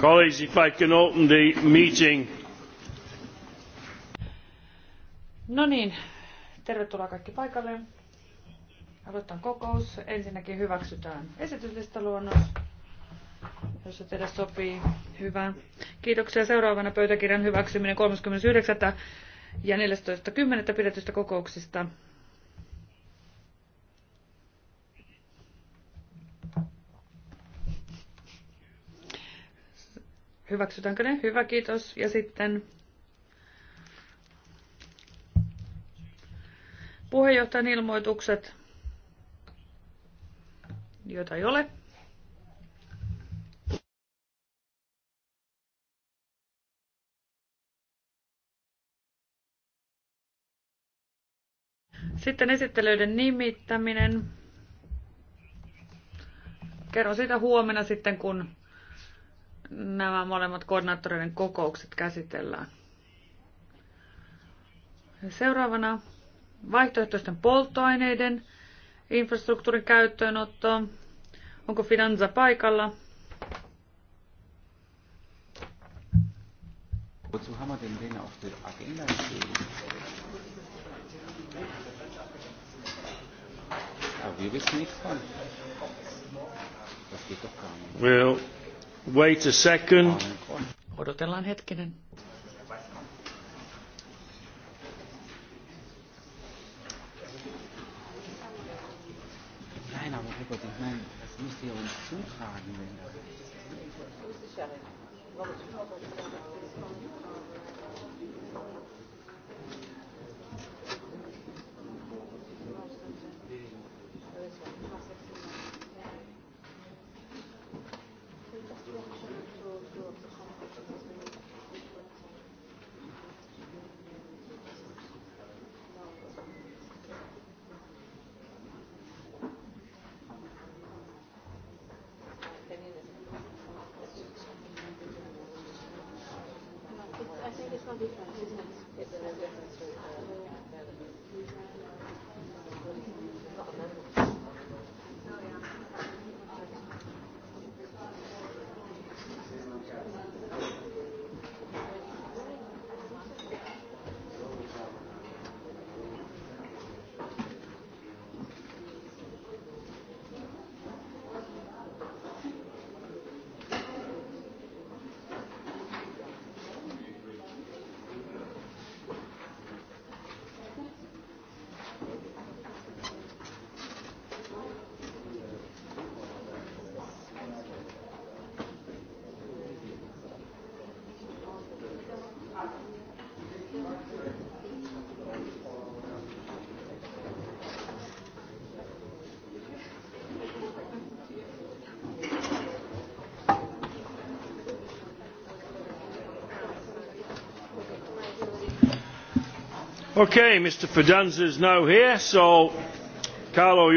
Colleagues, if I can open the meeting. No niin, tervetuloa kaikki paikalle. Aloitan kokous. Ensinnäkin hyväksytään esityslistaluonnos, jos se teille sopii. Hyvä. Kiitoksia. Seuraavana pöytäkirjan hyväksyminen 39. ja 14.10. pidetystä kokouksista. Hyväksytäänkö ne? Hyvä, kiitos. Ja sitten puheenjohtajan ilmoitukset, joita ei ole. Sitten esittelyiden nimittäminen. Kerron siitä huomenna sitten, kun nämä molemmat koordinaattoreiden kokoukset käsitellään. Seuraavana vaihtoehtoisten polttoaineiden infrastruktuurin käyttöönotto. Onko Finanza paikalla? Well, Wait a second. Odotellaan hetkinen. Nein, aber Okay, Mr. Fidanza is now here, so Carlo,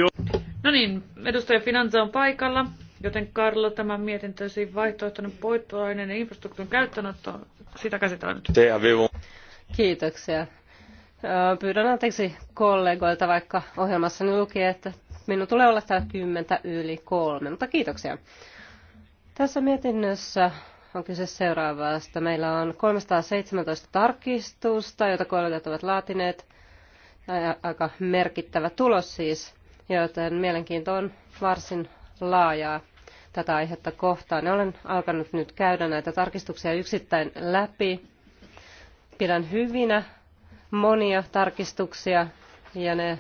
No niin, edustaja Finanza on paikalla, joten Carlo, tämän mietintösi siis vaihtoehtoinen ja infrastruktuurin käyttöönotto, sitä käsitellään nyt. Kiitoksia. Pyydän anteeksi kollegoilta, vaikka ohjelmassani luki, että minun tulee olla täällä kymmentä yli kolme, mutta kiitoksia. Tässä mietinnössä on kyse seuraavasta. Meillä on 317 tarkistusta, joita kollegat ovat laatineet. Aika merkittävä tulos siis, joten mielenkiinto on varsin laajaa tätä aihetta kohtaan. Olen alkanut nyt käydä näitä tarkistuksia yksittäin läpi. Pidän hyvinä monia tarkistuksia ja ne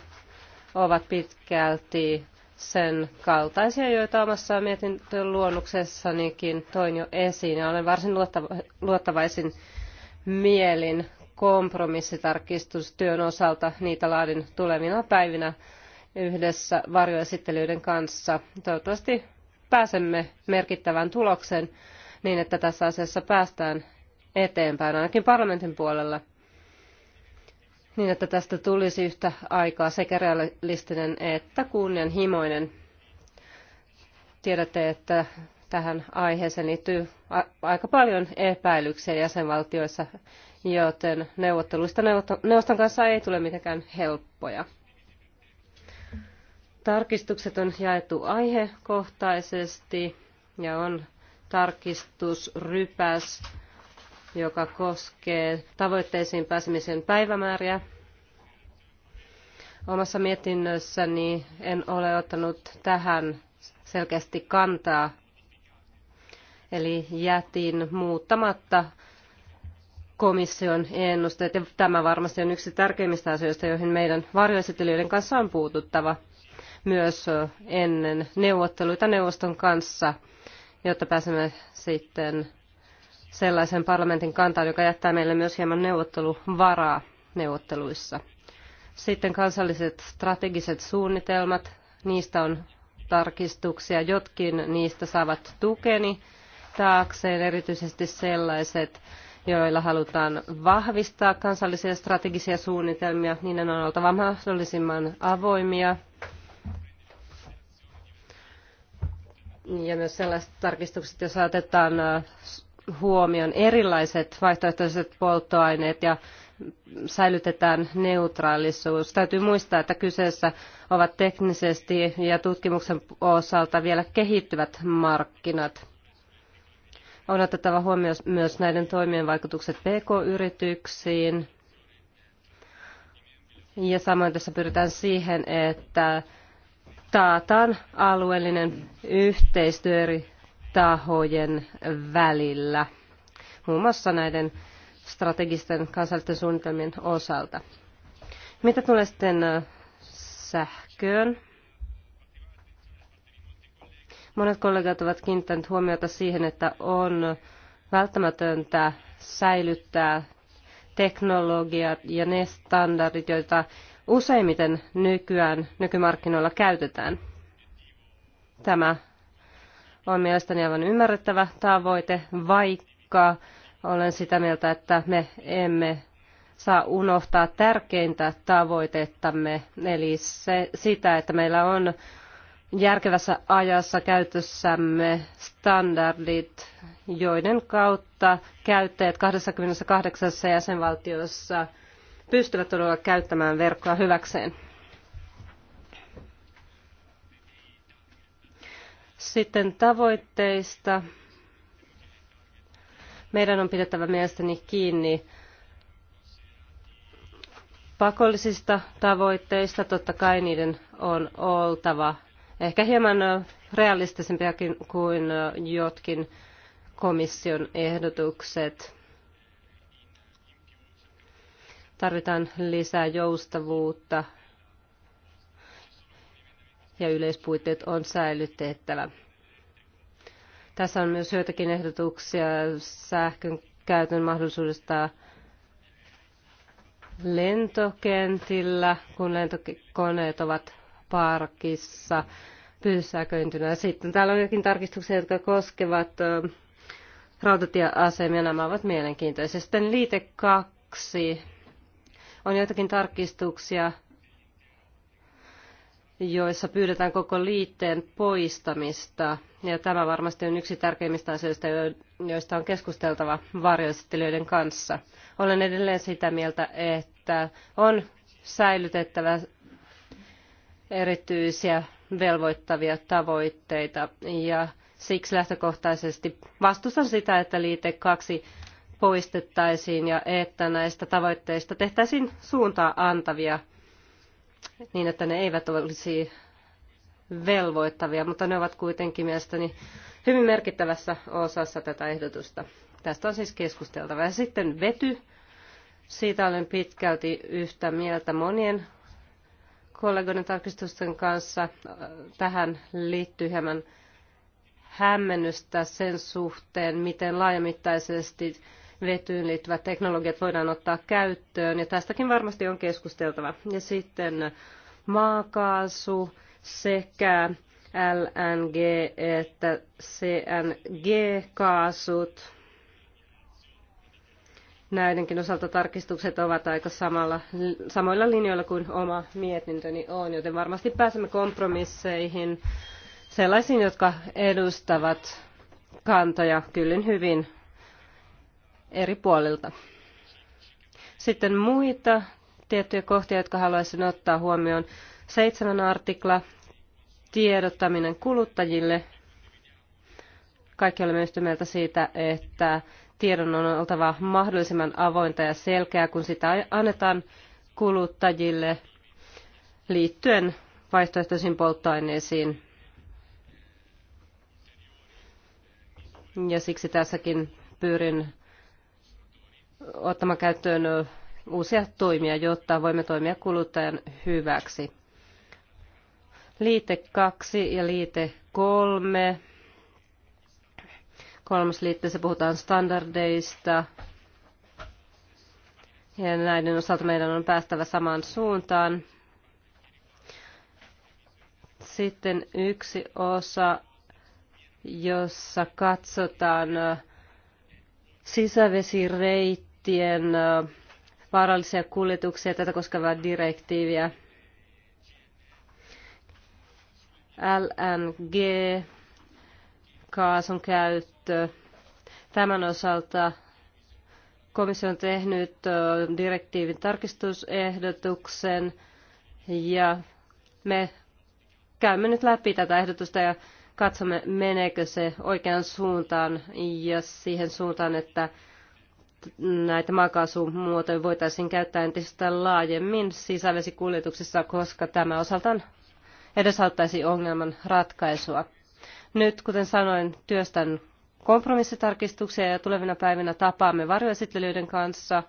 ovat pitkälti sen kaltaisia, joita omassa mietintön luonnoksessanikin toin jo esiin. Ja olen varsin luottavaisin mielin kompromissitarkistustyön osalta. Niitä laadin tulevina päivinä yhdessä varjoesittelyiden kanssa. Toivottavasti pääsemme merkittävään tulokseen niin, että tässä asiassa päästään eteenpäin, ainakin parlamentin puolella – niin että tästä tulisi yhtä aikaa sekä realistinen että kunnianhimoinen. Tiedätte, että tähän aiheeseen liittyy aika paljon epäilyksiä jäsenvaltioissa, joten neuvotteluista neuvoston kanssa ei tule mitenkään helppoja. Tarkistukset on jaettu aihekohtaisesti ja on tarkistusrypäs joka koskee tavoitteisiin pääsemisen päivämääriä. Omassa mietinnössäni en ole ottanut tähän selkeästi kantaa, eli jätin muuttamatta komission ennusteet, ja tämä varmasti on yksi tärkeimmistä asioista, joihin meidän varjoesittelijöiden kanssa on puututtava myös ennen neuvotteluita neuvoston kanssa, jotta pääsemme sitten sellaisen parlamentin kantaan, joka jättää meille myös hieman neuvotteluvaraa neuvotteluissa. Sitten kansalliset strategiset suunnitelmat, niistä on tarkistuksia. Jotkin niistä saavat tukeni taakseen, erityisesti sellaiset, joilla halutaan vahvistaa kansallisia strategisia suunnitelmia. Niiden on oltava mahdollisimman avoimia. Ja myös sellaiset tarkistukset, jos saatetaan äh, huomioon erilaiset vaihtoehtoiset polttoaineet ja säilytetään neutraalisuus. Täytyy muistaa, että kyseessä ovat teknisesti ja tutkimuksen osalta vielä kehittyvät markkinat. On otettava huomioon myös näiden toimien vaikutukset pk-yrityksiin. Ja samoin tässä pyritään siihen, että taataan alueellinen yhteistyö eri tahojen välillä, muun muassa näiden strategisten kansallisten suunnitelmien osalta. Mitä tulee sitten sähköön? Monet kollegat ovat kiinnittäneet huomiota siihen, että on välttämätöntä säilyttää teknologiat ja ne standardit, joita useimmiten nykyään nykymarkkinoilla käytetään. Tämä on mielestäni aivan ymmärrettävä tavoite, vaikka olen sitä mieltä, että me emme saa unohtaa tärkeintä tavoitettamme, eli se, sitä, että meillä on järkevässä ajassa käytössämme standardit, joiden kautta käyttäjät 28 jäsenvaltiossa pystyvät todella käyttämään verkkoa hyväkseen. Sitten tavoitteista. Meidän on pidettävä mielestäni kiinni pakollisista tavoitteista. Totta kai niiden on oltava ehkä hieman realistisempiakin kuin jotkin komission ehdotukset. Tarvitaan lisää joustavuutta ja yleispuitteet on säilytettävä. Tässä on myös joitakin ehdotuksia sähkön käytön mahdollisuudesta lentokentillä, kun lentokoneet ovat parkissa pysäköintynä. Sitten täällä on jokin tarkistuksia, jotka koskevat rautatieasemia. Nämä ovat mielenkiintoisia. Sitten liite kaksi. On joitakin tarkistuksia, joissa pyydetään koko liitteen poistamista. Ja tämä varmasti on yksi tärkeimmistä asioista, joista on keskusteltava varjoesittelijöiden kanssa. Olen edelleen sitä mieltä, että on säilytettävä erityisiä velvoittavia tavoitteita ja siksi lähtökohtaisesti vastustan sitä, että liite 2 poistettaisiin ja että näistä tavoitteista tehtäisiin suuntaa antavia niin, että ne eivät olisi velvoittavia, mutta ne ovat kuitenkin mielestäni hyvin merkittävässä osassa tätä ehdotusta. Tästä on siis keskusteltava. Ja sitten vety. Siitä olen pitkälti yhtä mieltä monien kollegoiden tarkistusten kanssa. Tähän liittyy hieman hämmennystä sen suhteen, miten laajamittaisesti vetyyn liittyvät teknologiat voidaan ottaa käyttöön, ja tästäkin varmasti on keskusteltava. Ja sitten maakaasu sekä LNG että CNG-kaasut. Näidenkin osalta tarkistukset ovat aika samalla, samoilla linjoilla kuin oma mietintöni on, joten varmasti pääsemme kompromisseihin sellaisiin, jotka edustavat kantoja kyllin hyvin eri puolilta. Sitten muita tiettyjä kohtia, jotka haluaisin ottaa huomioon. Seitsemän artikla, tiedottaminen kuluttajille. Kaikki olemme yhtä mieltä siitä, että tiedon on oltava mahdollisimman avointa ja selkeää, kun sitä annetaan kuluttajille liittyen vaihtoehtoisiin polttoaineisiin. Ja siksi tässäkin pyrin ottamaan käyttöön uusia toimia, jotta voimme toimia kuluttajan hyväksi. Liite 2 ja liite 3. Kolmas liitteessä puhutaan standardeista. Ja näiden osalta meidän on päästävä samaan suuntaan. Sitten yksi osa, jossa katsotaan sisävesireitti koskien vaarallisia kuljetuksia tätä koskevaa direktiiviä. LNG, kaasun käyttö. Tämän osalta komissio on tehnyt direktiivin tarkistusehdotuksen ja me käymme nyt läpi tätä ehdotusta ja katsomme, meneekö se oikeaan suuntaan ja siihen suuntaan, että näitä maakaasumuotoja voitaisiin käyttää entistä laajemmin sisävesikuljetuksissa, koska tämä osaltaan edesauttaisi ongelman ratkaisua. Nyt, kuten sanoin, työstän kompromissitarkistuksia ja tulevina päivinä tapaamme varjoesittelyiden kanssa.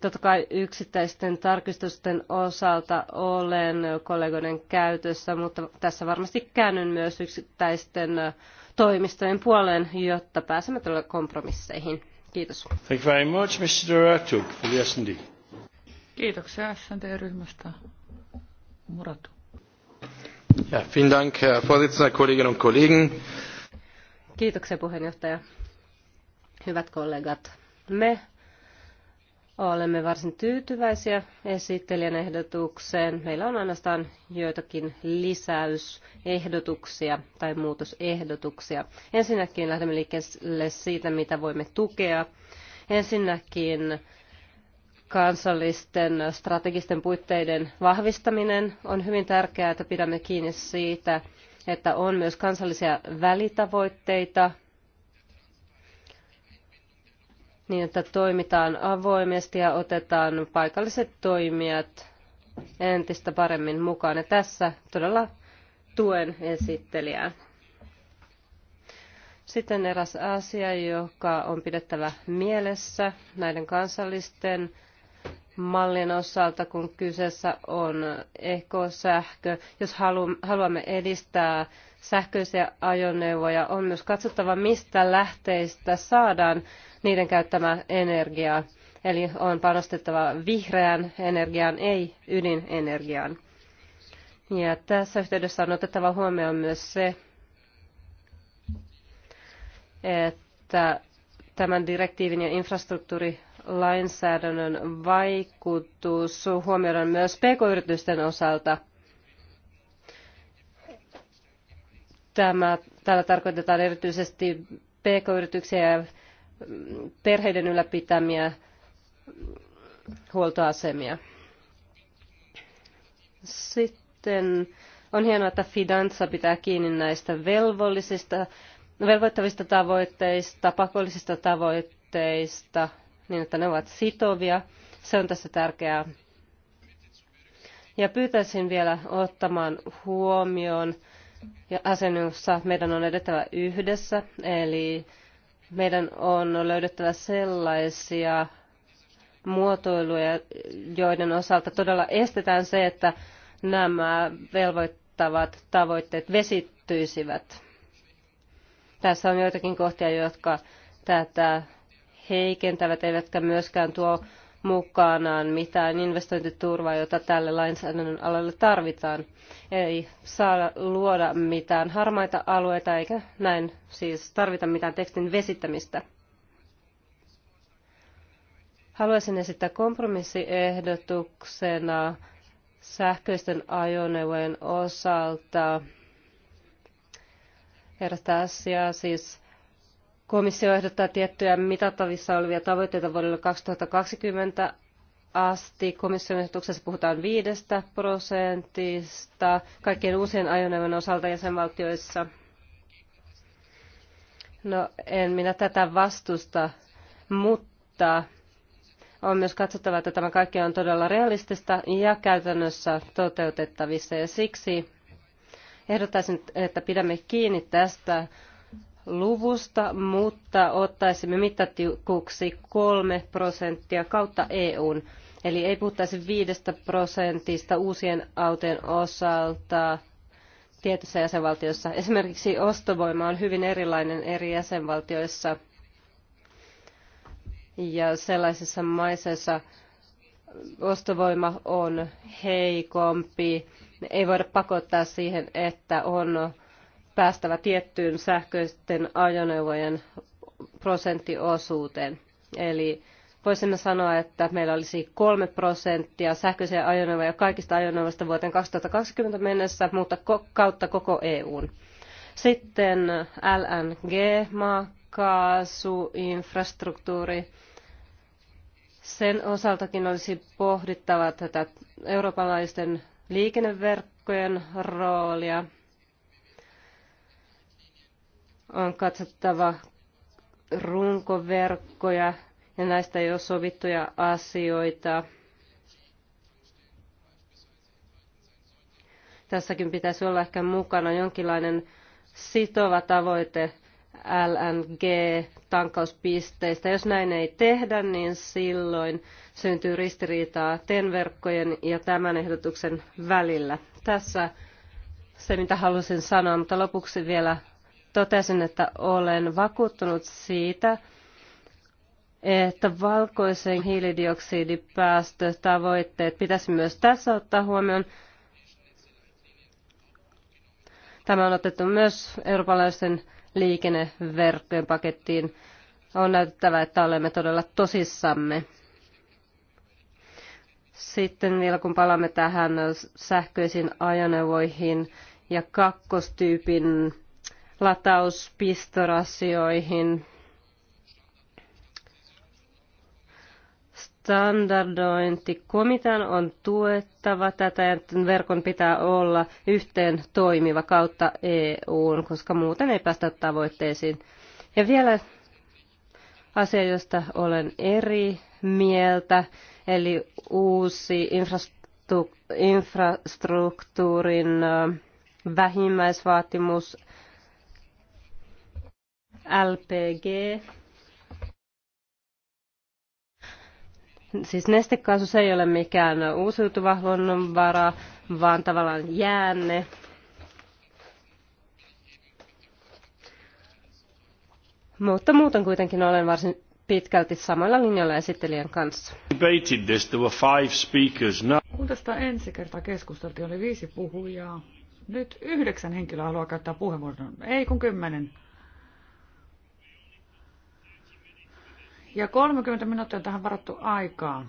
Totta kai yksittäisten tarkistusten osalta olen kollegoiden käytössä, mutta tässä varmasti käännyn myös yksittäisten toimistojen puoleen, jotta pääsemme tällä kompromisseihin. Kiitos. Thank you very much, Mr. Ratuk, for the S&D. Kiitoksia S&D-ryhmästä. Muratu. Ja, vielen Dank, Herr Vorsitzender, Kolleginnen und Kollegen. Kiitoksia puheenjohtaja. Hyvät kollegat, me Olemme varsin tyytyväisiä esittelijän ehdotukseen. Meillä on ainoastaan joitakin lisäysehdotuksia tai muutosehdotuksia. Ensinnäkin lähdemme liikkeelle siitä, mitä voimme tukea. Ensinnäkin kansallisten strategisten puitteiden vahvistaminen on hyvin tärkeää, että pidämme kiinni siitä, että on myös kansallisia välitavoitteita niin, että toimitaan avoimesti ja otetaan paikalliset toimijat entistä paremmin mukaan. Ja tässä todella tuen esittelijää. Sitten eräs asia, joka on pidettävä mielessä näiden kansallisten mallin osalta, kun kyseessä on ekosähkö. Jos haluamme edistää sähköisiä ajoneuvoja, on myös katsottava, mistä lähteistä saadaan niiden käyttämää energiaa. Eli on panostettava vihreään energiaan, ei ydinenergiaan. Ja tässä yhteydessä on otettava huomioon myös se, että tämän direktiivin ja infrastruktuuri lainsäädännön vaikutus huomioidaan myös pk-yritysten osalta. Tämä, täällä tarkoitetaan erityisesti pk-yrityksiä ja perheiden ylläpitämiä huoltoasemia. Sitten on hienoa, että Fidanza pitää kiinni näistä velvollisista, velvoittavista tavoitteista, pakollisista tavoitteista – niin että ne ovat sitovia. Se on tässä tärkeää. Ja pyytäisin vielä ottamaan huomioon ja asennossa meidän on edettävä yhdessä, eli meidän on löydettävä sellaisia muotoiluja, joiden osalta todella estetään se, että nämä velvoittavat tavoitteet vesittyisivät. Tässä on joitakin kohtia, jotka tätä heikentävät, eivätkä myöskään tuo mukanaan mitään investointiturvaa, jota tälle lainsäädännön alalle tarvitaan. Ei saa luoda mitään harmaita alueita eikä näin siis tarvita mitään tekstin vesittämistä. Haluaisin esittää kompromissiehdotuksena sähköisten ajoneuvojen osalta erästä asiaa, siis Komissio ehdottaa tiettyjä mitattavissa olevia tavoitteita vuodelle 2020 asti. Komission ehdotuksessa puhutaan viidestä prosentista kaikkien uusien ajoneuvojen osalta jäsenvaltioissa. No, en minä tätä vastusta, mutta on myös katsottava, että tämä kaikki on todella realistista ja käytännössä toteutettavissa. Ja siksi ehdottaisin, että pidämme kiinni tästä luvusta, mutta ottaisimme mittatiukuksi kolme prosenttia kautta EUn. Eli ei puhuttaisi viidestä prosentista uusien autojen osalta tietyssä jäsenvaltiossa. Esimerkiksi ostovoima on hyvin erilainen eri jäsenvaltioissa ja sellaisissa maissa, joissa ostovoima on heikompi, ei voida pakottaa siihen, että on päästävä tiettyyn sähköisten ajoneuvojen prosenttiosuuteen. Eli voisimme sanoa, että meillä olisi kolme prosenttia sähköisiä ajoneuvoja kaikista ajoneuvoista vuoteen 2020 mennessä, mutta kautta koko EUn. Sitten LNG, maakaasu, infrastruktuuri. Sen osaltakin olisi pohdittava tätä eurooppalaisten liikenneverkkojen roolia on katsottava runkoverkkoja ja näistä jo sovittuja asioita. Tässäkin pitäisi olla ehkä mukana jonkinlainen sitova tavoite lng tankauspisteistä Jos näin ei tehdä, niin silloin syntyy ristiriitaa TEN-verkkojen ja tämän ehdotuksen välillä. Tässä se, mitä halusin sanoa, mutta lopuksi vielä totesin, että olen vakuuttunut siitä, että valkoisen hiilidioksidipäästötavoitteet pitäisi myös tässä ottaa huomioon. Tämä on otettu myös eurooppalaisen liikenneverkkojen pakettiin. On näyttävä, että olemme todella tosissamme. Sitten vielä kun palaamme tähän sähköisiin ajoneuvoihin ja kakkostyypin latauspistorasioihin, standardointikomitean on tuettava tätä että verkon pitää olla yhteen toimiva kautta EUn, koska muuten ei päästä tavoitteisiin. Ja vielä asia, josta olen eri mieltä, eli uusi infrastruktuurin vähimmäisvaatimus LPG. Siis nestekaasu se ei ole mikään uusiutuva luonnonvara, vaan tavallaan jäänne. Mutta muuten kuitenkin olen varsin pitkälti samalla linjalla esittelijän kanssa. No. Kun tästä ensi kertaa keskusteltiin, oli viisi puhujaa. Nyt yhdeksän henkilöä haluaa käyttää puheenvuoron. Ei kun kymmenen. Ja 30 minuuttia on tähän varattu aikaa.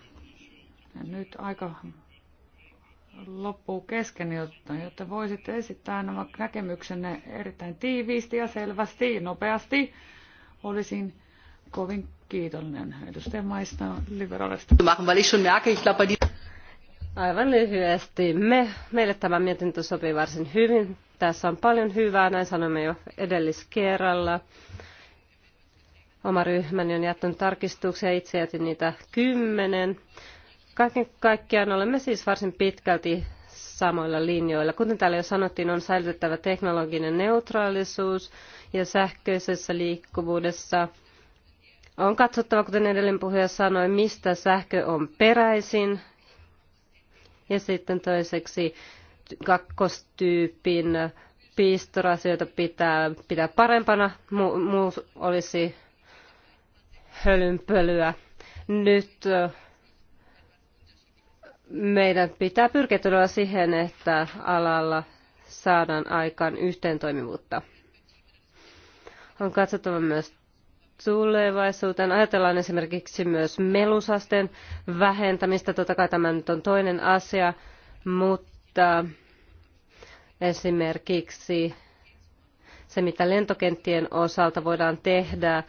Ja nyt aika loppuu kesken, jotta, jotta voisitte esittää nämä näkemyksenne erittäin tiiviisti ja selvästi, nopeasti. Olisin kovin kiitollinen edustaja Maista liberaalista. Aivan lyhyesti. Me, meille tämä mietintö sopii varsin hyvin. Tässä on paljon hyvää, näin sanomme jo edelliskerralla. kerralla Oma ryhmäni on jättänyt tarkistuksia, itse jätin niitä kymmenen. Kaiken kaikkiaan olemme siis varsin pitkälti samoilla linjoilla. Kuten täällä jo sanottiin, on säilytettävä teknologinen neutraalisuus ja sähköisessä liikkuvuudessa on katsottava, kuten edellinen puhuja sanoi, mistä sähkö on peräisin. Ja sitten toiseksi kakkostyypin piistorasioita pitää pitää parempana. Muu, muu olisi hölynpölyä. Nyt meidän pitää pyrkiä todella siihen, että alalla saadaan aikaan yhteentoimivuutta. On katsottava myös tulevaisuuteen. Ajatellaan esimerkiksi myös melusasteen vähentämistä. Totta kai tämä nyt on toinen asia, mutta esimerkiksi se, mitä lentokenttien osalta voidaan tehdä,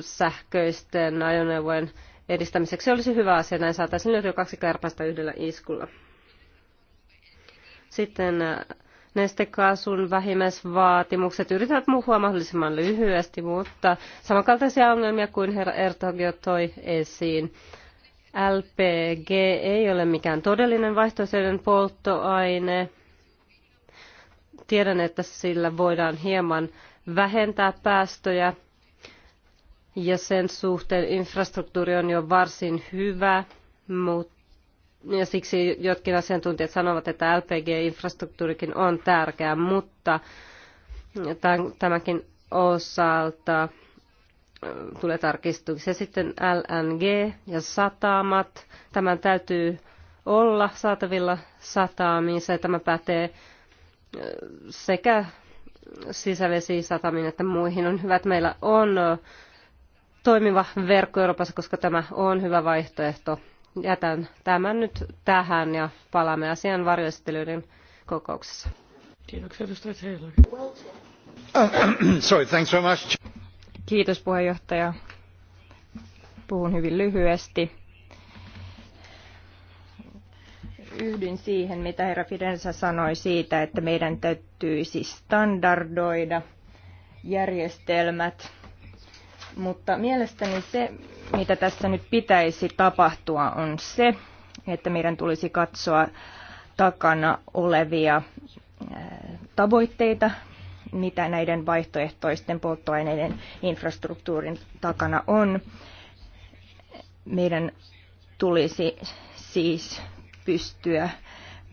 sähköisten ajoneuvojen edistämiseksi olisi hyvä asia. Näin saataisiin löytyä kaksi kärpästä yhdellä iskulla. Sitten äh, nestekaasun vähimmäisvaatimukset yritetään muhua mahdollisimman lyhyesti, mutta samankaltaisia ongelmia kuin herra Ertog jo toi esiin. LPG ei ole mikään todellinen vaihtoehtoinen polttoaine. Tiedän, että sillä voidaan hieman vähentää päästöjä, ja sen suhteen infrastruktuuri on jo varsin hyvä, mutta ja siksi jotkin asiantuntijat sanovat, että LPG-infrastruktuurikin on tärkeä, mutta tämänkin osalta tulee tarkistuksia. Sitten LNG ja satamat. Tämän täytyy olla saatavilla satamiinsa ja tämä pätee sekä sisävesisatamiin että muihin. On hyvä, että meillä on toimiva verkko Euroopassa, koska tämä on hyvä vaihtoehto. Jätän tämän nyt tähän ja palaamme asian varjoistelijoiden kokouksessa. Kiitoksia, edustaja Taylor. Sorry, thanks very much. Kiitos puheenjohtaja. Puhun hyvin lyhyesti. Yhdyn siihen, mitä herra Fidensa sanoi siitä, että meidän täytyisi standardoida järjestelmät mutta mielestäni se, mitä tässä nyt pitäisi tapahtua, on se, että meidän tulisi katsoa takana olevia äh, tavoitteita, mitä näiden vaihtoehtoisten polttoaineiden infrastruktuurin takana on. Meidän tulisi siis pystyä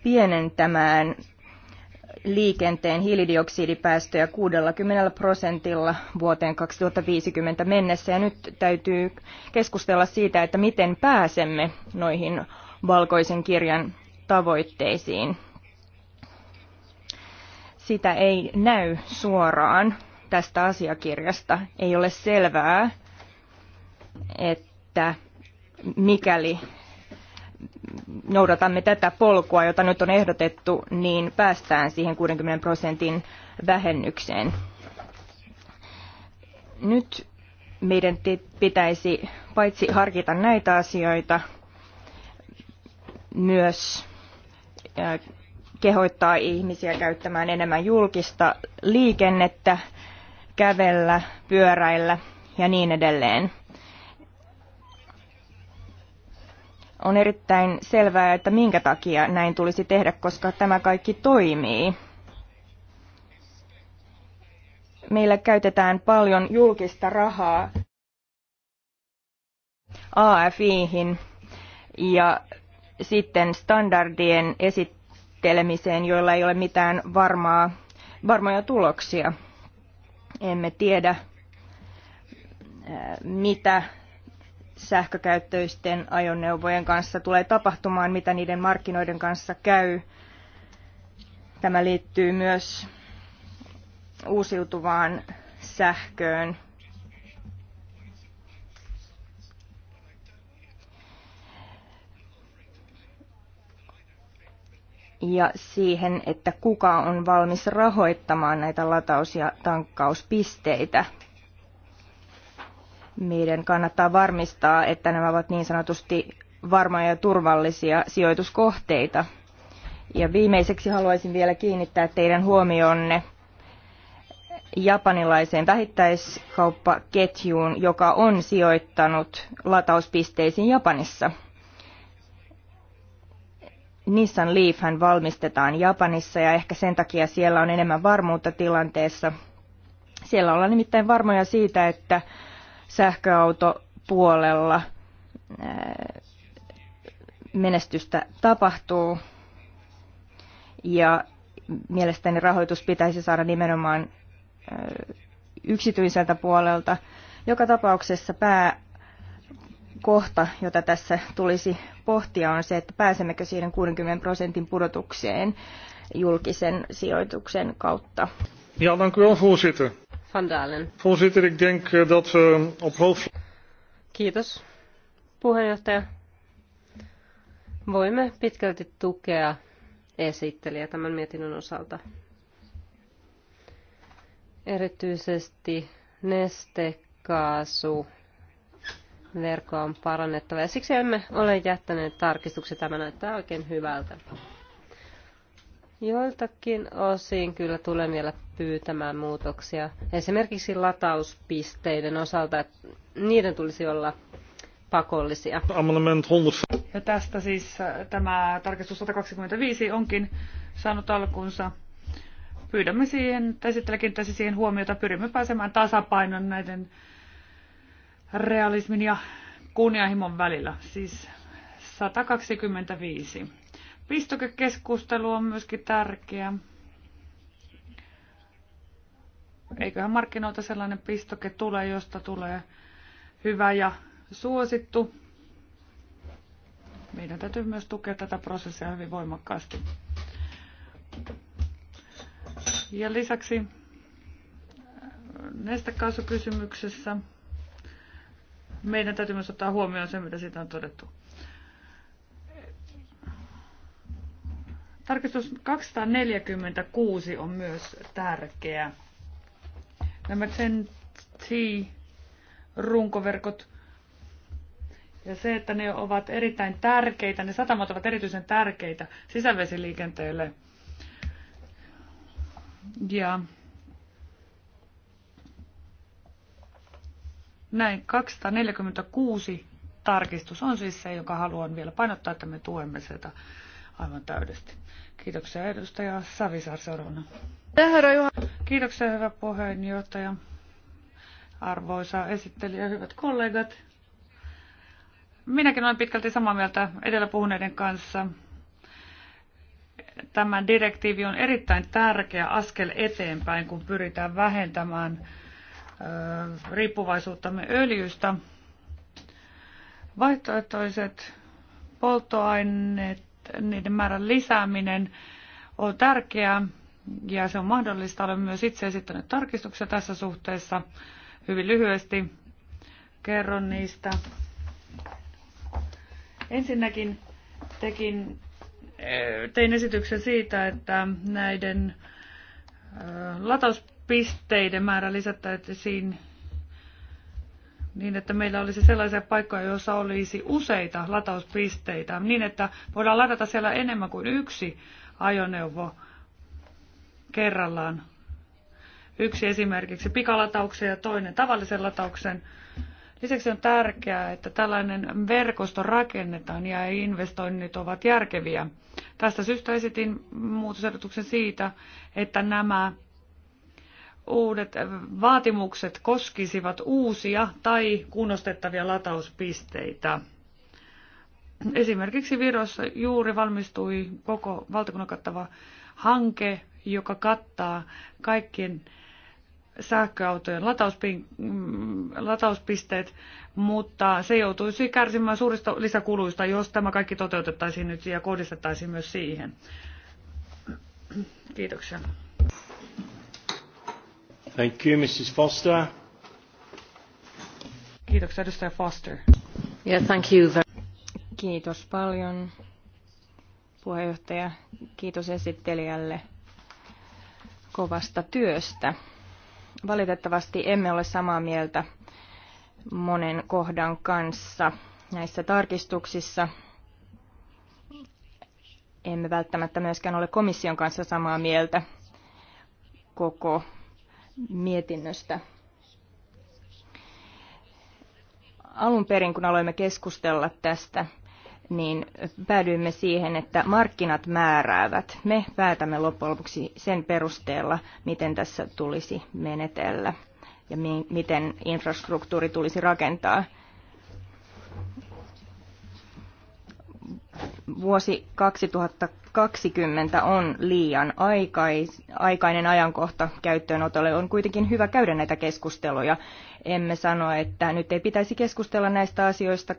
pienentämään liikenteen hiilidioksidipäästöjä 60 prosentilla vuoteen 2050 mennessä. Ja nyt täytyy keskustella siitä, että miten pääsemme noihin valkoisen kirjan tavoitteisiin. Sitä ei näy suoraan tästä asiakirjasta. Ei ole selvää, että mikäli noudatamme tätä polkua, jota nyt on ehdotettu, niin päästään siihen 60 prosentin vähennykseen. Nyt meidän pitäisi paitsi harkita näitä asioita, myös kehoittaa ihmisiä käyttämään enemmän julkista liikennettä, kävellä, pyöräillä ja niin edelleen. on erittäin selvää, että minkä takia näin tulisi tehdä, koska tämä kaikki toimii. Meillä käytetään paljon julkista rahaa AFIhin ja sitten standardien esittelemiseen, joilla ei ole mitään varmaa, varmoja tuloksia. Emme tiedä, mitä sähkökäyttöisten ajoneuvojen kanssa tulee tapahtumaan, mitä niiden markkinoiden kanssa käy. Tämä liittyy myös uusiutuvaan sähköön. Ja siihen, että kuka on valmis rahoittamaan näitä lataus- ja tankkauspisteitä meidän kannattaa varmistaa, että nämä ovat niin sanotusti varmoja ja turvallisia sijoituskohteita. Ja viimeiseksi haluaisin vielä kiinnittää teidän huomionne japanilaiseen vähittäiskauppaketjuun, joka on sijoittanut latauspisteisiin Japanissa. Nissan hän valmistetaan Japanissa ja ehkä sen takia siellä on enemmän varmuutta tilanteessa. Siellä ollaan nimittäin varmoja siitä, että sähköautopuolella menestystä tapahtuu. Ja mielestäni rahoitus pitäisi saada nimenomaan yksityiseltä puolelta. Joka tapauksessa pääkohta, jota tässä tulisi pohtia, on se, että pääsemmekö siihen 60 prosentin pudotukseen julkisen sijoituksen kautta. Ja, dank Van Voorzitter, ik denk eh, dat we op hoofd... Kiitos, puheenjohtaja. Voimme pitkälti tukea esittelijä tämän mietinnön osalta. Erityisesti nestekaasu verkkoa on parannettava ja siksi emme ole jättäneet tarkistuksia. Tämä näyttää oikein hyvältä. Joiltakin osin kyllä tulee vielä pyytämään muutoksia. Esimerkiksi latauspisteiden osalta, että niiden tulisi olla pakollisia. Ja tästä siis äh, tämä tarkistus 125 onkin saanut alkunsa. Pyydämme siihen, tai sitten siihen huomiota, pyrimme pääsemään tasapainon näiden realismin ja kunnianhimon välillä. Siis 125. Pistokekeskustelu on myöskin tärkeä. Eiköhän markkinoilta sellainen pistoke tule, josta tulee hyvä ja suosittu. Meidän täytyy myös tukea tätä prosessia hyvin voimakkaasti. Ja lisäksi äh, nestekaasukysymyksessä meidän täytyy myös ottaa huomioon se, mitä siitä on todettu. Tarkistus 246 on myös tärkeä. Nämä sen runkoverkot ja se, että ne ovat erittäin tärkeitä, ne satamat ovat erityisen tärkeitä sisävesiliikenteelle. Ja näin 246 tarkistus on siis se, joka haluan vielä painottaa, että me tuemme sitä aivan täydesti. Kiitoksia edustaja Savisar Sorona. Kiitoksia hyvä puheenjohtaja. Arvoisa esittelijä, hyvät kollegat. Minäkin olen pitkälti samaa mieltä edellä puhuneiden kanssa. Tämä direktiivi on erittäin tärkeä askel eteenpäin, kun pyritään vähentämään riippuvaisuuttamme öljystä. Vaihtoehtoiset polttoaineet niiden määrän lisääminen on tärkeää ja se on mahdollista. Olen myös itse esittänyt tarkistuksia tässä suhteessa. Hyvin lyhyesti kerron niistä. Ensinnäkin tekin, eh, tein esityksen siitä, että näiden eh, latauspisteiden määrä lisättäisiin niin, että meillä olisi sellaisia paikkoja, joissa olisi useita latauspisteitä, niin että voidaan ladata siellä enemmän kuin yksi ajoneuvo kerrallaan. Yksi esimerkiksi pikalatauksen ja toinen tavallisen latauksen. Lisäksi on tärkeää, että tällainen verkosto rakennetaan ja investoinnit ovat järkeviä. Tästä syystä esitin muutosehdotuksen siitä, että nämä uudet vaatimukset koskisivat uusia tai kunnostettavia latauspisteitä. Esimerkiksi Virossa juuri valmistui koko valtakunnan kattava hanke, joka kattaa kaikkien sähköautojen mm, latauspisteet, mutta se joutuisi kärsimään suurista lisäkuluista, jos tämä kaikki toteutettaisiin nyt ja kohdistettaisiin myös siihen. Kiitoksia. Thank you, Foster. Kiitos paljon, puheenjohtaja. Kiitos esittelijälle kovasta työstä. Valitettavasti emme ole samaa mieltä monen kohdan kanssa näissä tarkistuksissa. Emme välttämättä myöskään ole komission kanssa samaa mieltä koko mietinnöstä. Alun perin, kun aloimme keskustella tästä, niin päädyimme siihen, että markkinat määräävät. Me päätämme loppujen lopuksi sen perusteella, miten tässä tulisi menetellä ja mi- miten infrastruktuuri tulisi rakentaa. Vuosi 2000 2020 on liian aikais, aikainen ajankohta käyttöönotolle. On kuitenkin hyvä käydä näitä keskusteluja. Emme sano, että nyt ei pitäisi keskustella näistä asioista,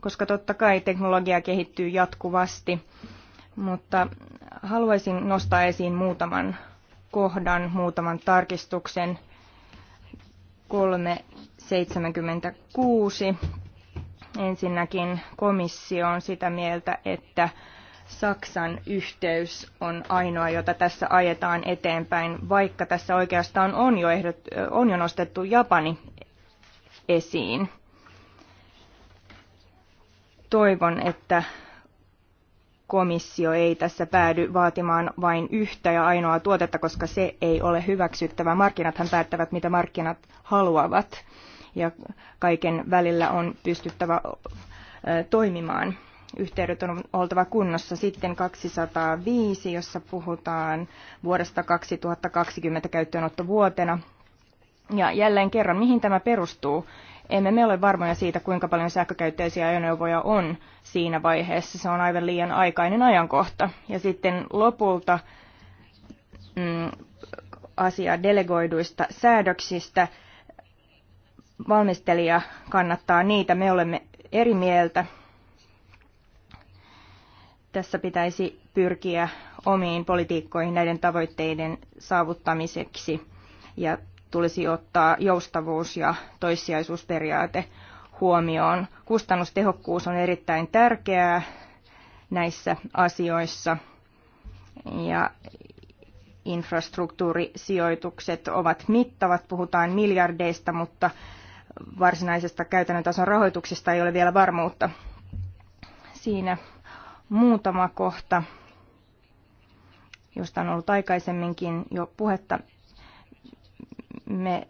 koska totta kai teknologia kehittyy jatkuvasti. Mutta haluaisin nostaa esiin muutaman kohdan, muutaman tarkistuksen. 376. Ensinnäkin komissio on sitä mieltä, että Saksan yhteys on ainoa, jota tässä ajetaan eteenpäin, vaikka tässä oikeastaan on jo, ehdot, on jo nostettu Japani esiin. Toivon, että komissio ei tässä päädy vaatimaan vain yhtä ja ainoaa tuotetta, koska se ei ole hyväksyttävä. Markkinathan päättävät, mitä markkinat haluavat, ja kaiken välillä on pystyttävä toimimaan yhteydet on oltava kunnossa. Sitten 205, jossa puhutaan vuodesta 2020 käyttöönottovuotena. Ja jälleen kerran, mihin tämä perustuu? Emme me ole varmoja siitä, kuinka paljon sähkökäyttöisiä ajoneuvoja on siinä vaiheessa. Se on aivan liian aikainen ajankohta. Ja sitten lopulta mm, asia delegoiduista säädöksistä. Valmistelija kannattaa niitä. Me olemme eri mieltä tässä pitäisi pyrkiä omiin politiikkoihin näiden tavoitteiden saavuttamiseksi ja tulisi ottaa joustavuus ja toissijaisuusperiaate huomioon. Kustannustehokkuus on erittäin tärkeää näissä asioissa ja infrastruktuurisijoitukset ovat mittavat, puhutaan miljardeista, mutta varsinaisesta käytännön tason rahoituksesta ei ole vielä varmuutta. Siinä muutama kohta, josta on ollut aikaisemminkin jo puhetta. Me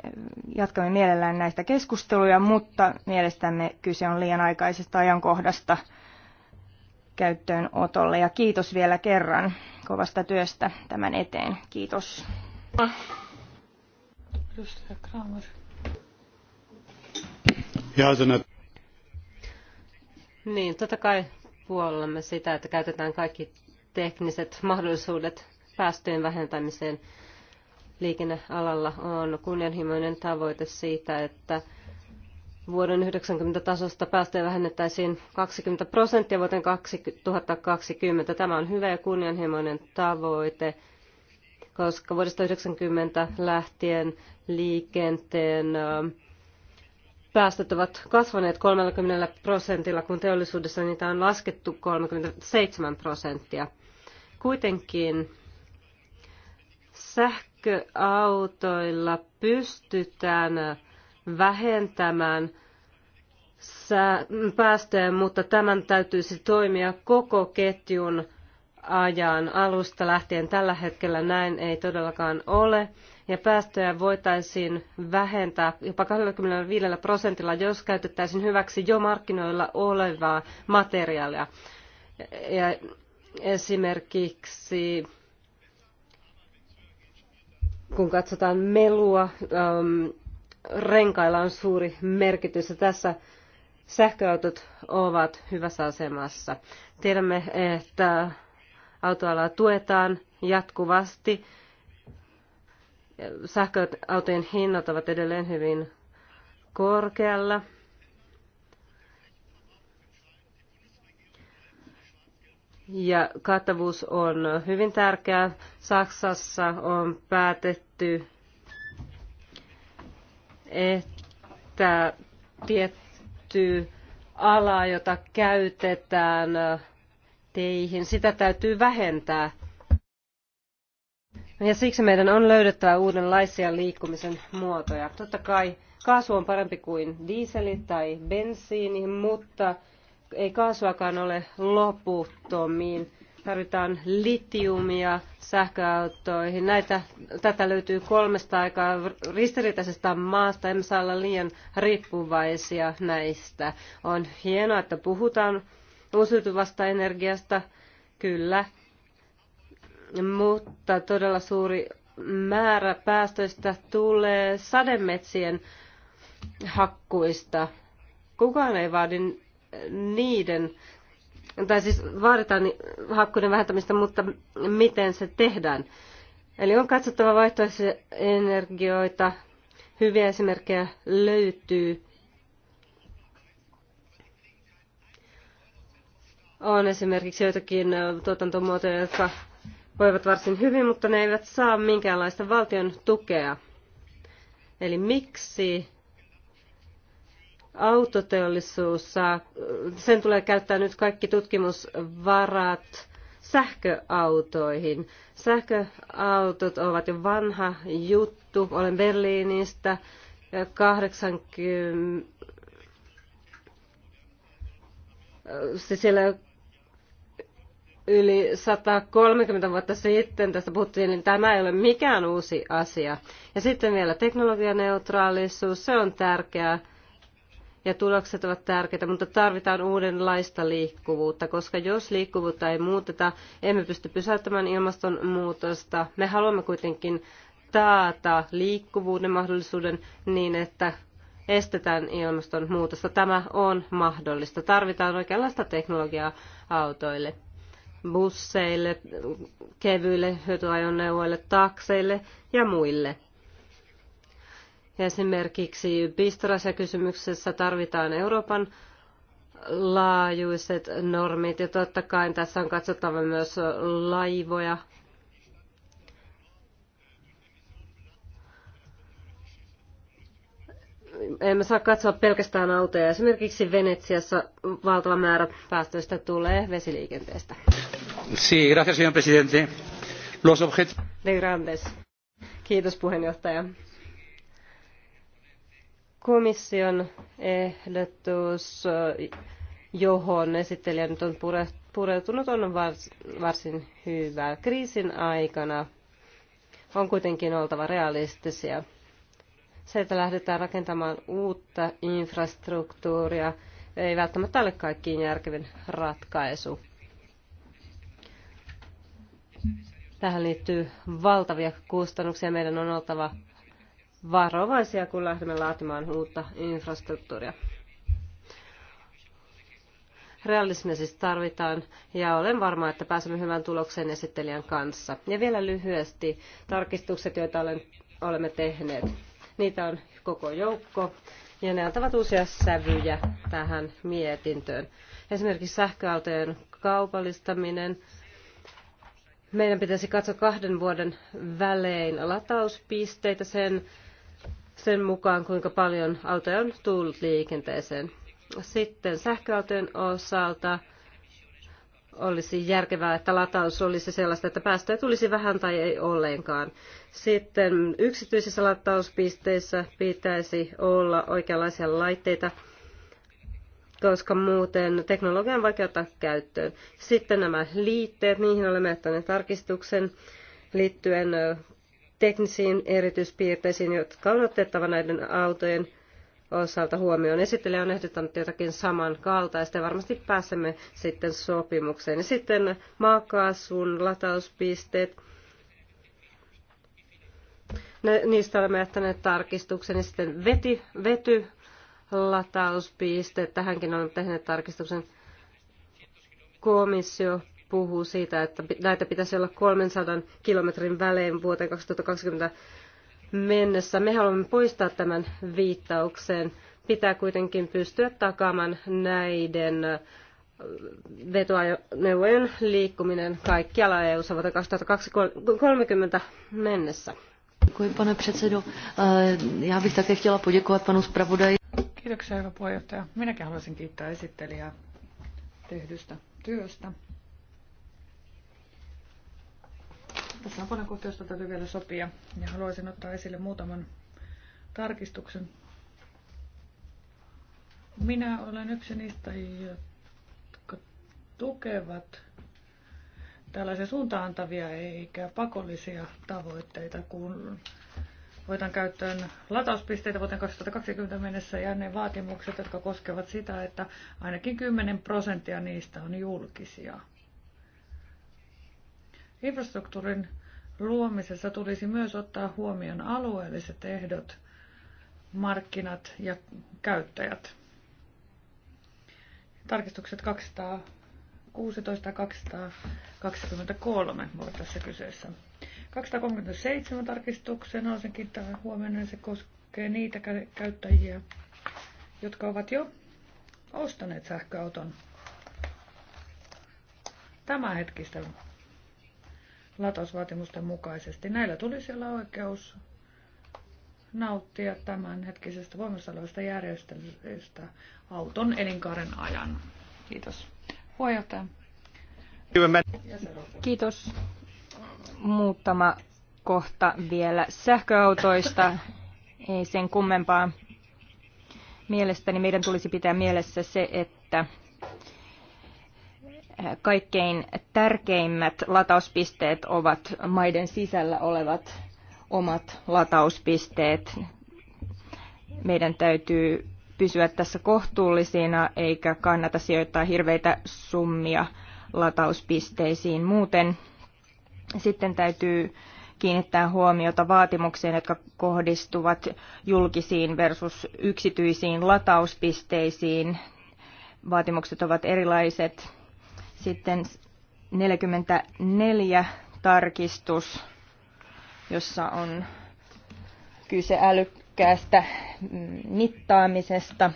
jatkamme mielellään näistä keskusteluja, mutta mielestämme kyse on liian aikaisesta ajankohdasta käyttöönotolle. Ja kiitos vielä kerran kovasta työstä tämän eteen. Kiitos. Niin, totta kai puolellamme sitä, että käytetään kaikki tekniset mahdollisuudet päästöjen vähentämiseen. Liikennealalla on kunnianhimoinen tavoite siitä, että vuoden 90 tasosta päästöjä vähennettäisiin 20 prosenttia vuoteen 2020. Tämä on hyvä ja kunnianhimoinen tavoite, koska vuodesta 90 lähtien liikenteen päästöt ovat kasvaneet 30 prosentilla, kun teollisuudessa niitä on laskettu 37 prosenttia. Kuitenkin sähköautoilla pystytään vähentämään päästöjä, mutta tämän täytyisi toimia koko ketjun ajan alusta lähtien. Tällä hetkellä näin ei todellakaan ole ja päästöjä voitaisiin vähentää jopa 25 prosentilla, jos käytettäisiin hyväksi jo markkinoilla olevaa materiaalia. Ja esimerkiksi kun katsotaan melua, ähm, renkailla on suuri merkitys ja tässä sähköautot ovat hyvässä asemassa. Tiedämme, että autoalaa tuetaan jatkuvasti Sähköautojen hinnat ovat edelleen hyvin korkealla. Ja kattavuus on hyvin tärkeää. Saksassa on päätetty, että tietty ala, jota käytetään teihin, sitä täytyy vähentää No ja siksi meidän on löydettävä uudenlaisia liikkumisen muotoja. Totta kai kaasu on parempi kuin diiseli tai bensiini, mutta ei kaasuakaan ole loputtomiin. Tarvitaan litiumia sähköautoihin. Näitä, tätä löytyy kolmesta aikaa ristiriitaisesta maasta. Emme saa olla liian riippuvaisia näistä. On hienoa, että puhutaan uusiutuvasta energiasta. Kyllä, mutta todella suuri määrä päästöistä tulee sademetsien hakkuista. Kukaan ei vaadi niiden, tai siis vaaditaan hakkuiden vähentämistä, mutta miten se tehdään. Eli on katsottava vaihtoehtoisia energioita. Hyviä esimerkkejä löytyy. On esimerkiksi joitakin tuotantomuotoja, jotka voivat varsin hyvin, mutta ne eivät saa minkäänlaista valtion tukea. Eli miksi autoteollisuus saa, sen tulee käyttää nyt kaikki tutkimusvarat sähköautoihin. Sähköautot ovat jo vanha juttu. Olen Berliinistä 80, siellä yli 130 vuotta sitten tästä puhuttiin, niin tämä ei ole mikään uusi asia. Ja sitten vielä teknologianeutraalisuus, se on tärkeää ja tulokset ovat tärkeitä, mutta tarvitaan uudenlaista liikkuvuutta, koska jos liikkuvuutta ei muuteta, emme pysty pysäyttämään ilmastonmuutosta. Me haluamme kuitenkin taata liikkuvuuden mahdollisuuden niin, että estetään ilmastonmuutosta. Tämä on mahdollista. Tarvitaan oikeanlaista teknologiaa autoille busseille, kevyille hyötyajoneuvoille, takseille ja muille. Esimerkiksi pistorasia kysymyksessä tarvitaan Euroopan laajuiset normit ja totta kai tässä on katsottava myös laivoja emme saa katsoa pelkästään autoja. Esimerkiksi Venetsiassa valtava määrä päästöistä tulee vesiliikenteestä. Sí, gracias, señor presidente. Los objet... De Grandes. Kiitos puheenjohtaja. Komission ehdotus, johon esittelijä nyt on pureutunut, on varsin hyvä. Kriisin aikana on kuitenkin oltava realistisia. Se, että lähdetään rakentamaan uutta infrastruktuuria, ei välttämättä ole kaikkiin järkevin ratkaisu. Tähän liittyy valtavia kustannuksia. Meidän on oltava varovaisia, kun lähdemme laatimaan uutta infrastruktuuria. Realismia siis tarvitaan ja olen varma, että pääsemme hyvään tulokseen esittelijän kanssa. Ja vielä lyhyesti tarkistukset, joita olen, olemme tehneet. Niitä on koko joukko ja ne antavat uusia sävyjä tähän mietintöön. Esimerkiksi sähköautojen kaupallistaminen. Meidän pitäisi katsoa kahden vuoden välein latauspisteitä sen, sen mukaan, kuinka paljon autoja on tullut liikenteeseen. Sitten sähköautojen osalta olisi järkevää, että lataus olisi sellaista, että päästöjä tulisi vähän tai ei ollenkaan. Sitten yksityisissä latauspisteissä pitäisi olla oikeanlaisia laitteita, koska muuten teknologia on vaikea ottaa käyttöön. Sitten nämä liitteet, niihin olemme ottaneet tarkistuksen liittyen teknisiin erityispiirteisiin, jotka on otettava näiden autojen osalta huomioon. Esittelijä on ehdottanut jotakin samankaltaista ja varmasti pääsemme sitten sopimukseen. Ja sitten maakaasun latauspisteet. Ne, niistä olemme jättäneet tarkistuksen ja sitten veti, vety latauspisteet, Tähänkin olemme tehneet tarkistuksen. Komissio puhuu siitä, että näitä pitäisi olla 300 kilometrin välein vuoteen 2020 mennessä. Me haluamme poistaa tämän viittauksen. Pitää kuitenkin pystyä takaamaan näiden äh, vetoajoneuvojen liikkuminen kaikkialla EU-ssa vuoteen 2030 mennessä. Děkuji, pane předsedo. Eh, já bych také chtěla poděkovat panu zpravodaji. Kiitoksia, hyvä puheenjohtaja. Minäkin haluaisin kiittää esittelijää tehdystä työstä. Tässä on paljon kohtia, joista täytyy vielä sopia ja haluaisin ottaa esille muutaman tarkistuksen. Minä olen yksi niistä, jotka tukevat tällaisia suuntaantavia eikä pakollisia tavoitteita, kun voitan käyttöön latauspisteitä vuoteen 2020 mennessä ja ne vaatimukset, jotka koskevat sitä, että ainakin 10 prosenttia niistä on julkisia. Infrastruktuurin luomisessa tulisi myös ottaa huomioon alueelliset ehdot, markkinat ja käyttäjät. Tarkistukset 216 ja 223 voi tässä kyseessä. 237 tarkistukseen haluaisin kiinnittää huomioon, että se koskee niitä käyttäjiä, jotka ovat jo ostaneet sähköauton tämänhetkistä latausvaatimusten mukaisesti. Näillä tulisi olla oikeus nauttia tämänhetkisestä olevasta järjestelystä auton elinkaaren ajan. Kiitos. Puheenjohtaja. Kiitos. Muutama kohta vielä sähköautoista. Ei sen kummempaa. Mielestäni meidän tulisi pitää mielessä se, että kaikkein tärkeimmät latauspisteet ovat maiden sisällä olevat omat latauspisteet. Meidän täytyy pysyä tässä kohtuullisina, eikä kannata sijoittaa hirveitä summia latauspisteisiin. Muuten sitten täytyy kiinnittää huomiota vaatimuksiin, jotka kohdistuvat julkisiin versus yksityisiin latauspisteisiin. Vaatimukset ovat erilaiset sitten 44 tarkistus, jossa on kyse älykkäästä mittaamisesta.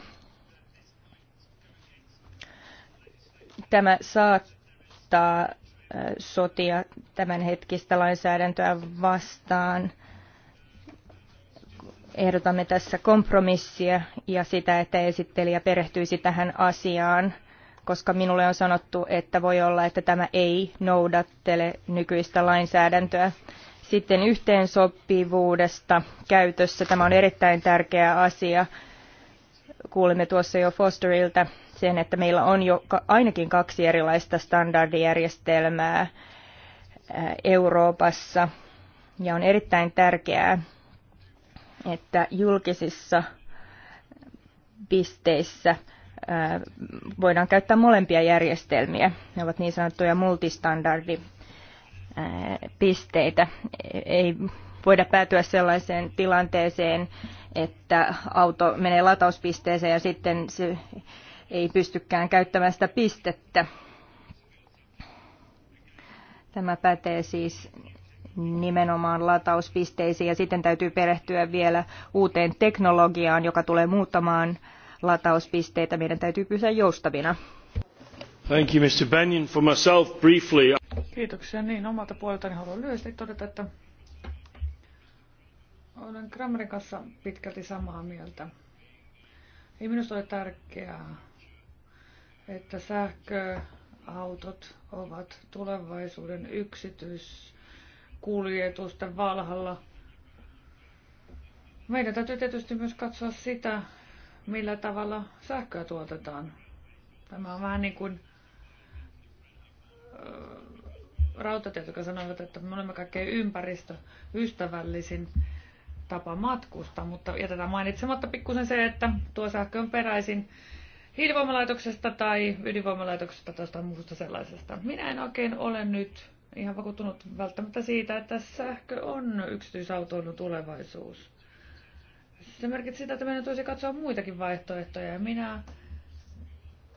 Tämä saattaa sotia tämänhetkistä lainsäädäntöä vastaan. Ehdotamme tässä kompromissia ja sitä, että esittelijä perehtyisi tähän asiaan – koska minulle on sanottu, että voi olla, että tämä ei noudattele nykyistä lainsäädäntöä. Sitten yhteensopivuudesta käytössä. Tämä on erittäin tärkeä asia. Kuulimme tuossa jo Fosterilta sen, että meillä on jo ainakin kaksi erilaista standardijärjestelmää Euroopassa. Ja on erittäin tärkeää, että julkisissa pisteissä – voidaan käyttää molempia järjestelmiä. Ne ovat niin sanottuja multistandardipisteitä. Ei voida päätyä sellaiseen tilanteeseen, että auto menee latauspisteeseen ja sitten se ei pystykään käyttämään sitä pistettä. Tämä pätee siis nimenomaan latauspisteisiin ja sitten täytyy perehtyä vielä uuteen teknologiaan, joka tulee muuttamaan latauspisteitä. Meidän täytyy pysyä joustavina. Thank you, Mr. Bennion. For myself, briefly. Kiitoksia. Niin, omalta puoleltani haluan lyhyesti todeta, että olen Kramerin kanssa pitkälti samaa mieltä. Ei minusta ole tärkeää, että sähköautot ovat tulevaisuuden yksityiskuljetusten valhalla. Meidän täytyy tietysti myös katsoa sitä, millä tavalla sähköä tuotetaan. Tämä on vähän niin kuin rautatiet, jotka sanovat, että me olemme kaikkein ympäristöystävällisin tapa matkustaa, mutta jätetään mainitsematta pikkusen se, että tuo sähkö on peräisin hiilivoimalaitoksesta tai ydinvoimalaitoksesta tai jostain muusta sellaisesta. Minä en oikein ole nyt ihan vakuuttunut välttämättä siitä, että sähkö on yksityisautoilun tulevaisuus. Se merkitsee sitä, että meidän tulisi katsoa muitakin vaihtoehtoja. Ja minä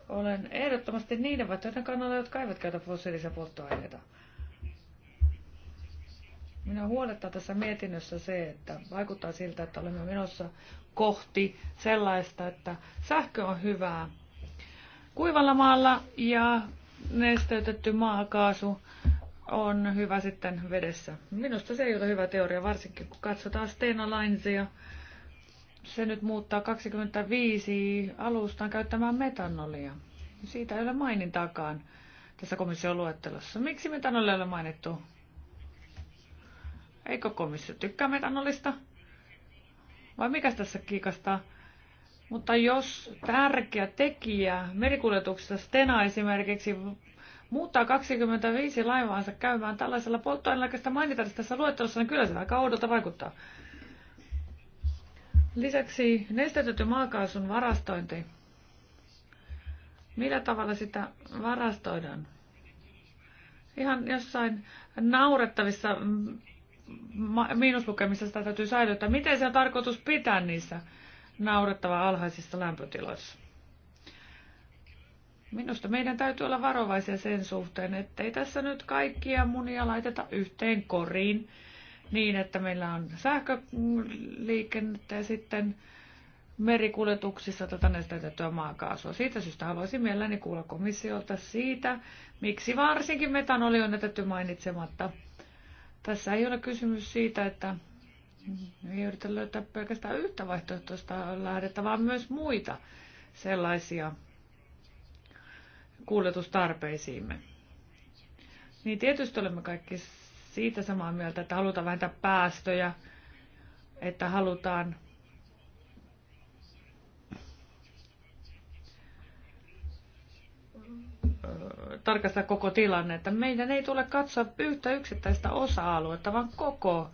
olen ehdottomasti niiden vaihtoehtojen kannalla, jotka eivät käytä fossiilisia polttoaineita. Minä huolettaa tässä mietinnössä se, että vaikuttaa siltä, että olemme menossa kohti sellaista, että sähkö on hyvää kuivalla maalla ja nesteytetty maakaasu on hyvä sitten vedessä. Minusta se ei ole hyvä teoria, varsinkin kun katsotaan Stena se nyt muuttaa 25 alustaan käyttämään metanolia. Siitä ei ole mainintaakaan tässä komission luettelossa. Miksi metanolia ei ole mainittu? Eikö komissio tykkää metanolista? Vai mikä tässä kiikastaa? Mutta jos tärkeä tekijä merikuljetuksessa Stena esimerkiksi muuttaa 25 laivaansa käymään tällaisella polttoaineella, sitä mainitaan tässä luettelossa, niin kyllä se aika oudolta vaikuttaa. Lisäksi nestetetyn maakaasun varastointi. Millä tavalla sitä varastoidaan? Ihan jossain naurettavissa mm, miinuslukemissa sitä täytyy säilyttää. Miten se on tarkoitus pitää niissä naurettava alhaisissa lämpötiloissa? Minusta meidän täytyy olla varovaisia sen suhteen, ettei tässä nyt kaikkia munia laiteta yhteen koriin niin, että meillä on sähköliikennettä ja sitten merikuljetuksissa tätä nesteytettyä maakaasua. Siitä syystä haluaisin mielelläni kuulla komissiolta siitä, miksi varsinkin metanoli on jätetty mainitsematta. Tässä ei ole kysymys siitä, että ei yritä löytää pelkästään yhtä vaihtoehtoista lähdettä, vaan myös muita sellaisia kuljetustarpeisiimme. Niin tietysti olemme kaikki siitä samaa mieltä, että halutaan vähentää päästöjä, että halutaan tarkastaa koko tilanne, että Meidän ei tule katsoa yhtä yksittäistä osa-aluetta, vaan koko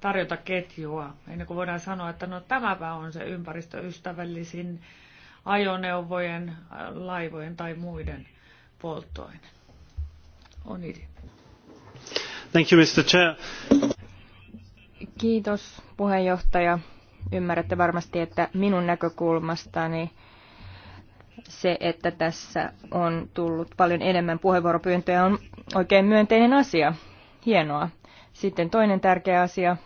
tarjota ketjua, ennen kuin voidaan sanoa, että no tämäpä on se ympäristöystävällisin ajoneuvojen, laivojen tai muiden polttoaine. On idea. Kiitos puheenjohtaja. Ymmärrätte varmasti, että minun näkökulmastani se, että tässä on tullut paljon enemmän puheenvuoropyyntöjä, on oikein myönteinen asia. Hienoa. Sitten toinen tärkeä asia,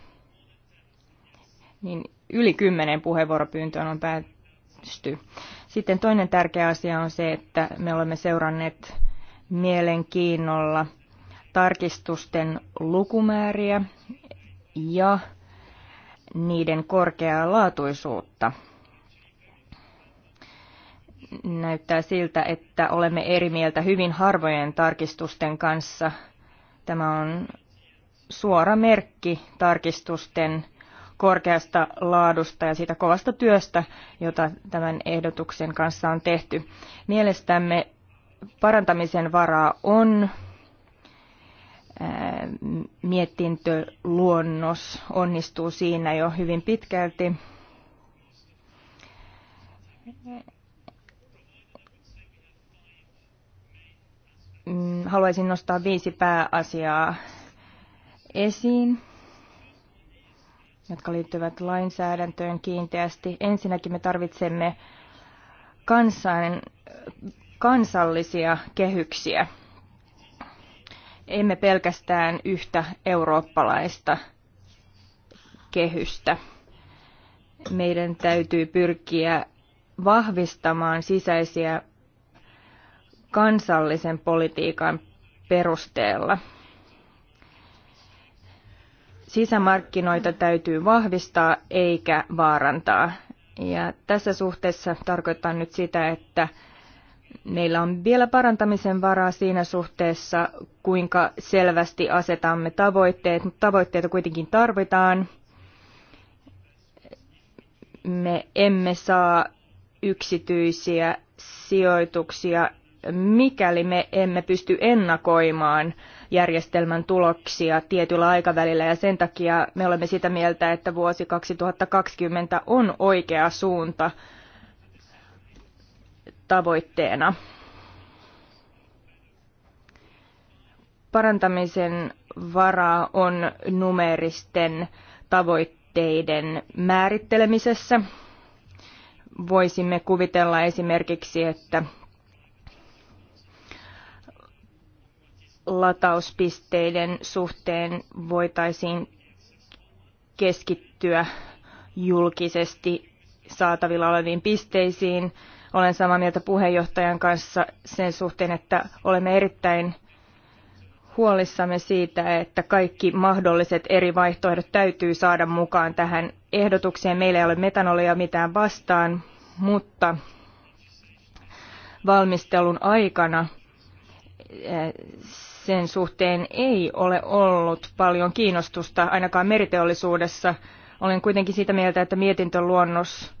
niin yli kymmenen puheenvuoropyyntöön on päästy. Sitten toinen tärkeä asia on se, että me olemme seuranneet mielenkiinnolla – tarkistusten lukumääriä ja niiden korkeaa laatuisuutta. Näyttää siltä, että olemme eri mieltä hyvin harvojen tarkistusten kanssa. Tämä on suora merkki tarkistusten korkeasta laadusta ja siitä kovasta työstä, jota tämän ehdotuksen kanssa on tehty. Mielestämme parantamisen varaa on mietintöluonnos onnistuu siinä jo hyvin pitkälti. Mm, haluaisin nostaa viisi pääasiaa esiin, jotka liittyvät lainsäädäntöön kiinteästi. Ensinnäkin me tarvitsemme kansan, kansallisia kehyksiä emme pelkästään yhtä eurooppalaista kehystä. Meidän täytyy pyrkiä vahvistamaan sisäisiä kansallisen politiikan perusteella. Sisämarkkinoita täytyy vahvistaa eikä vaarantaa. Ja tässä suhteessa tarkoitan nyt sitä, että Meillä on vielä parantamisen varaa siinä suhteessa, kuinka selvästi asetamme tavoitteet, mutta tavoitteita kuitenkin tarvitaan. Me emme saa yksityisiä sijoituksia, mikäli me emme pysty ennakoimaan järjestelmän tuloksia tietyllä aikavälillä ja sen takia me olemme sitä mieltä, että vuosi 2020 on oikea suunta tavoitteena. Parantamisen varaa on numeristen tavoitteiden määrittelemisessä. Voisimme kuvitella esimerkiksi, että latauspisteiden suhteen voitaisiin keskittyä julkisesti saatavilla oleviin pisteisiin olen samaa mieltä puheenjohtajan kanssa sen suhteen, että olemme erittäin huolissamme siitä, että kaikki mahdolliset eri vaihtoehdot täytyy saada mukaan tähän ehdotukseen. Meillä ei ole metanolia mitään vastaan, mutta valmistelun aikana eh, sen suhteen ei ole ollut paljon kiinnostusta, ainakaan meriteollisuudessa. Olen kuitenkin sitä mieltä, että mietintöluonnos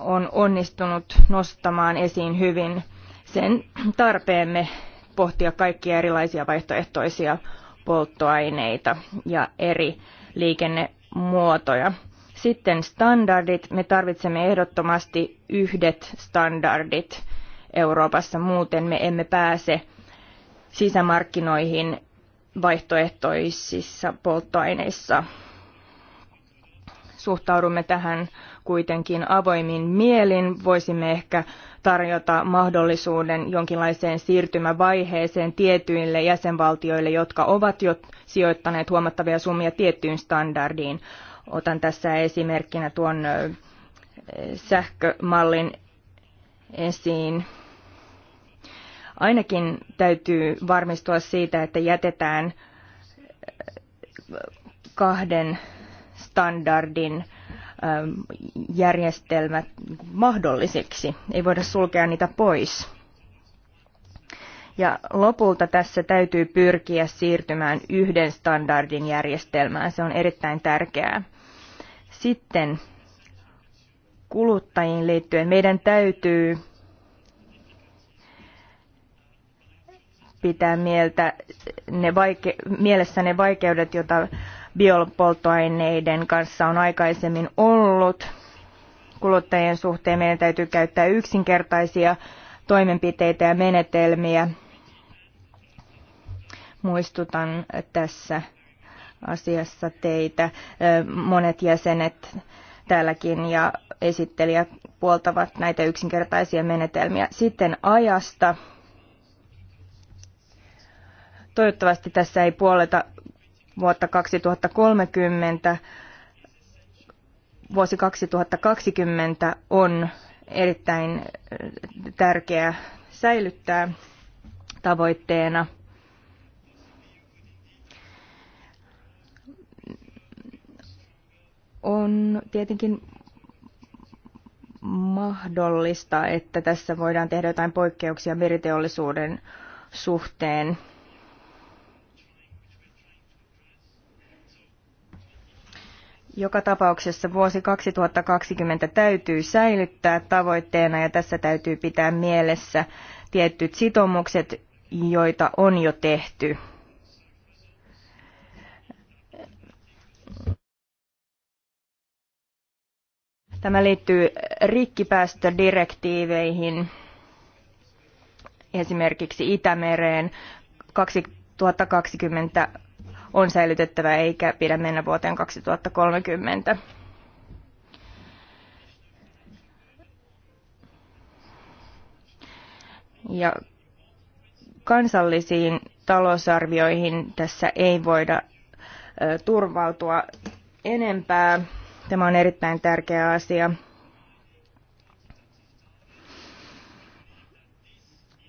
on onnistunut nostamaan esiin hyvin sen tarpeemme pohtia kaikkia erilaisia vaihtoehtoisia polttoaineita ja eri liikennemuotoja. Sitten standardit. Me tarvitsemme ehdottomasti yhdet standardit Euroopassa, muuten me emme pääse sisämarkkinoihin vaihtoehtoisissa polttoaineissa. Suhtaudumme tähän kuitenkin avoimin mielin. Voisimme ehkä tarjota mahdollisuuden jonkinlaiseen siirtymävaiheeseen tietyille jäsenvaltioille, jotka ovat jo sijoittaneet huomattavia summia tiettyyn standardiin. Otan tässä esimerkkinä tuon sähkömallin esiin. Ainakin täytyy varmistua siitä, että jätetään kahden standardin Ähm, järjestelmät mahdollisiksi. Ei voida sulkea niitä pois. Ja lopulta tässä täytyy pyrkiä siirtymään yhden standardin järjestelmään. Se on erittäin tärkeää. Sitten kuluttajiin liittyen meidän täytyy pitää mieltä ne vaike- mielessä ne vaikeudet, joita biopolttoaineiden kanssa on aikaisemmin ollut. Kuluttajien suhteen meidän täytyy käyttää yksinkertaisia toimenpiteitä ja menetelmiä. Muistutan tässä asiassa teitä. Monet jäsenet täälläkin ja esittelijät puoltavat näitä yksinkertaisia menetelmiä. Sitten ajasta. Toivottavasti tässä ei puoleta vuotta 2030. Vuosi 2020 on erittäin äh, tärkeä säilyttää tavoitteena. On tietenkin mahdollista, että tässä voidaan tehdä jotain poikkeuksia meriteollisuuden suhteen. Joka tapauksessa vuosi 2020 täytyy säilyttää tavoitteena ja tässä täytyy pitää mielessä tietyt sitoumukset, joita on jo tehty. Tämä liittyy rikkipäästödirektiiveihin, esimerkiksi Itämereen 2020 on säilytettävä eikä pidä mennä vuoteen 2030. Ja kansallisiin talousarvioihin tässä ei voida turvautua enempää. Tämä on erittäin tärkeä asia.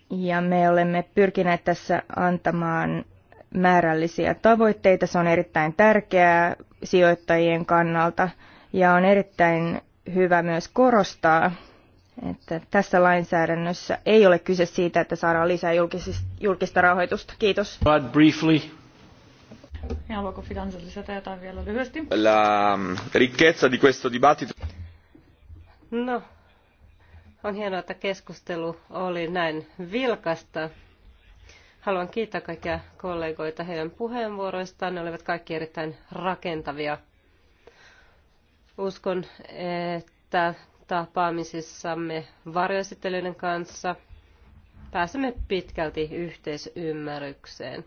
Ja me olemme pyrkineet tässä antamaan määrällisiä tavoitteita. Se on erittäin tärkeää sijoittajien kannalta ja on erittäin hyvä myös korostaa, että tässä lainsäädännössä ei ole kyse siitä, että saadaan lisää julkista rahoitusta. Kiitos. But briefly. Ja haluatko Fidanza lisätä jotain vielä lyhyesti? La ricchezza di questo dibattito. No, on hienoa, että keskustelu oli näin vilkasta. Haluan kiittää kaikkia kollegoita heidän puheenvuoroistaan. Ne olivat kaikki erittäin rakentavia. Uskon, että tapaamisissamme varjoesittelyiden kanssa pääsemme pitkälti yhteisymmärrykseen.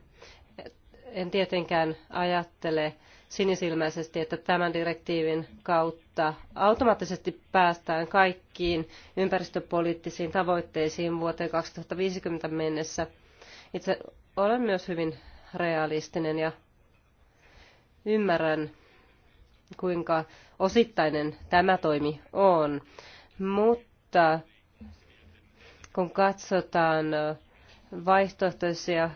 En tietenkään ajattele sinisilmäisesti, että tämän direktiivin kautta automaattisesti päästään kaikkiin ympäristöpoliittisiin tavoitteisiin vuoteen 2050 mennessä – itse olen myös hyvin realistinen ja ymmärrän, kuinka osittainen tämä toimi on. Mutta kun katsotaan vaihtoehtoisia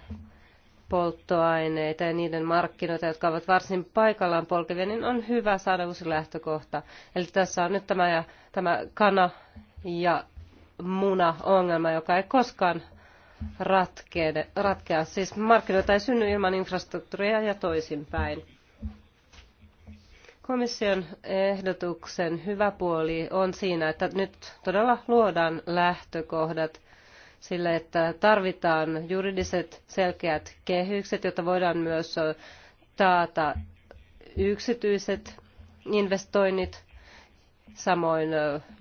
polttoaineita ja niiden markkinoita, jotka ovat varsin paikallaan polkevia, niin on hyvä saada uusi lähtökohta. Eli tässä on nyt tämä, ja, tämä kana ja muna ongelma, joka ei koskaan ratkea. Siis markkinoita ei synny ilman infrastruktuuria ja toisinpäin. Komission ehdotuksen hyvä puoli on siinä, että nyt todella luodaan lähtökohdat sille, että tarvitaan juridiset selkeät kehykset, jotta voidaan myös taata yksityiset investoinnit, samoin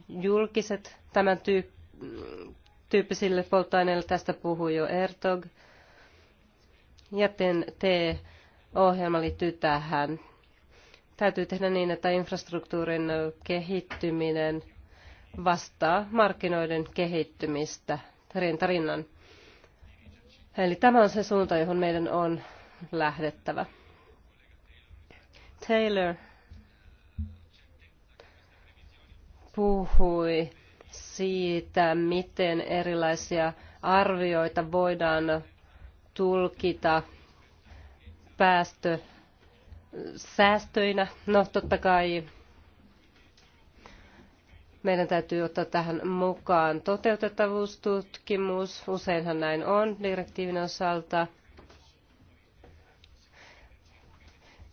julkiset tämän tyyppiset tyyppisille polttoaineille. Tästä puhui jo Ertog. Jätteen T-ohjelma liittyy tähän. Täytyy tehdä niin, että infrastruktuurin kehittyminen vastaa markkinoiden kehittymistä rintarinnan. Eli tämä on se suunta, johon meidän on lähdettävä. Taylor puhui siitä, miten erilaisia arvioita voidaan tulkita päästösäästöinä. No totta kai meidän täytyy ottaa tähän mukaan toteutettavuustutkimus. Useinhan näin on direktiivin osalta.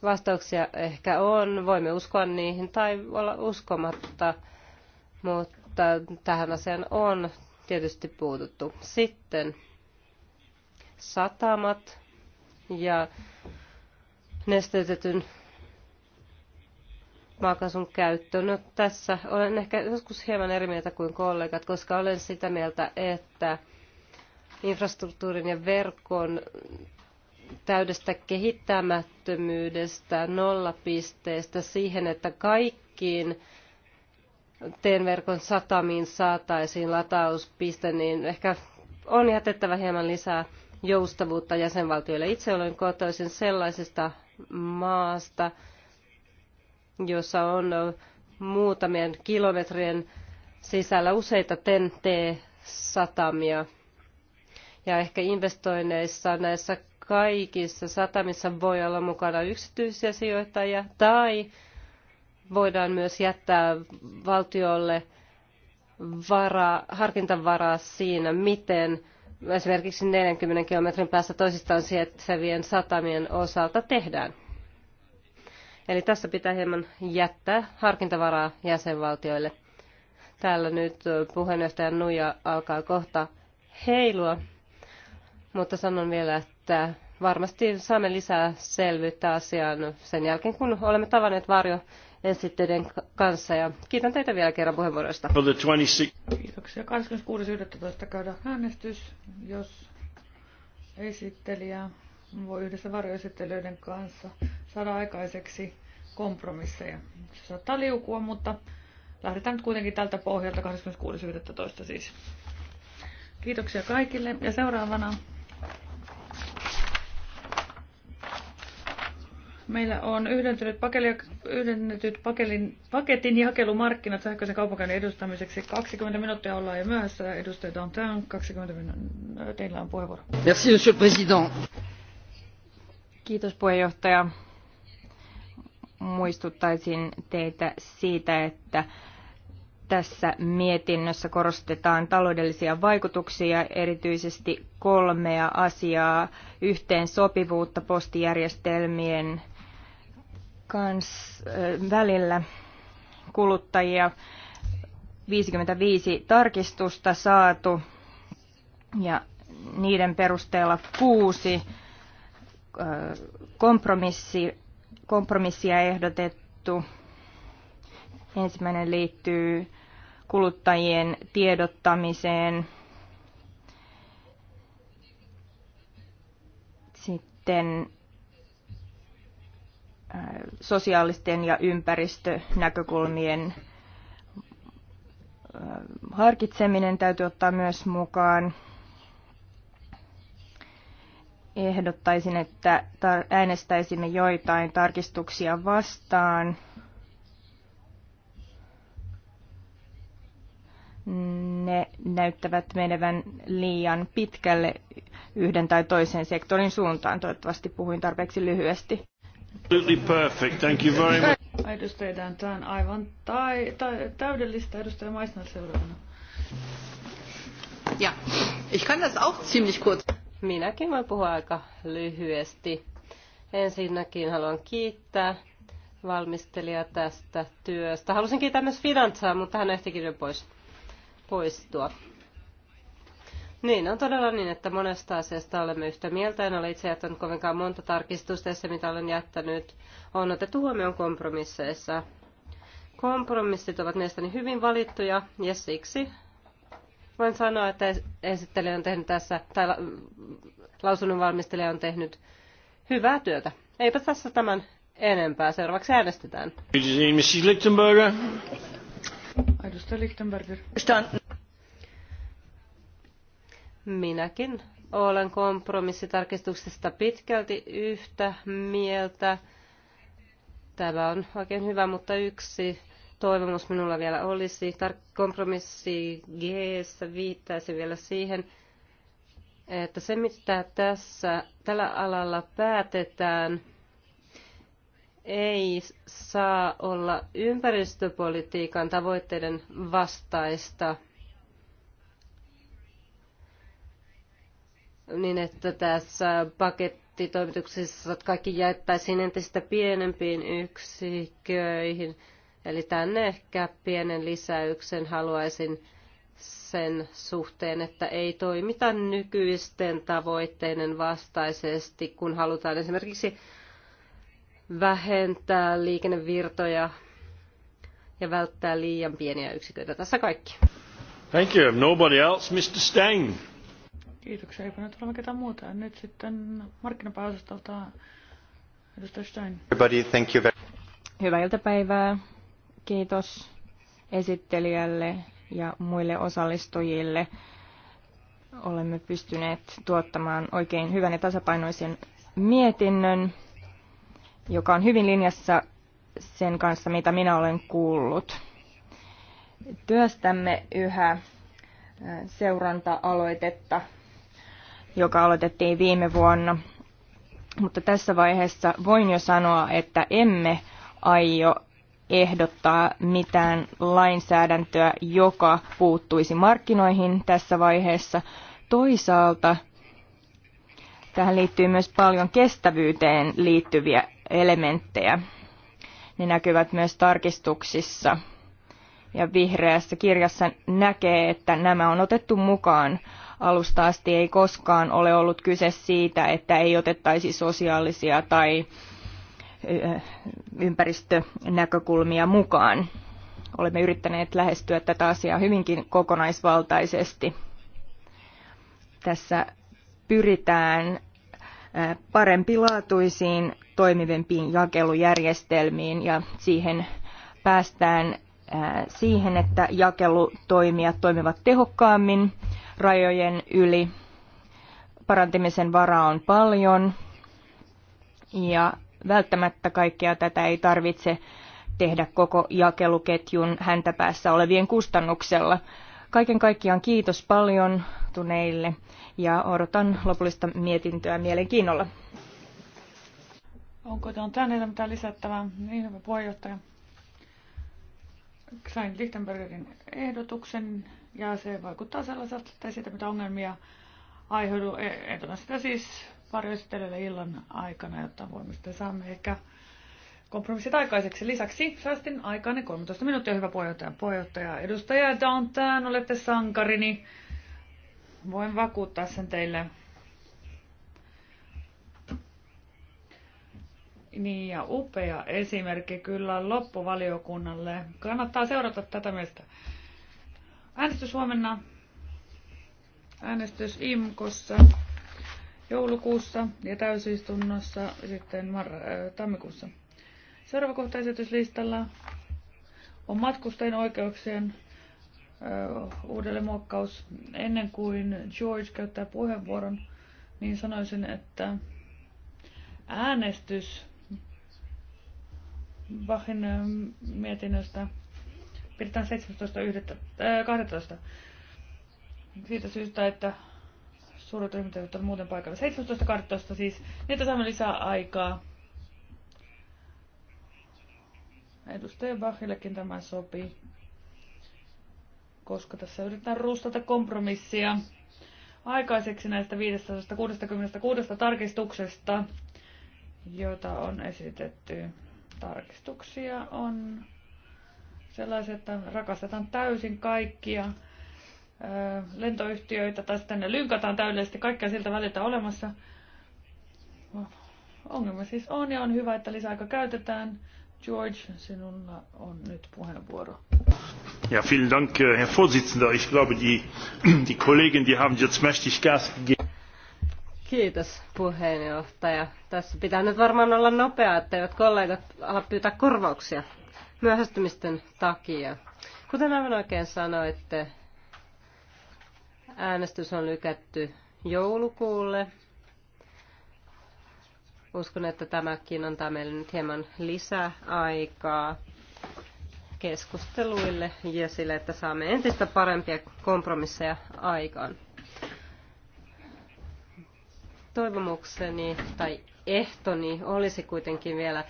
Vastauksia ehkä on, voimme uskoa niihin tai olla uskomatta, mutta mutta tähän asiaan on tietysti puututtu. Sitten satamat ja nesteytetyn maakasun käyttö. No, tässä olen ehkä joskus hieman eri mieltä kuin kollegat, koska olen sitä mieltä, että infrastruktuurin ja verkon täydestä kehittämättömyydestä, nollapisteestä siihen, että kaikkiin TEN-verkon satamiin saataisiin latauspiste, niin ehkä on jätettävä hieman lisää joustavuutta jäsenvaltioille. Itse olen kotoisin sellaisesta maasta, jossa on muutamien kilometrien sisällä useita TEN-T-satamia. Ja ehkä investoinneissa näissä kaikissa satamissa voi olla mukana yksityisiä sijoittajia tai voidaan myös jättää valtiolle vara harkintavaraa siinä, miten esimerkiksi 40 kilometrin päässä toisistaan sijaitsevien satamien osalta tehdään. Eli tässä pitää hieman jättää harkintavaraa jäsenvaltioille. Täällä nyt puheenjohtaja Nuja alkaa kohta heilua, mutta sanon vielä, että varmasti saamme lisää selvyyttä asiaan sen jälkeen, kun olemme tavanneet varjo esitteiden kanssa. Ja kiitän teitä vielä kerran puheenvuoroista. Kiitoksia. 26.11. käydään äänestys, jos esittelijä voi yhdessä varjoesittelijöiden kanssa saada aikaiseksi kompromisseja. Se saattaa liukua, mutta lähdetään nyt kuitenkin tältä pohjalta 26.11. siis. Kiitoksia kaikille ja seuraavana Meillä on yhdentynyt pakeli, yhdennetyt pakelin, paketin jakelumarkkinat sähköisen kaupankäynnin edustamiseksi. 20 minuuttia ollaan jo myöhässä. Edustajat on tämän. 20 minuuttia. Teillä on puheenvuoro. Merci, monsieur le président. Kiitos puheenjohtaja. Muistuttaisin teitä siitä, että tässä mietinnössä korostetaan taloudellisia vaikutuksia, erityisesti kolmea asiaa, yhteensopivuutta postijärjestelmien kans, välillä kuluttajia. 55 tarkistusta saatu ja niiden perusteella kuusi kompromissi, kompromissia ehdotettu. Ensimmäinen liittyy kuluttajien tiedottamiseen. Sitten sosiaalisten ja ympäristönäkökulmien harkitseminen täytyy ottaa myös mukaan. Ehdottaisin, että äänestäisimme joitain tarkistuksia vastaan. Ne näyttävät menevän liian pitkälle yhden tai toisen sektorin suuntaan. Toivottavasti puhuin tarpeeksi lyhyesti. Perfect. Thank you very much. Edustaja Dantan, aivan tai, tai, täydellistä. Edustaja Maisner seuraavana. Ja, ich kann das auch ziemlich kurz. Minäkin voin puhua aika lyhyesti. Ensinnäkin haluan kiittää valmistelija tästä työstä. Halusin kiittää myös Finansaa, mutta hän ehtikin jo pois, poistua. Niin, on todella niin, että monesta asiasta olemme yhtä mieltä. En ole itse jättänyt kovinkaan monta tarkistusta ja se, mitä olen jättänyt, on otettu huomioon kompromisseissa. Kompromissit ovat mielestäni hyvin valittuja ja siksi voin sanoa, että esittelijä on tehnyt tässä, tai valmistelija on tehnyt hyvää työtä. Eipä tässä tämän enempää. Seuraavaksi äänestetään. Mrs. Lichtenberger. Edustaja Lichtenberger. Minäkin olen kompromissitarkistuksesta pitkälti yhtä mieltä. Tämä on oikein hyvä, mutta yksi toivomus minulla vielä olisi. kompromissi G viittaisi vielä siihen, että se mitä tässä, tällä alalla päätetään, ei saa olla ympäristöpolitiikan tavoitteiden vastaista. niin että tässä pakettitoimituksessa kaikki jaettaisiin entistä pienempiin yksiköihin. Eli tänne ehkä pienen lisäyksen haluaisin sen suhteen, että ei toimita nykyisten tavoitteiden vastaisesti, kun halutaan esimerkiksi vähentää liikennevirtoja ja välttää liian pieniä yksiköitä. Tässä kaikki. Thank you. Nobody else, Mr. Stang. Kiitoksia. Eipä nyt ole ketään muuta. nyt sitten markkinapääosastolta edustaja Stein. Everybody, thank you very... Hyvää iltapäivää. Kiitos esittelijälle ja muille osallistujille. Olemme pystyneet tuottamaan oikein hyvän ja tasapainoisen mietinnön, joka on hyvin linjassa sen kanssa, mitä minä olen kuullut. Työstämme yhä seuranta-aloitetta joka aloitettiin viime vuonna. Mutta tässä vaiheessa voin jo sanoa, että emme aio ehdottaa mitään lainsäädäntöä, joka puuttuisi markkinoihin tässä vaiheessa. Toisaalta tähän liittyy myös paljon kestävyyteen liittyviä elementtejä. Ne näkyvät myös tarkistuksissa. Ja vihreässä kirjassa näkee, että nämä on otettu mukaan alusta asti ei koskaan ole ollut kyse siitä, että ei otettaisi sosiaalisia tai ympäristönäkökulmia mukaan. Olemme yrittäneet lähestyä tätä asiaa hyvinkin kokonaisvaltaisesti. Tässä pyritään parempilaatuisiin toimivempiin jakelujärjestelmiin ja siihen päästään Äh, siihen, että jakelutoimijat toimivat tehokkaammin rajojen yli. Parantamisen varaa on paljon ja välttämättä kaikkea tätä ei tarvitse tehdä koko jakeluketjun häntäpäässä olevien kustannuksella. Kaiken kaikkiaan kiitos paljon tuneille ja odotan lopullista mietintöä mielenkiinnolla. Onko on tänne mitään lisättävää? Niin hyvä puheenjohtaja sain Lichtenbergerin ehdotuksen ja se vaikuttaa sellaiselta, että siitä mitä ongelmia aiheudu. E, ehdotan sitä siis varjoesittelylle illan aikana, jotta voimme sitten saamme ehkä kompromissit aikaiseksi. Lisäksi säästin aikaanne 13 minuuttia, hyvä puheenjohtaja. puheenjohtaja. Edustaja Downtown, olette sankarini. Voin vakuuttaa sen teille. Niin ja upea esimerkki kyllä loppuvaliokunnalle. Kannattaa seurata tätä miestä. Äänestys huomenna. Äänestys IMKossa joulukuussa ja täysistunnossa sitten mar- äh, tammikuussa. Seuraava kohta esityslistalla on matkustajien oikeuksien äh, uudelleen muokkaus. Ennen kuin George käyttää puheenvuoron, niin sanoisin, että äänestys Bachin mietinnöstä pidetään 17.12. Siitä syystä, että suuret ryhmät eivät ole muuten paikalla. 17.12. siis, niitä saamme lisää aikaa. Edustaja Bachillekin tämä sopii, koska tässä yritetään rustata kompromissia aikaiseksi näistä 566 tarkistuksesta, joita on esitetty. Tarkistuksia on sellaisia, että rakastetaan täysin kaikkia lentoyhtiöitä tai sitten ne lynkataan täydellisesti kaikkea siltä väliltä olemassa. Ongelma siis on ja on hyvä, että lisäaika käytetään. George, sinulla on nyt puheenvuoro. Ja, vielen Dank, Herr Vorsitzender. Ich glaube, die, die Kollegen, die haben jetzt mächtig Gas gegeben. Kiitos puheenjohtaja. Tässä pitää nyt varmaan olla nopea, eivät kollegat ala pyytää korvauksia myöhästymisten takia. Kuten aivan oikein sanoitte, äänestys on lykätty joulukuulle. Uskon, että tämäkin antaa meille nyt hieman lisäaikaa keskusteluille ja sille, että saamme entistä parempia kompromisseja aikaan toivomukseni tai ehtoni olisi kuitenkin vielä,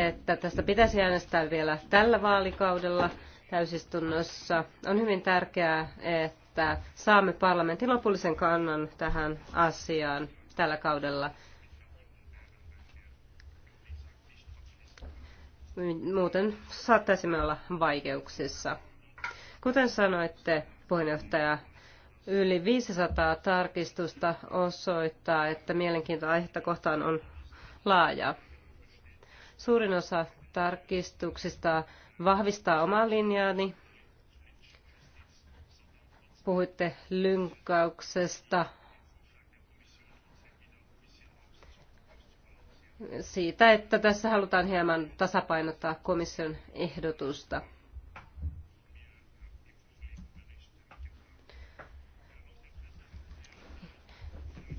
että tästä pitäisi äänestää vielä tällä vaalikaudella täysistunnossa. On hyvin tärkeää, että saamme parlamentin lopullisen kannan tähän asiaan tällä kaudella. Muuten saattaisimme olla vaikeuksissa. Kuten sanoitte, puheenjohtaja, Yli 500 tarkistusta osoittaa, että mielenkiinto aihetta kohtaan on laajaa. Suurin osa tarkistuksista vahvistaa omaa linjaani. Puhuitte lynkkauksesta, siitä, että tässä halutaan hieman tasapainottaa komission ehdotusta.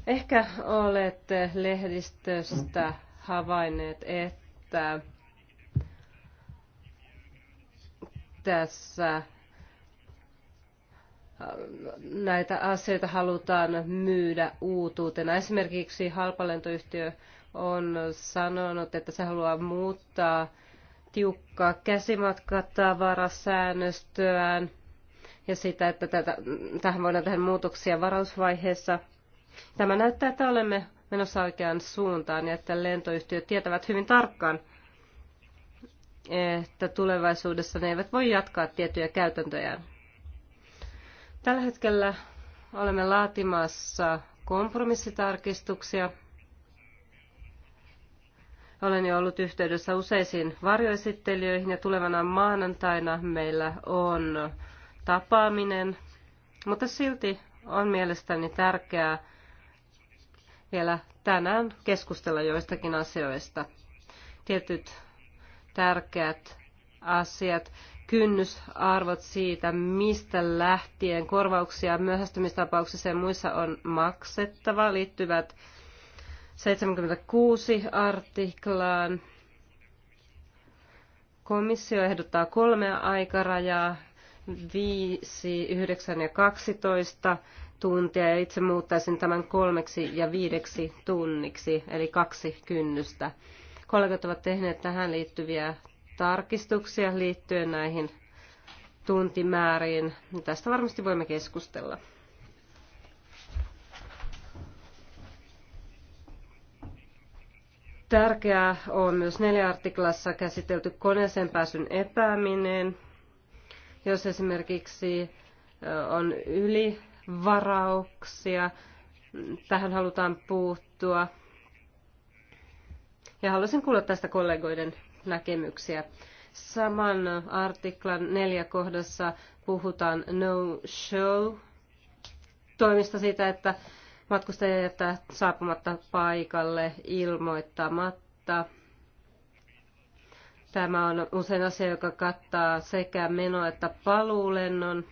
Ehkä olette lehdistöstä havainneet, että tässä äh, näitä asioita halutaan myydä uutuutena. Esimerkiksi halpalentoyhtiö on sanonut, että se haluaa muuttaa tiukkaa käsimatkatavarasäännöstöään ja sitä, että tätä, tähän voidaan tehdä muutoksia varausvaiheessa – Tämä näyttää, että olemme menossa oikeaan suuntaan ja että lentoyhtiöt tietävät hyvin tarkkaan, että tulevaisuudessa ne eivät voi jatkaa tiettyjä käytäntöjään. Tällä hetkellä olemme laatimassa kompromissitarkistuksia. Olen jo ollut yhteydessä useisiin varjoesittelijöihin ja tulevana maanantaina meillä on tapaaminen, mutta silti on mielestäni tärkeää, vielä tänään keskustella joistakin asioista. Tietyt tärkeät asiat, kynnysarvot siitä, mistä lähtien korvauksia myöhästymistapauksissa ja muissa on maksettava, liittyvät 76 artiklaan. Komissio ehdottaa kolmea aikarajaa, 5, 9 ja 12 tuntia ja itse muuttaisin tämän kolmeksi ja viideksi tunniksi, eli kaksi kynnystä. Kollegat ovat tehneet tähän liittyviä tarkistuksia liittyen näihin tuntimääriin. Tästä varmasti voimme keskustella. Tärkeää on myös neljä artiklassa käsitelty koneeseen pääsyn epääminen. Jos esimerkiksi on yli varauksia. Tähän halutaan puuttua. Ja haluaisin kuulla tästä kollegoiden näkemyksiä. Saman artiklan neljä kohdassa puhutaan no-show toimista siitä, että matkustaja jättää saapumatta paikalle ilmoittamatta. Tämä on usein asia, joka kattaa sekä meno- että paluulennon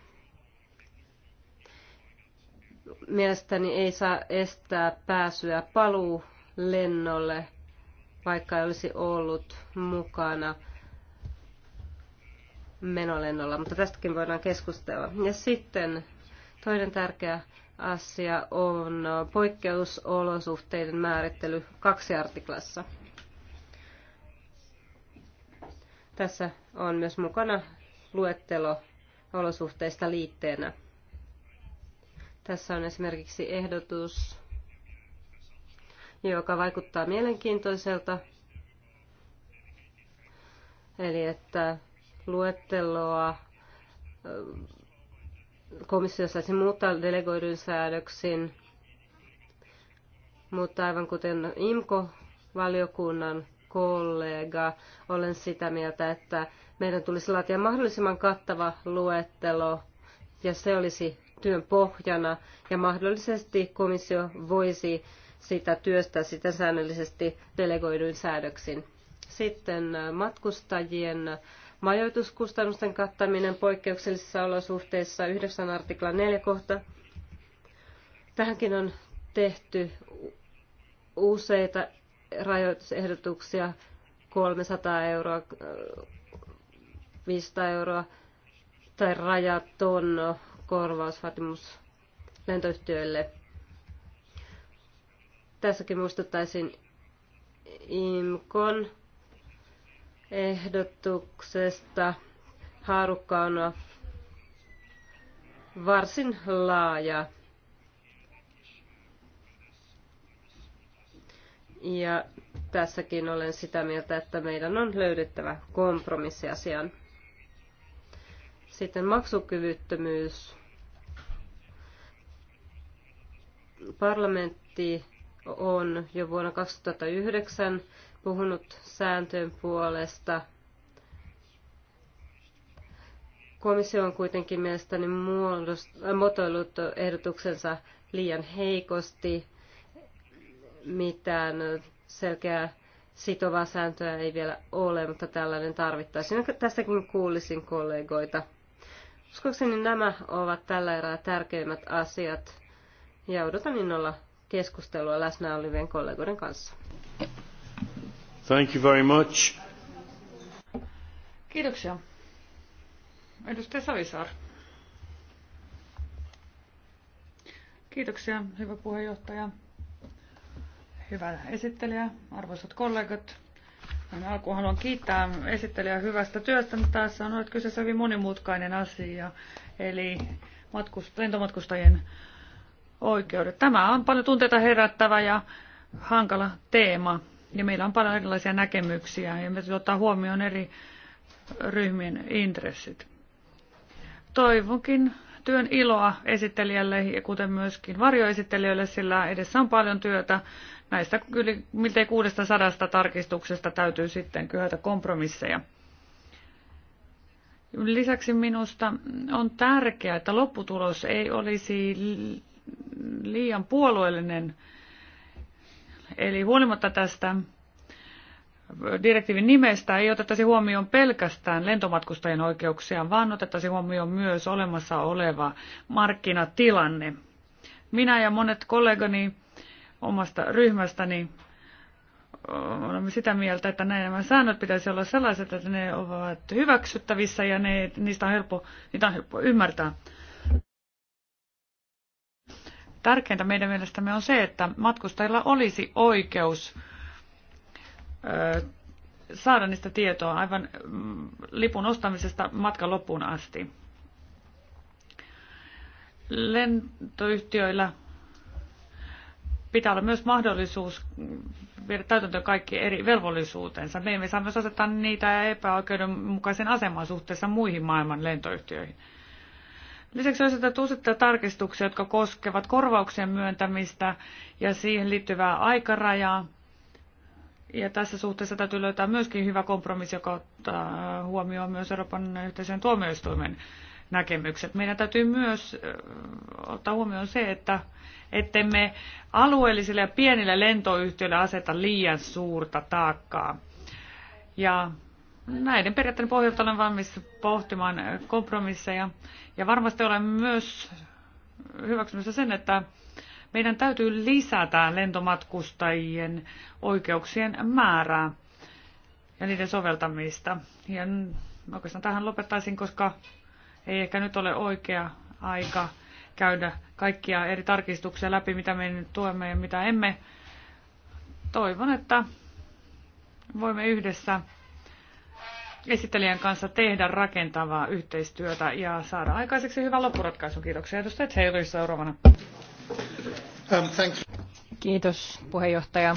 mielestäni ei saa estää pääsyä paluu lennolle, vaikka ei olisi ollut mukana menolennolla, mutta tästäkin voidaan keskustella. Ja sitten toinen tärkeä asia on poikkeusolosuhteiden määrittely kaksi artiklassa. Tässä on myös mukana luettelo olosuhteista liitteenä. Tässä on esimerkiksi ehdotus, joka vaikuttaa mielenkiintoiselta. Eli että luetteloa komissio saisi muuttaa delegoidun säädöksin, mutta aivan kuten IMKO-valiokunnan kollega, olen sitä mieltä, että meidän tulisi laatia mahdollisimman kattava luettelo, ja se olisi työn pohjana ja mahdollisesti komissio voisi sitä työstää sitä säännöllisesti delegoiduin säädöksin. Sitten äh, matkustajien majoituskustannusten kattaminen poikkeuksellisissa olosuhteissa 9 artikla 4 kohta. Tähänkin on tehty useita rajoitusehdotuksia, 300 euroa, 500 äh, euroa tai rajaton korvausvaatimus lentoyhtiöille. Tässäkin muistuttaisin IMKON ehdotuksesta. Haarukka on varsin laaja. Ja tässäkin olen sitä mieltä, että meidän on löydettävä kompromissiasian. Sitten maksukyvyttömyys. Parlamentti on jo vuonna 2009 puhunut sääntöjen puolesta. Komissio on kuitenkin mielestäni äh, muotoillut ehdotuksensa liian heikosti. Mitään selkeää sitovaa sääntöä ei vielä ole, mutta tällainen tarvittaisiin. Tästäkin kuulisin kollegoita. Uskokseni nämä ovat tällä erää tärkeimmät asiat ja odotan innolla keskustelua läsnä olevien kollegoiden kanssa. Thank you very much. Kiitoksia. Edustaja Savisaar. Kiitoksia, hyvä puheenjohtaja, hyvä esittelijä, arvoisat kollegat. alkuun haluan kiittää esittelijää hyvästä työstä. Tässä on ollut kyseessä hyvin monimutkainen asia, eli matkus, lentomatkustajien oikeudet. Tämä on paljon tunteita herättävä ja hankala teema. Ja meillä on paljon erilaisia näkemyksiä ja me ottaa huomioon eri ryhmien intressit. Toivonkin työn iloa esittelijälle ja kuten myöskin varjoesittelijöille, sillä edessä on paljon työtä. Näistä yli miltei 600 tarkistuksesta täytyy sitten kyhätä kompromisseja. Lisäksi minusta on tärkeää, että lopputulos ei olisi liian puolueellinen. Eli huolimatta tästä direktiivin nimestä ei otettaisi huomioon pelkästään lentomatkustajien oikeuksia, vaan otettaisi huomioon myös olemassa oleva markkinatilanne. Minä ja monet kollegani omasta ryhmästäni olemme sitä mieltä, että nämä säännöt pitäisi olla sellaiset, että ne ovat hyväksyttävissä ja ne, niistä on helppo, niitä on helppo ymmärtää. Tärkeintä meidän mielestämme on se, että matkustajilla olisi oikeus saada niistä tietoa aivan mm, lipun ostamisesta matkan loppuun asti. Lentoyhtiöillä pitää olla myös mahdollisuus viedä täytäntöön kaikki eri velvollisuutensa. Me emme saa myös asettaa niitä epäoikeudenmukaisen aseman suhteessa muihin maailman lentoyhtiöihin. Lisäksi on esitetty useita tarkistuksia, jotka koskevat korvauksien myöntämistä ja siihen liittyvää aikarajaa. Ja tässä suhteessa täytyy löytää myöskin hyvä kompromissi, joka ottaa äh, huomioon myös Euroopan yhteisen tuomioistuimen näkemykset. Meidän täytyy myös äh, ottaa huomioon se, että ettemme alueellisille ja pienille lentoyhtiöille aseta liian suurta taakkaa. Ja näiden periaatteiden pohjalta olen valmis pohtimaan kompromisseja. Ja varmasti olen myös hyväksymässä sen, että meidän täytyy lisätä lentomatkustajien oikeuksien määrää ja niiden soveltamista. Ja oikeastaan tähän lopettaisin, koska ei ehkä nyt ole oikea aika käydä kaikkia eri tarkistuksia läpi, mitä me nyt tuemme ja mitä emme. Toivon, että voimme yhdessä esittelijän kanssa tehdä rakentavaa yhteistyötä ja saada aikaiseksi hyvän loppuratkaisun. Kiitoksia edustaja Taylor seuraavana. Um, Kiitos puheenjohtaja.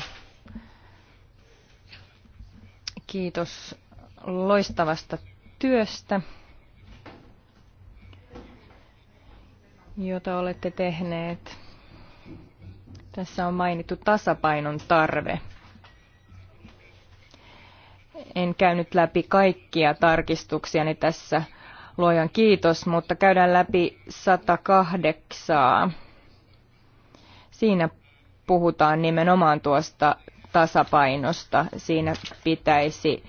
Kiitos loistavasta työstä, jota olette tehneet. Tässä on mainittu tasapainon tarve. En käynyt läpi kaikkia tarkistuksiani tässä, luojan kiitos, mutta käydään läpi 108. Siinä puhutaan nimenomaan tuosta tasapainosta. Siinä pitäisi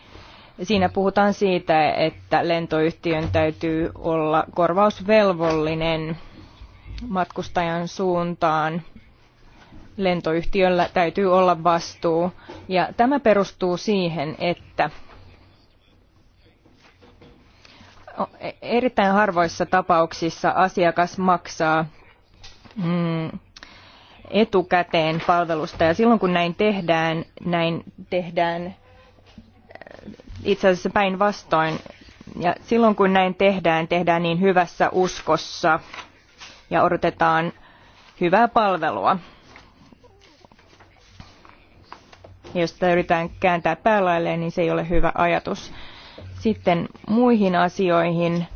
Siinä puhutaan siitä, että lentoyhtiön täytyy olla korvausvelvollinen matkustajan suuntaan lentoyhtiöllä täytyy olla vastuu. Ja tämä perustuu siihen, että erittäin harvoissa tapauksissa asiakas maksaa mm, etukäteen palvelusta. Ja silloin kun näin tehdään, näin tehdään äh, itse asiassa päinvastoin. Ja silloin kun näin tehdään, tehdään niin hyvässä uskossa ja odotetaan hyvää palvelua. jos sitä yritetään kääntää päälailleen, niin se ei ole hyvä ajatus. Sitten muihin asioihin,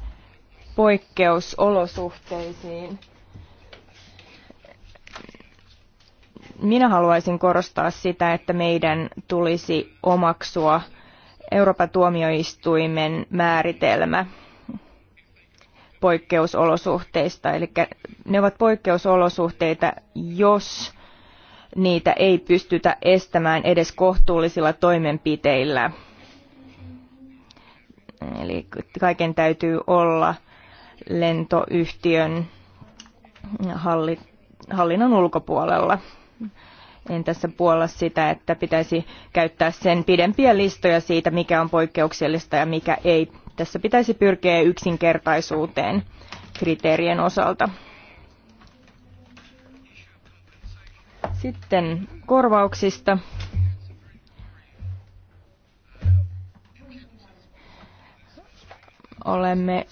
poikkeusolosuhteisiin. Minä haluaisin korostaa sitä, että meidän tulisi omaksua Euroopan tuomioistuimen määritelmä poikkeusolosuhteista. Eli ne ovat poikkeusolosuhteita, jos niitä ei pystytä estämään edes kohtuullisilla toimenpiteillä. Eli kaiken täytyy olla lentoyhtiön halli, hallinnon ulkopuolella. En tässä puolla sitä, että pitäisi käyttää sen pidempiä listoja siitä, mikä on poikkeuksellista ja mikä ei. Tässä pitäisi pyrkiä yksinkertaisuuteen kriteerien osalta. Sitten korvauksista. Olemme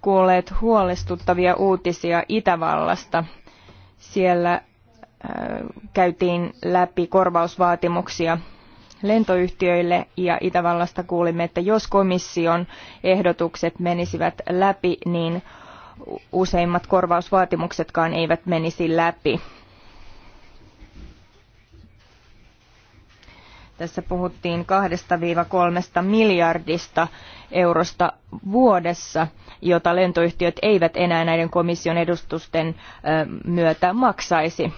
kuolleet huolestuttavia uutisia Itävallasta. Siellä äh, käytiin läpi korvausvaatimuksia lentoyhtiöille ja Itävallasta kuulimme, että jos komission ehdotukset menisivät läpi, niin useimmat korvausvaatimuksetkaan eivät menisi läpi. Tässä puhuttiin 2-3 miljardista eurosta vuodessa, jota lentoyhtiöt eivät enää näiden komission edustusten myötä maksaisi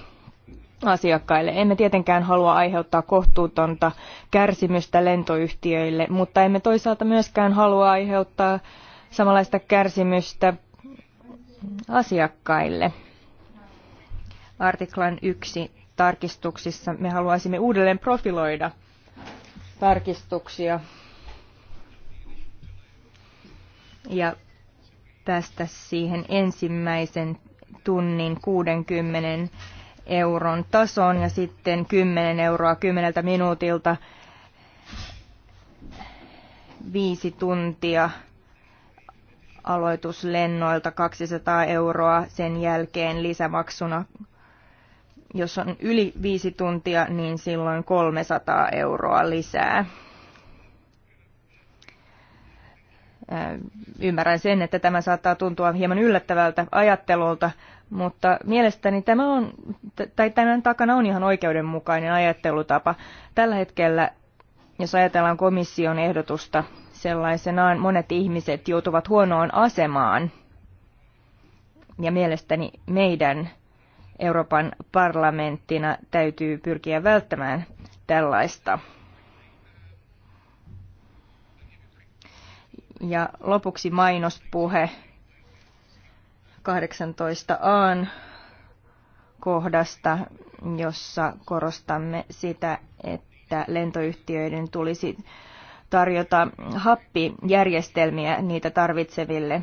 asiakkaille. Emme tietenkään halua aiheuttaa kohtuutonta kärsimystä lentoyhtiöille, mutta emme toisaalta myöskään halua aiheuttaa samanlaista kärsimystä asiakkaille. Artiklan yksi tarkistuksissa me haluaisimme uudelleen profiloida tarkistuksia. Ja päästä siihen ensimmäisen tunnin 60 euron tasoon ja sitten 10 euroa 10 minuutilta viisi tuntia aloituslennoilta 200 euroa sen jälkeen lisämaksuna jos on yli viisi tuntia, niin silloin 300 euroa lisää. Ymmärrän sen, että tämä saattaa tuntua hieman yllättävältä ajattelulta, mutta mielestäni tämä on, tai tämän takana on ihan oikeudenmukainen ajattelutapa. Tällä hetkellä, jos ajatellaan komission ehdotusta sellaisenaan, monet ihmiset joutuvat huonoon asemaan. Ja mielestäni meidän Euroopan parlamenttina täytyy pyrkiä välttämään tällaista. Ja lopuksi mainospuhe 18a kohdasta, jossa korostamme sitä, että lentoyhtiöiden tulisi tarjota happijärjestelmiä niitä tarvitseville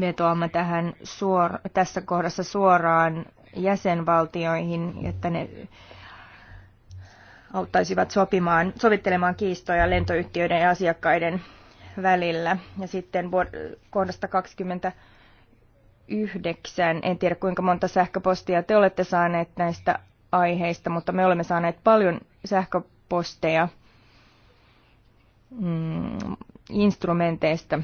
vetoamme tähän suor- tässä kohdassa suoraan jäsenvaltioihin, että ne auttaisivat sopimaan, sovittelemaan kiistoja lentoyhtiöiden ja asiakkaiden välillä. Ja sitten kohdasta 29, en tiedä kuinka monta sähköpostia te olette saaneet näistä aiheista, mutta me olemme saaneet paljon sähköposteja mm, instrumenteista,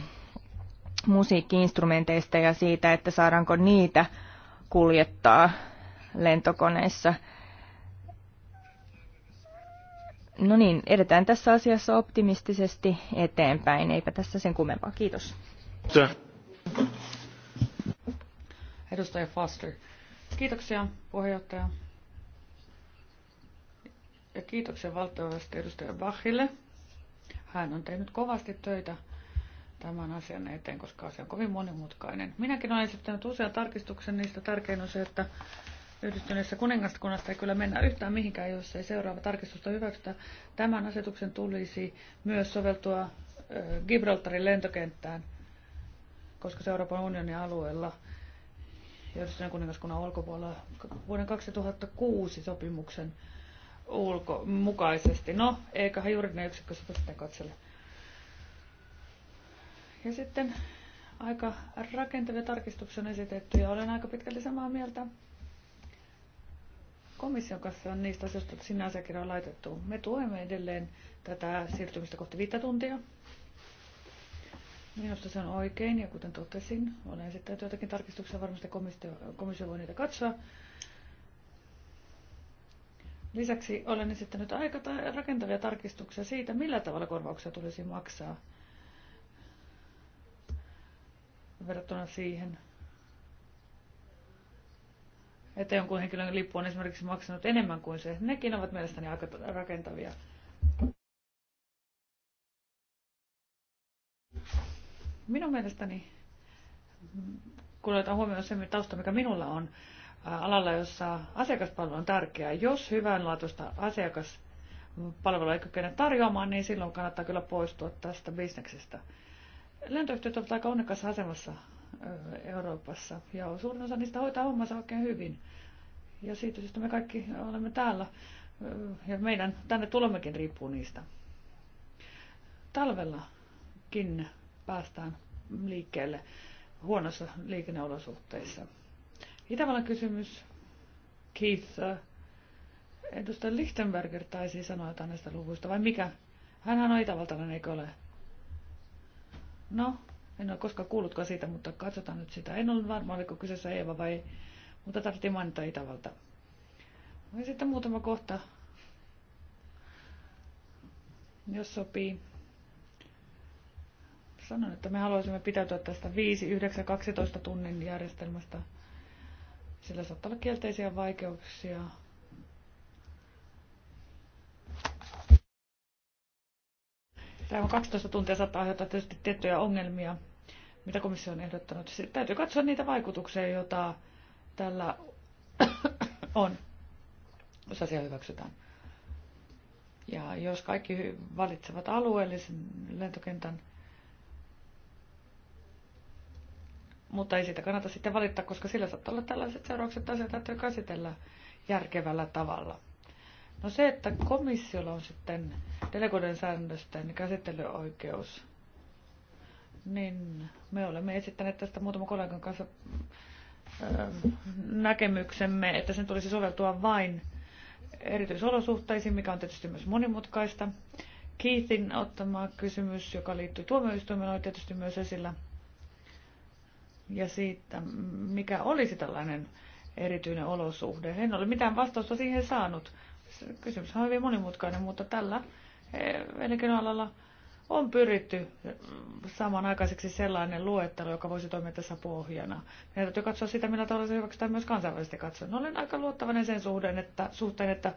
musiikkiinstrumenteista ja siitä, että saadaanko niitä kuljettaa lentokoneissa. No niin, edetään tässä asiassa optimistisesti eteenpäin. Eipä tässä sen kummempaa. Kiitos. Edustaja Foster. Kiitoksia puheenjohtaja. Ja kiitoksia valtavasti edustaja Bachille. Hän on tehnyt kovasti töitä tämän asian eteen, koska asia on kovin monimutkainen. Minäkin olen esittänyt usean tarkistuksen, niistä tärkein on se, että yhdistyneessä kuningaskunnasta ei kyllä mennä yhtään mihinkään, jos ei seuraava tarkistusta hyväksytä. Tämän asetuksen tulisi myös soveltua Gibraltarin lentokenttään, koska se Euroopan unionin alueella yhdistyneen kuningaskunnan ulkopuolella vuoden 2006 sopimuksen ulko, mukaisesti. No, eiköhän ne yksikkö sitä sitten katsele. Ja sitten aika rakentavia tarkistuksia on esitetty ja olen aika pitkälti samaa mieltä komission kanssa on niistä asioista, että sinne asiakirjaan on laitettu. Me tuemme edelleen tätä siirtymistä kohti viittä tuntia. Minusta se on oikein ja kuten totesin, olen sitten jotakin tarkistuksia, varmasti komissio, komissio voi niitä katsoa. Lisäksi olen esittänyt aika rakentavia tarkistuksia siitä, millä tavalla korvauksia tulisi maksaa – verrattuna siihen, että jonkun henkilön lippu on esimerkiksi maksanut enemmän kuin se. Nekin ovat mielestäni aika rakentavia. Minun mielestäni, kun otetaan huomioon se tausta, mikä minulla on, alalla, jossa asiakaspalvelu on tärkeää. Jos hyvänlaatuista asiakaspalvelua ei kykene tarjoamaan, niin silloin kannattaa kyllä poistua tästä bisneksestä. Lentoyhtiöt ovat aika onnekkaassa asemassa Euroopassa ja suurin osa niistä hoitaa hommansa oikein hyvin. Ja siitä syystä me kaikki olemme täällä ja meidän tänne tulommekin riippuu niistä. Talvellakin päästään liikkeelle huonossa liikenneolosuhteissa. Itävallan kysymys, Keith, edustaja Lichtenberger taisi sanoa jotain näistä luvuista, vai mikä? Hänhän on itävaltalainen, eikö ole? No, en ole koskaan kuullutkaan siitä, mutta katsotaan nyt sitä. En ole varma, oliko kyseessä Eeva vai... Mutta tarvittiin mainita Itävalta. Ja sitten muutama kohta, jos sopii. Sanon, että me haluaisimme pitäytyä tästä 5, 9, 12 tunnin järjestelmästä. Sillä saattaa olla kielteisiä vaikeuksia Tämä on 12 tuntia saattaa aiheuttaa tietysti tiettyjä ongelmia, mitä komissio on ehdottanut. Sitten täytyy katsoa niitä vaikutuksia, joita tällä on, jos asia hyväksytään. Ja jos kaikki valitsevat alueellisen lentokentän, mutta ei siitä kannata sitten valittaa, koska sillä saattaa olla tällaiset seuraukset, että asia täytyy käsitellä järkevällä tavalla. No se, että komissiolla on sitten delegoiden säännösten käsittelyoikeus, niin me olemme esittäneet tästä muutaman kollegan kanssa ähm, näkemyksemme, että sen tulisi soveltua vain erityisolosuhteisiin, mikä on tietysti myös monimutkaista. Keithin ottama kysymys, joka liittyy tuomioistuimeen, oli tietysti myös esillä. Ja siitä, mikä olisi tällainen erityinen olosuhde. En ole mitään vastausta siihen saanut. Kysymys on hyvin monimutkainen, mutta tällä eh, elinkeinoalalla on pyritty mm, aikaiseksi sellainen luettelo, joka voisi toimia tässä pohjana. Meidän täytyy katsoa sitä, millä tavalla se hyväksytään myös kansainvälisesti katsoen. Olen aika luottavainen sen suhteen, että, suhteen, että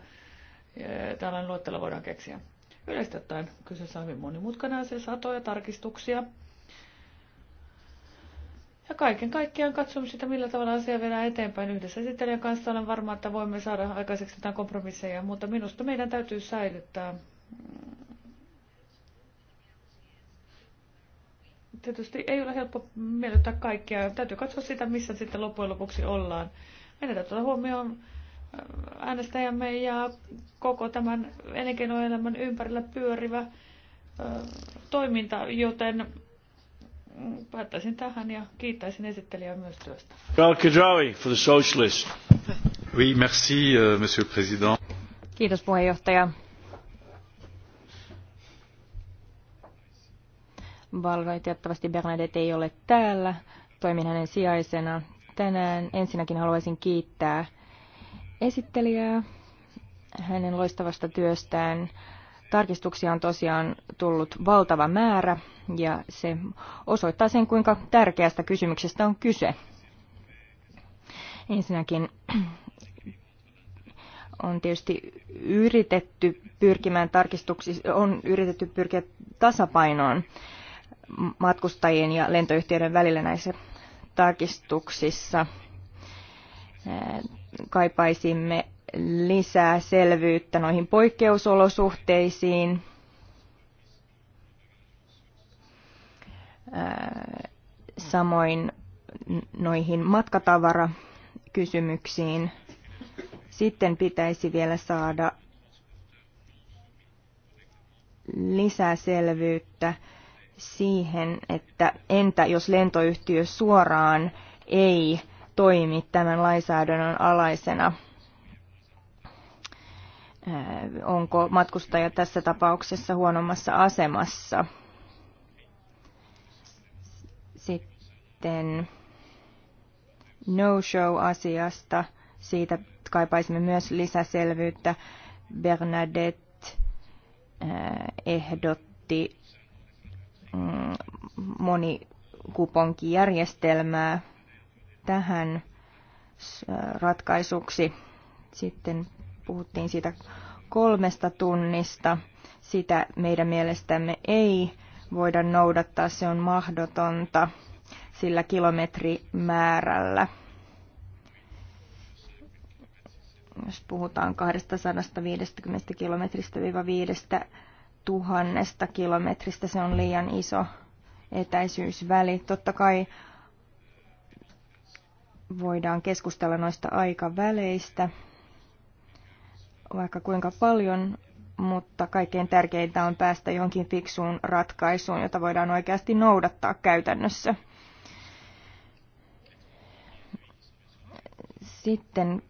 eh, tällainen luettelo voidaan keksiä. Yleisesti ottaen kyseessä on hyvin monimutkainen asia, satoja tarkistuksia, ja kaiken kaikkiaan katsomme sitä, millä tavalla asia vielä eteenpäin yhdessä esittelijän kanssa. Olen varma, että voimme saada aikaiseksi jotain kompromisseja, mutta minusta meidän täytyy säilyttää mm, tietysti ei ole helppo miellyttää kaikkia. Täytyy katsoa sitä, missä sitten loppujen lopuksi ollaan. Meidän täytyy ottaa huomioon äh, äänestäjämme ja koko tämän elinkeinoelämän ympärillä pyörivä äh, toiminta, joten päättäisin tähän ja kiittäisin esittelijää myös työstä. For the socialist. Oui, merci, euh, monsieur président. Kiitos puheenjohtaja. Valitettavasti Bernadette ei ole täällä. Toimin hänen sijaisena tänään. Ensinnäkin haluaisin kiittää esittelijää hänen loistavasta työstään. Tarkistuksia on tosiaan tullut valtava määrä ja se osoittaa sen, kuinka tärkeästä kysymyksestä on kyse. Ensinnäkin on tietysti yritetty pyrkimään tarkistuksi, on yritetty pyrkiä tasapainoon matkustajien ja lentoyhtiöiden välillä näissä tarkistuksissa. Kaipaisimme lisää selvyyttä noihin poikkeusolosuhteisiin, samoin noihin matkatavarakysymyksiin. Sitten pitäisi vielä saada lisää selvyyttä siihen, että entä jos lentoyhtiö suoraan ei toimi tämän lainsäädännön alaisena, onko matkustaja tässä tapauksessa huonommassa asemassa. Sitten no-show-asiasta, siitä kaipaisimme myös lisäselvyyttä. Bernadette äh, ehdotti mm, monikuponkijärjestelmää tähän äh, ratkaisuksi. Sitten puhuttiin siitä kolmesta tunnista. Sitä meidän mielestämme ei voida noudattaa, se on mahdotonta sillä kilometrimäärällä. Jos puhutaan 250 kilometristä viiva tuhannesta kilometristä, se on liian iso etäisyysväli. Totta kai voidaan keskustella noista aikaväleistä, vaikka kuinka paljon, mutta kaikkein tärkeintä on päästä johonkin fiksuun ratkaisuun, jota voidaan oikeasti noudattaa käytännössä. Sitten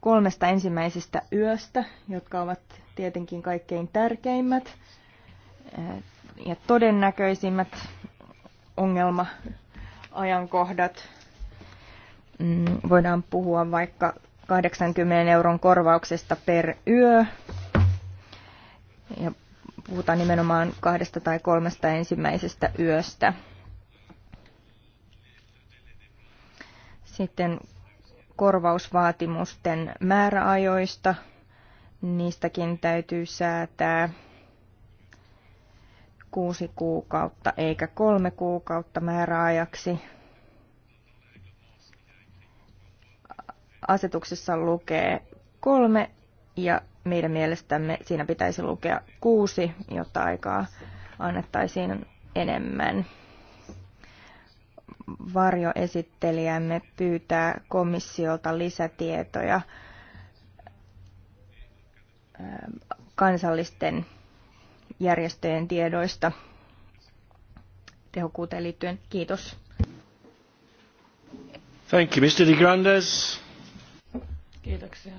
kolmesta ensimmäisestä yöstä, jotka ovat tietenkin kaikkein tärkeimmät eh, ja todennäköisimmät ongelma-ajankohdat. Mm, voidaan puhua vaikka 80 euron korvauksesta per yö. Ja puhutaan nimenomaan kahdesta tai kolmesta ensimmäisestä yöstä. Sitten korvausvaatimusten määräajoista. Niistäkin täytyy säätää kuusi kuukautta eikä kolme kuukautta määräajaksi. Asetuksessa lukee kolme ja meidän mielestämme siinä pitäisi lukea kuusi, jotta aikaa annettaisiin enemmän varjoesittelijämme pyytää komissiolta lisätietoja ähm, kansallisten järjestöjen tiedoista tehokkuuteen liittyen. Kiitos. Thank you, Mr. De Grandes. Kiitoksia.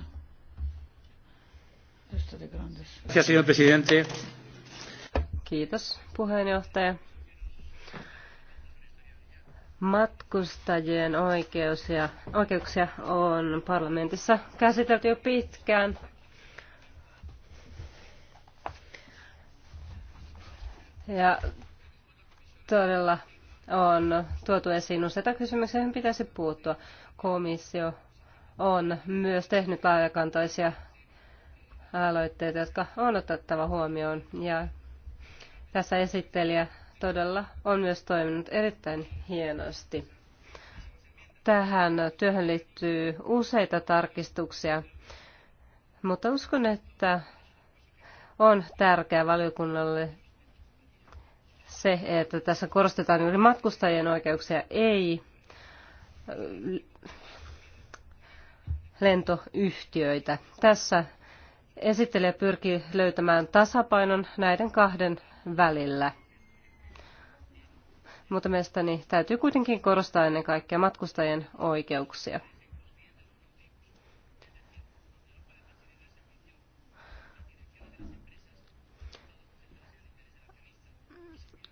Mr. De Grandes. Kiitos, puheenjohtaja. Matkustajien oikeuksia, oikeuksia on parlamentissa käsitelty jo pitkään. Ja todella on tuotu esiin useita kysymyksiä, joihin pitäisi puuttua. Komissio on myös tehnyt laajakantoisia aloitteita, jotka on otettava huomioon. Ja tässä esittelijä todella on myös toiminut erittäin hienosti. Tähän työhön liittyy useita tarkistuksia, mutta uskon, että on tärkeää valiokunnalle se, että tässä korostetaan juuri matkustajien oikeuksia, ei lentoyhtiöitä. Tässä esittelijä pyrkii löytämään tasapainon näiden kahden välillä mutta mielestäni täytyy kuitenkin korostaa ennen kaikkea matkustajien oikeuksia.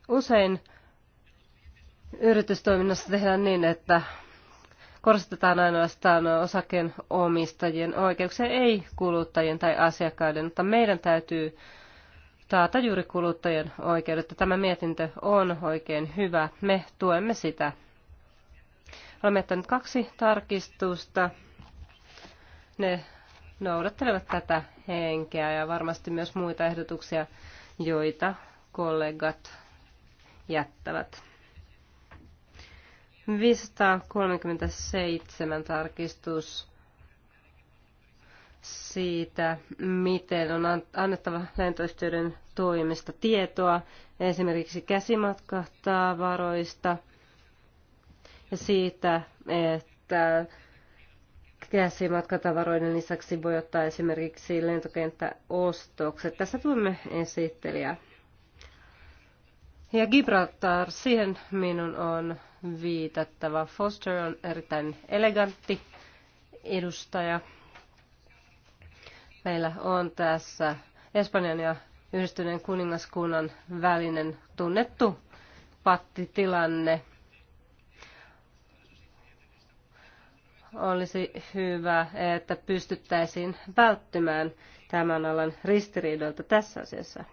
Usein yritystoiminnassa tehdään niin, että korostetaan ainoastaan omistajien oikeuksia, ei kuluttajien tai asiakkaiden, mutta meidän täytyy taata juuri kuluttajien oikeudet. Tämä mietintö on oikein hyvä. Me tuemme sitä. Olemme jättäneet kaksi tarkistusta. Ne noudattelevat tätä henkeä ja varmasti myös muita ehdotuksia, joita kollegat jättävät. 537 tarkistus siitä, miten on annettava lentoyhtiöiden toimista tietoa, esimerkiksi käsimatkatavaroista ja siitä, että käsimatkatavaroiden lisäksi voi ottaa esimerkiksi lentokenttäostokset. Tässä tuomme esittelijä. Ja Gibraltar, siihen minun on viitattava. Foster on erittäin elegantti edustaja. Meillä on tässä Espanjan ja yhdistyneen kuningaskunnan välinen tunnettu pattitilanne. Olisi hyvä, että pystyttäisiin välttymään tämän alan ristiriidoilta tässä asiassa.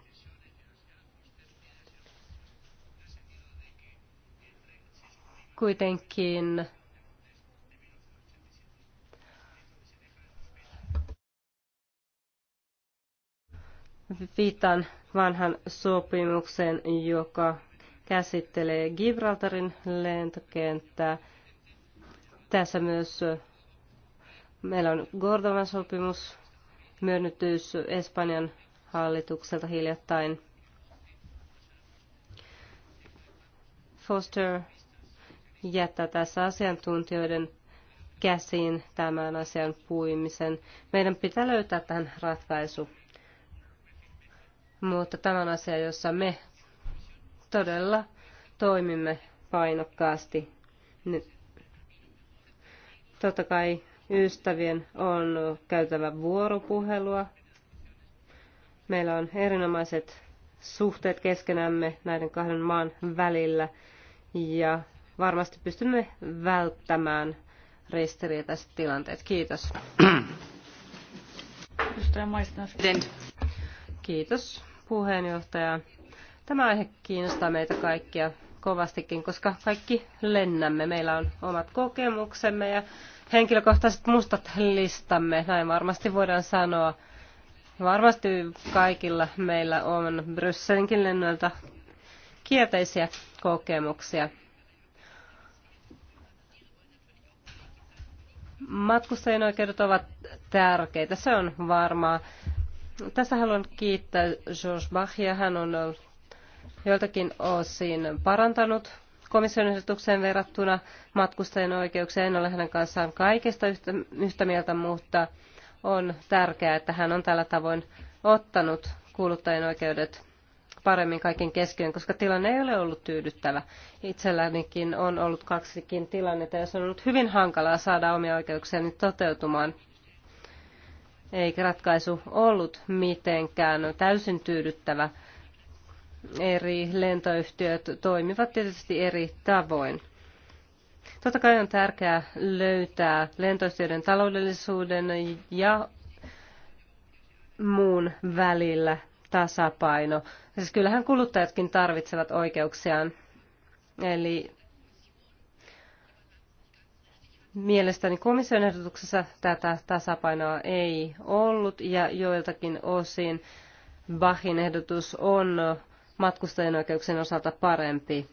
Kuitenkin viitan vanhan sopimukseen, joka käsittelee Gibraltarin lentokenttää. Tässä myös meillä on Gordovan sopimus, myönnytys Espanjan hallitukselta hiljattain. Foster jättää tässä asiantuntijoiden käsiin tämän asian puimisen. Meidän pitää löytää tähän ratkaisu mutta tämä on asia, jossa me todella toimimme painokkaasti. Totta kai ystävien on käytävä vuoropuhelua. Meillä on erinomaiset suhteet keskenämme näiden kahden maan välillä ja varmasti pystymme välttämään ristiriitaiset tilanteet. Kiitos. Kiitos puheenjohtaja. Tämä aihe kiinnostaa meitä kaikkia kovastikin, koska kaikki lennämme. Meillä on omat kokemuksemme ja henkilökohtaiset mustat listamme, näin varmasti voidaan sanoa. Varmasti kaikilla meillä on Brysselinkin lennoilta kielteisiä kokemuksia. Matkustajien oikeudet ovat tärkeitä, se on varmaa. Tässä haluan kiittää George Bachia. Hän on joiltakin osin parantanut komission ehdotukseen verrattuna matkustajien oikeuksia. En ole hänen kanssaan kaikesta yhtä, yhtä mieltä, mutta on tärkeää, että hän on tällä tavoin ottanut kuluttajien oikeudet paremmin kaiken keskiöön, koska tilanne ei ole ollut tyydyttävä. Itsellänikin on ollut kaksikin tilannetta, jos on ollut hyvin hankalaa saada omia oikeuksiani toteutumaan – eikä ratkaisu ollut mitenkään täysin tyydyttävä. Eri lentoyhtiöt toimivat tietysti eri tavoin. Totta kai on tärkeää löytää lentoyhtiöiden taloudellisuuden ja muun välillä tasapaino. Siis kyllähän kuluttajatkin tarvitsevat oikeuksiaan. Eli Mielestäni komission ehdotuksessa tätä tasapainoa ei ollut ja joiltakin osin Bachin ehdotus on matkustajien oikeuksien osalta parempi.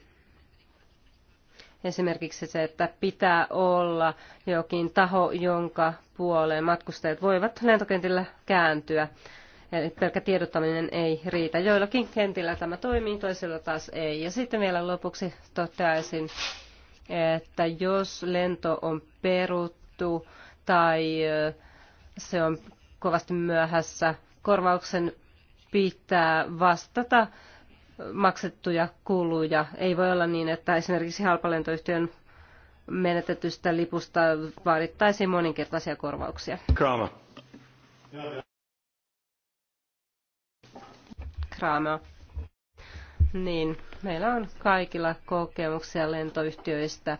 Esimerkiksi se, että pitää olla jokin taho, jonka puoleen matkustajat voivat lentokentillä kääntyä. Eli pelkkä tiedottaminen ei riitä. Joillakin kentillä tämä toimii, toisilla taas ei. Ja sitten vielä lopuksi toteaisin, että jos lento on peruttu tai se on kovasti myöhässä, korvauksen pitää vastata maksettuja kuluja. Ei voi olla niin, että esimerkiksi halpalentoyhtiön menetetystä lipusta vaadittaisiin moninkertaisia korvauksia. Kraama. Kraama. Niin, meillä on kaikilla kokemuksia lentoyhtiöistä.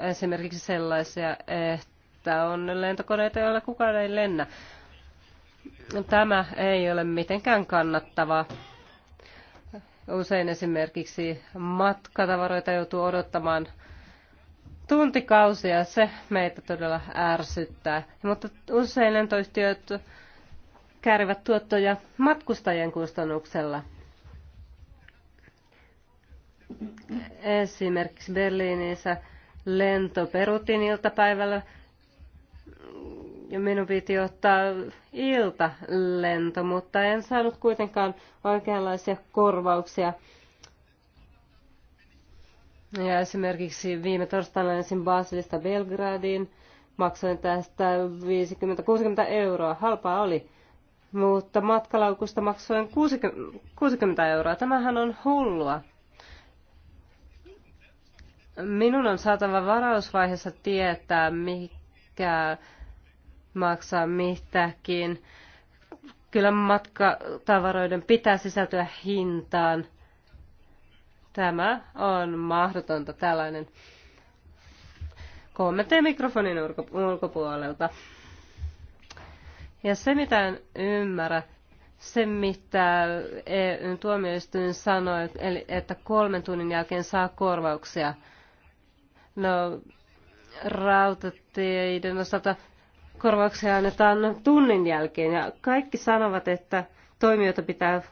Esimerkiksi sellaisia, että on lentokoneita, joilla kukaan ei lennä. Tämä ei ole mitenkään kannattava. Usein esimerkiksi matkatavaroita joutuu odottamaan tuntikausia. Se meitä todella ärsyttää. Mutta usein lentoyhtiöt käärivät tuottoja matkustajien kustannuksella. Esimerkiksi Berliinissä lento peruttiin iltapäivällä ja minun piti ottaa iltalento, mutta en saanut kuitenkaan oikeanlaisia korvauksia. Ja esimerkiksi viime torstaina ensin Baselista Belgradiin maksoin tästä 50-60 euroa. Halpaa oli mutta matkalaukusta maksoin 60 euroa. Tämähän on hullua. Minun on saatava varausvaiheessa tietää, mikä maksaa mitäkin. Kyllä matkatavaroiden pitää sisältyä hintaan. Tämä on mahdotonta tällainen kommentti mikrofonin ulkopuolelta. Ja se, mitä en ymmärrä, se, mitä eu tuomioistuin sanoi, eli että kolmen tunnin jälkeen saa korvauksia. No, rautateiden osalta korvauksia annetaan tunnin jälkeen. Ja kaikki sanovat, että toimijoita pitää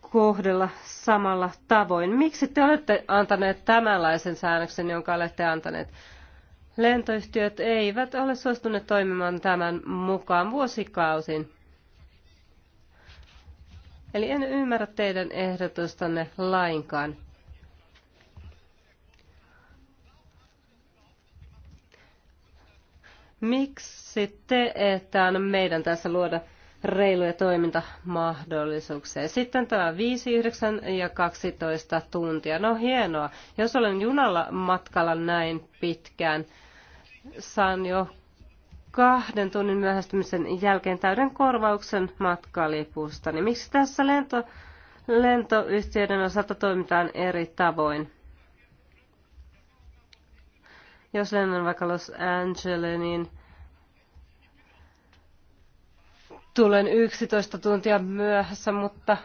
kohdella samalla tavoin. Miksi te olette antaneet tämänlaisen säännöksen, jonka olette antaneet? Lentoyhtiöt eivät ole suostuneet toimimaan tämän mukaan vuosikausin. Eli en ymmärrä teidän ehdotustanne lainkaan. Miksi te että on meidän tässä luoda reiluja toimintamahdollisuuksia. Sitten tämä 5, 9 ja 12 tuntia. No hienoa. Jos olen junalla matkalla näin pitkään, saan jo kahden tunnin myöhästymisen jälkeen täyden korvauksen matkalipusta. Niin miksi tässä lento, lentoyhtiöiden osalta toimitaan eri tavoin? Jos lennän vaikka Los Angeles, niin tulen 11 tuntia myöhässä, mutta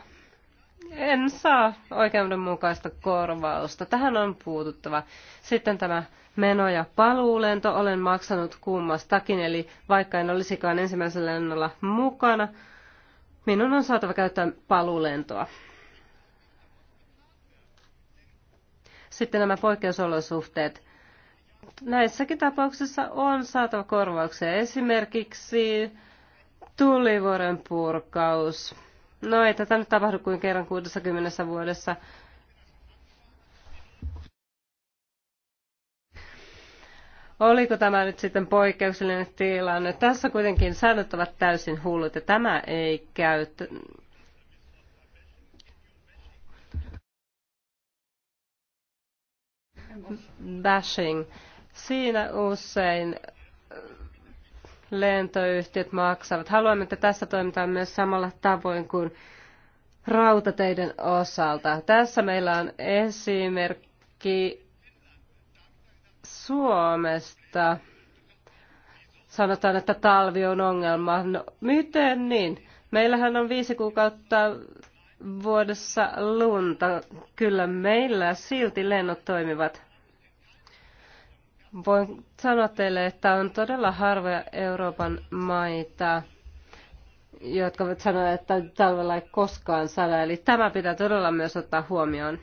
en saa oikeudenmukaista korvausta. Tähän on puututtava. Sitten tämä menoja paluulento olen maksanut kummastakin, eli vaikka en olisikaan ensimmäisellä lennolla mukana, minun on saatava käyttää paluulentoa. Sitten nämä poikkeusolosuhteet. Näissäkin tapauksissa on saatava korvauksia. Esimerkiksi tulivuoren purkaus. No ei tätä nyt tapahdu kuin kerran 60 vuodessa, Oliko tämä nyt sitten poikkeuksellinen tilanne? Tässä kuitenkin säännöt ovat täysin hullut ja tämä ei käy. Bashing. Siinä usein lentoyhtiöt maksavat. Haluamme, että tässä toimitaan myös samalla tavoin kuin rautateiden osalta. Tässä meillä on esimerkki Suomesta sanotaan, että talvi on ongelma. No, miten niin? Meillähän on viisi kuukautta vuodessa lunta. Kyllä meillä silti lennot toimivat. Voin sanoa teille, että on todella harvoja Euroopan maita, jotka voivat sanoa, että talvella ei koskaan sada. Eli tämä pitää todella myös ottaa huomioon.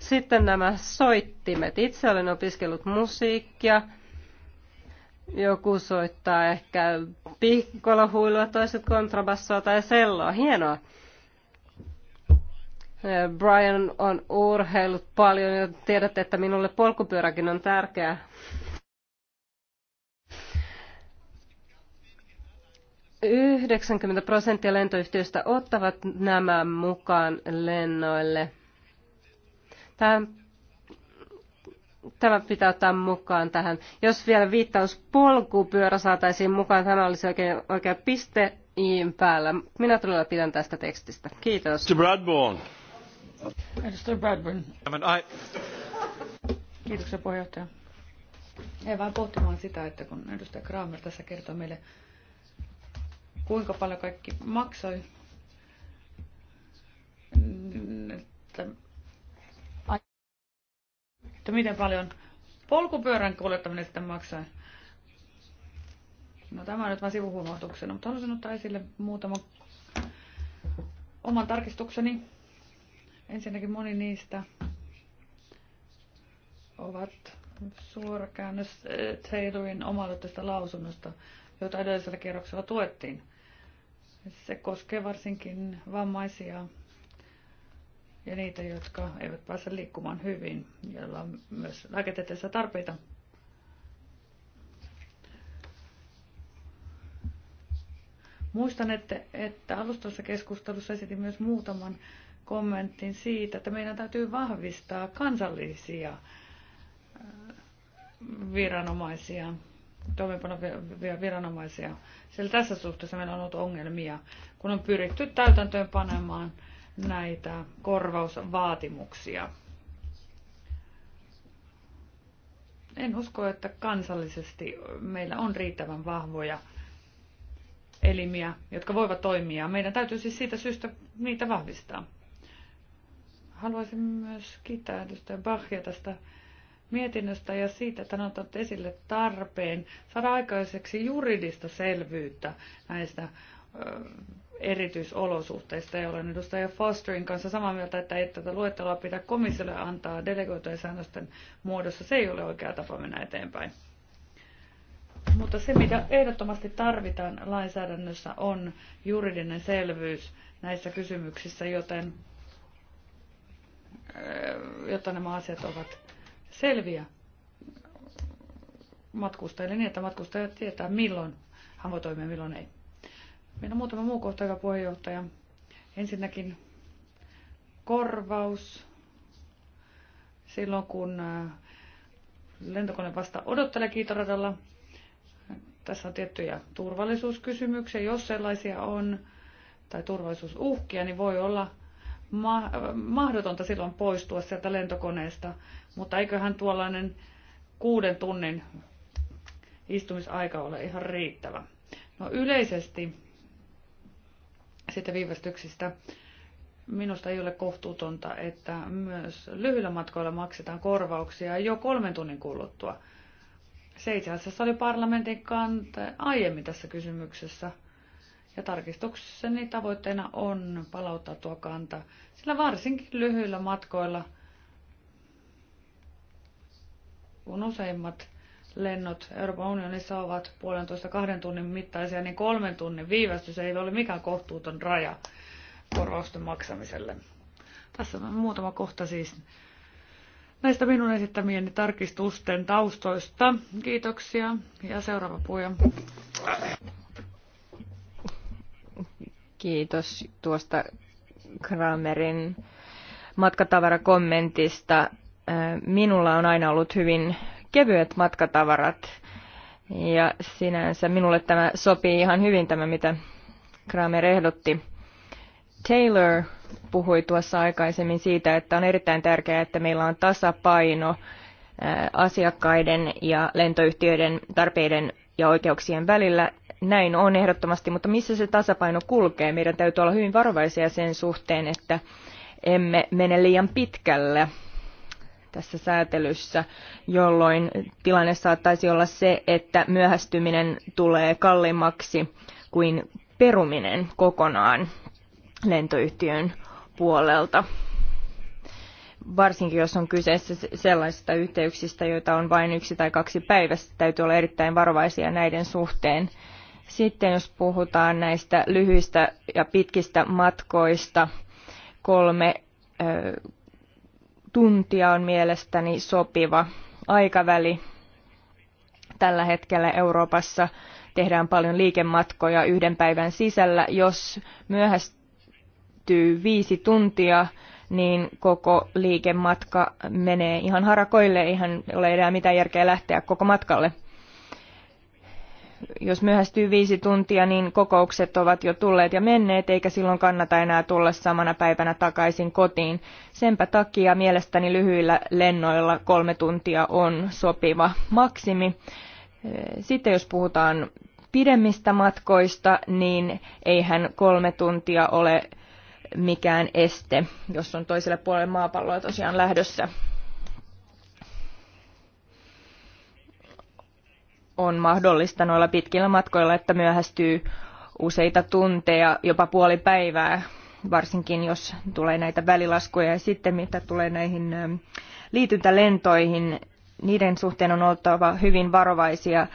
Sitten nämä soittimet. Itse olen opiskellut musiikkia. Joku soittaa ehkä pikkolohuilua, toiset kontrabassoa tai selloa. Hienoa. Brian on urheillut paljon ja tiedätte, että minulle polkupyöräkin on tärkeää. Yhdeksänkymmentä prosenttia lentoyhtiöistä ottavat nämä mukaan lennoille – Tämä, tämä pitää ottaa mukaan tähän. Jos vielä viittaus polkupyörä saataisiin mukaan, tämä olisi oikein, oikea piste iin päällä. Minä todella pidän tästä tekstistä. Kiitos. Mr. Bradburn. Mr. Bradburn. I... Kiitoksia puheenjohtaja. Ei vaan pohtimaan sitä, että kun edustaja Kramer tässä kertoo meille, kuinka paljon kaikki maksoi, että että miten paljon polkupyörän kuljettaminen sitten maksaa. No tämä on nyt vain sivuhuomautuksena, mutta haluaisin ottaa esille muutama oman tarkistukseni. Ensinnäkin moni niistä ovat suora käännös äh, Taylorin omaloitteista lausunnosta, jota edellisellä kierroksella tuettiin. Se koskee varsinkin vammaisia ja niitä, jotka eivät pääse liikkumaan hyvin, joilla on myös lääketieteellisiä tarpeita. Muistan, että, että alustassa keskustelussa esitin myös muutaman kommentin siitä, että meidän täytyy vahvistaa kansallisia äh, viranomaisia, toimeenpanovia viranomaisia. Sillä tässä suhteessa meillä on ollut ongelmia, kun on pyritty täytäntöön panemaan – näitä korvausvaatimuksia. En usko, että kansallisesti meillä on riittävän vahvoja elimiä, jotka voivat toimia. Meidän täytyy siis siitä syystä niitä vahvistaa. Haluaisin myös kiittää edustaja Bachia tästä mietinnöstä ja siitä, että otat esille tarpeen saada aikaiseksi juridista selvyyttä näistä erityisolosuhteista. Ja olen edustaja Fosterin kanssa samaa mieltä, että ei tätä luetteloa pidä komissiolle antaa delegoitujen säännösten muodossa. Se ei ole oikea tapa mennä eteenpäin. Mutta se, mitä ehdottomasti tarvitaan lainsäädännössä, on juridinen selvyys näissä kysymyksissä, joten äh, jotta nämä asiat ovat selviä matkustajille niin, että matkustaja tietää milloin hän voi toimia, milloin ei. Meillä on muutama muu kohta, hyvä puheenjohtaja. Ensinnäkin korvaus silloin, kun äh, lentokone vasta odottelee kiitoradalla. Tässä on tiettyjä turvallisuuskysymyksiä, jos sellaisia on, tai turvallisuusuhkia, niin voi olla ma- äh, mahdotonta silloin poistua sieltä lentokoneesta. Mutta eiköhän tuollainen kuuden tunnin istumisaika ole ihan riittävä. No yleisesti sitten viivästyksistä. Minusta ei ole kohtuutonta, että myös lyhyillä matkoilla maksetaan korvauksia jo kolmen tunnin kuluttua. Se itse asiassa oli parlamentin kanta aiemmin tässä kysymyksessä. Ja tarkistukseni tavoitteena on palauttaa tuo kanta, sillä varsinkin lyhyillä matkoilla, kun useimmat lennot Euroopan unionissa ovat puolentoista kahden tunnin mittaisia, niin kolmen tunnin viivästys ei ole mikään kohtuuton raja korvausten maksamiselle. Tässä on muutama kohta siis näistä minun esittämieni tarkistusten taustoista. Kiitoksia ja seuraava puhuja. Kiitos tuosta Kramerin matkatavarakommentista. Äh, minulla on aina ollut hyvin kevyet matkatavarat. Ja sinänsä minulle tämä sopii ihan hyvin tämä, mitä Kramer ehdotti. Taylor puhui tuossa aikaisemmin siitä, että on erittäin tärkeää, että meillä on tasapaino asiakkaiden ja lentoyhtiöiden tarpeiden ja oikeuksien välillä. Näin on ehdottomasti, mutta missä se tasapaino kulkee? Meidän täytyy olla hyvin varovaisia sen suhteen, että emme mene liian pitkälle tässä säätelyssä, jolloin tilanne saattaisi olla se, että myöhästyminen tulee kalliimmaksi kuin peruminen kokonaan lentoyhtiön puolelta. Varsinkin jos on kyseessä sellaisista yhteyksistä, joita on vain yksi tai kaksi päivässä, täytyy olla erittäin varovaisia näiden suhteen. Sitten jos puhutaan näistä lyhyistä ja pitkistä matkoista, kolme tuntia on mielestäni sopiva aikaväli. Tällä hetkellä Euroopassa tehdään paljon liikematkoja yhden päivän sisällä. Jos myöhästyy viisi tuntia, niin koko liikematka menee ihan harakoille, eihän ole enää mitään järkeä lähteä koko matkalle jos myöhästyy viisi tuntia, niin kokoukset ovat jo tulleet ja menneet, eikä silloin kannata enää tulla samana päivänä takaisin kotiin. Senpä takia mielestäni lyhyillä lennoilla kolme tuntia on sopiva maksimi. Sitten jos puhutaan pidemmistä matkoista, niin eihän kolme tuntia ole mikään este, jos on toiselle puolelle maapalloa tosiaan lähdössä on mahdollista noilla pitkillä matkoilla, että myöhästyy useita tunteja, jopa puoli päivää, varsinkin jos tulee näitä välilaskuja. Ja sitten mitä tulee näihin liityntälentoihin, niiden suhteen on oltava hyvin varovaisia.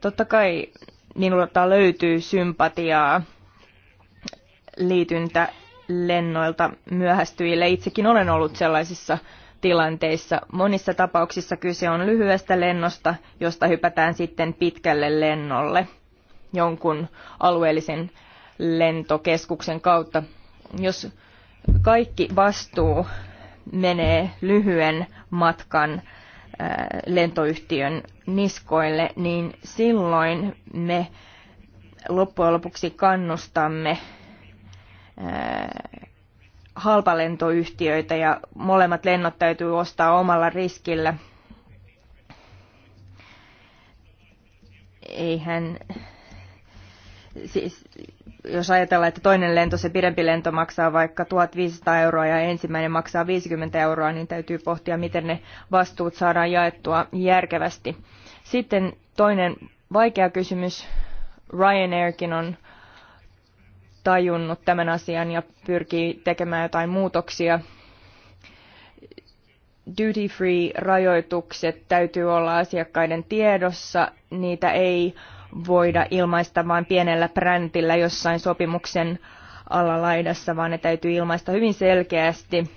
Totta kai minulta löytyy sympatiaa liityntälennoilta myöhästyjille. Itsekin olen ollut sellaisissa tilanteissa. Monissa tapauksissa kyse on lyhyestä lennosta, josta hypätään sitten pitkälle lennolle jonkun alueellisen lentokeskuksen kautta. Jos kaikki vastuu menee lyhyen matkan äh, lentoyhtiön niskoille, niin silloin me loppujen lopuksi kannustamme äh, halpalentoyhtiöitä ja molemmat lennot täytyy ostaa omalla riskillä. Eihän, siis, jos ajatellaan, että toinen lento, se pidempi lento maksaa vaikka 1500 euroa ja ensimmäinen maksaa 50 euroa, niin täytyy pohtia, miten ne vastuut saadaan jaettua järkevästi. Sitten toinen vaikea kysymys, Ryanairkin on tajunnut tämän asian ja pyrkii tekemään jotain muutoksia. Duty-free-rajoitukset täytyy olla asiakkaiden tiedossa, niitä ei voida ilmaista vain pienellä brändillä jossain sopimuksen alalaidassa, vaan ne täytyy ilmaista hyvin selkeästi.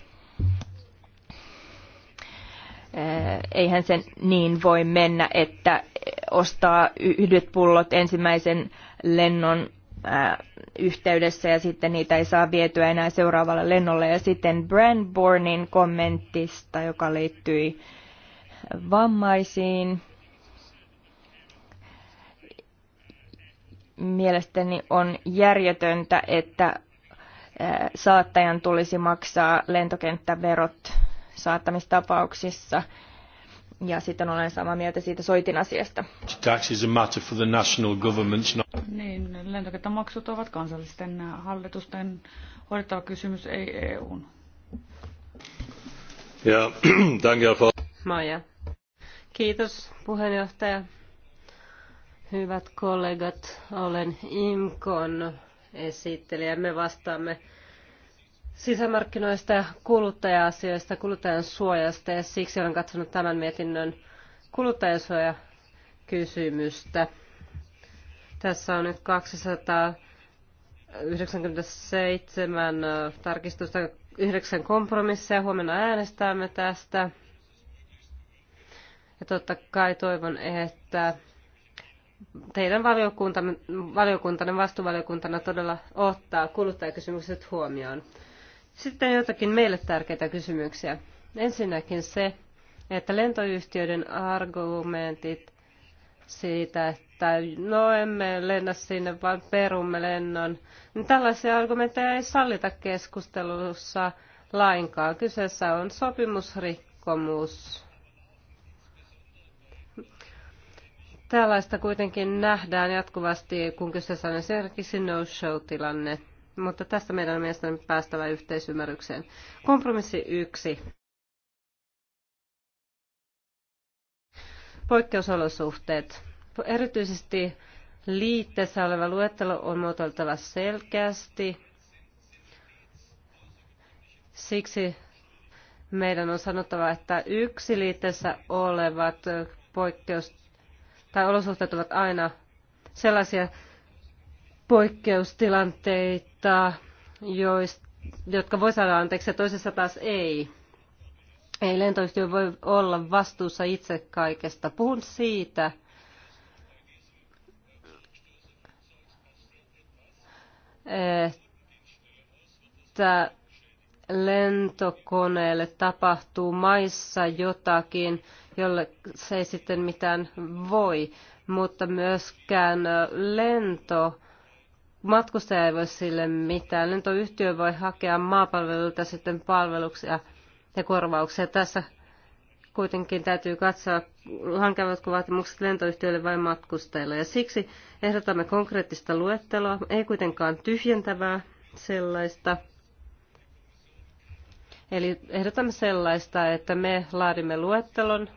Eihän sen niin voi mennä, että ostaa yhdet pullot ensimmäisen lennon Äh, yhteydessä ja sitten niitä ei saa vietyä enää seuraavalle lennolle. Ja sitten brand-bornin kommentista, joka liittyi vammaisiin. Mielestäni on järjetöntä, että äh, saattajan tulisi maksaa lentokenttäverot saattamistapauksissa – ja sitten olen samaa mieltä siitä soitin asiasta. matter for the national governments. Not... Niin, lentokenttämaksut ovat kansallisten hallitusten hoidettava kysymys, ei EUn. Ja, Maja. Kiitos puheenjohtaja. Hyvät kollegat, olen IMKON esittelijä. Me vastaamme sisämarkkinoista ja kuluttaja-asioista, kuluttajan suojasta ja siksi olen katsonut tämän mietinnön kuluttajansuojakysymystä. Tässä on nyt 297 tarkistusta, yhdeksän kompromisseja. Huomenna äänestämme tästä. Ja totta kai toivon, että teidän valiokuntanne, valiokuntanne vastuvaliokuntana todella ottaa kuluttajakysymykset huomioon. Sitten jotakin meille tärkeitä kysymyksiä. Ensinnäkin se, että lentoyhtiöiden argumentit siitä, että no emme lennä sinne, vaan perumme lennon, niin tällaisia argumentteja ei sallita keskustelussa lainkaan. Kyseessä on sopimusrikkomus. Tällaista kuitenkin nähdään jatkuvasti, kun kyseessä on esimerkiksi no-show-tilanne mutta tästä meidän on mielestäni päästävä yhteisymmärrykseen. Kompromissi yksi. Poikkeusolosuhteet. Erityisesti liitteessä oleva luettelo on muotoiltava selkeästi. Siksi meidän on sanottava, että yksi liitteessä olevat poikkeus tai olosuhteet ovat aina sellaisia, poikkeustilanteita, joista, jotka voi saada anteeksi ja toisessa taas ei. Ei lentoyhtiö voi olla vastuussa itse kaikesta. Puhun siitä, että lentokoneelle tapahtuu maissa jotakin, jolle se ei sitten mitään voi, mutta myöskään lento matkustaja ei voi sille mitään. Lentoyhtiö voi hakea maapalveluilta sitten palveluksia ja korvauksia. Tässä kuitenkin täytyy katsoa, lankeavatko vaatimukset lentoyhtiöille vai matkustajille. Ja siksi ehdotamme konkreettista luetteloa, ei kuitenkaan tyhjentävää sellaista. Eli ehdotamme sellaista, että me laadimme luettelon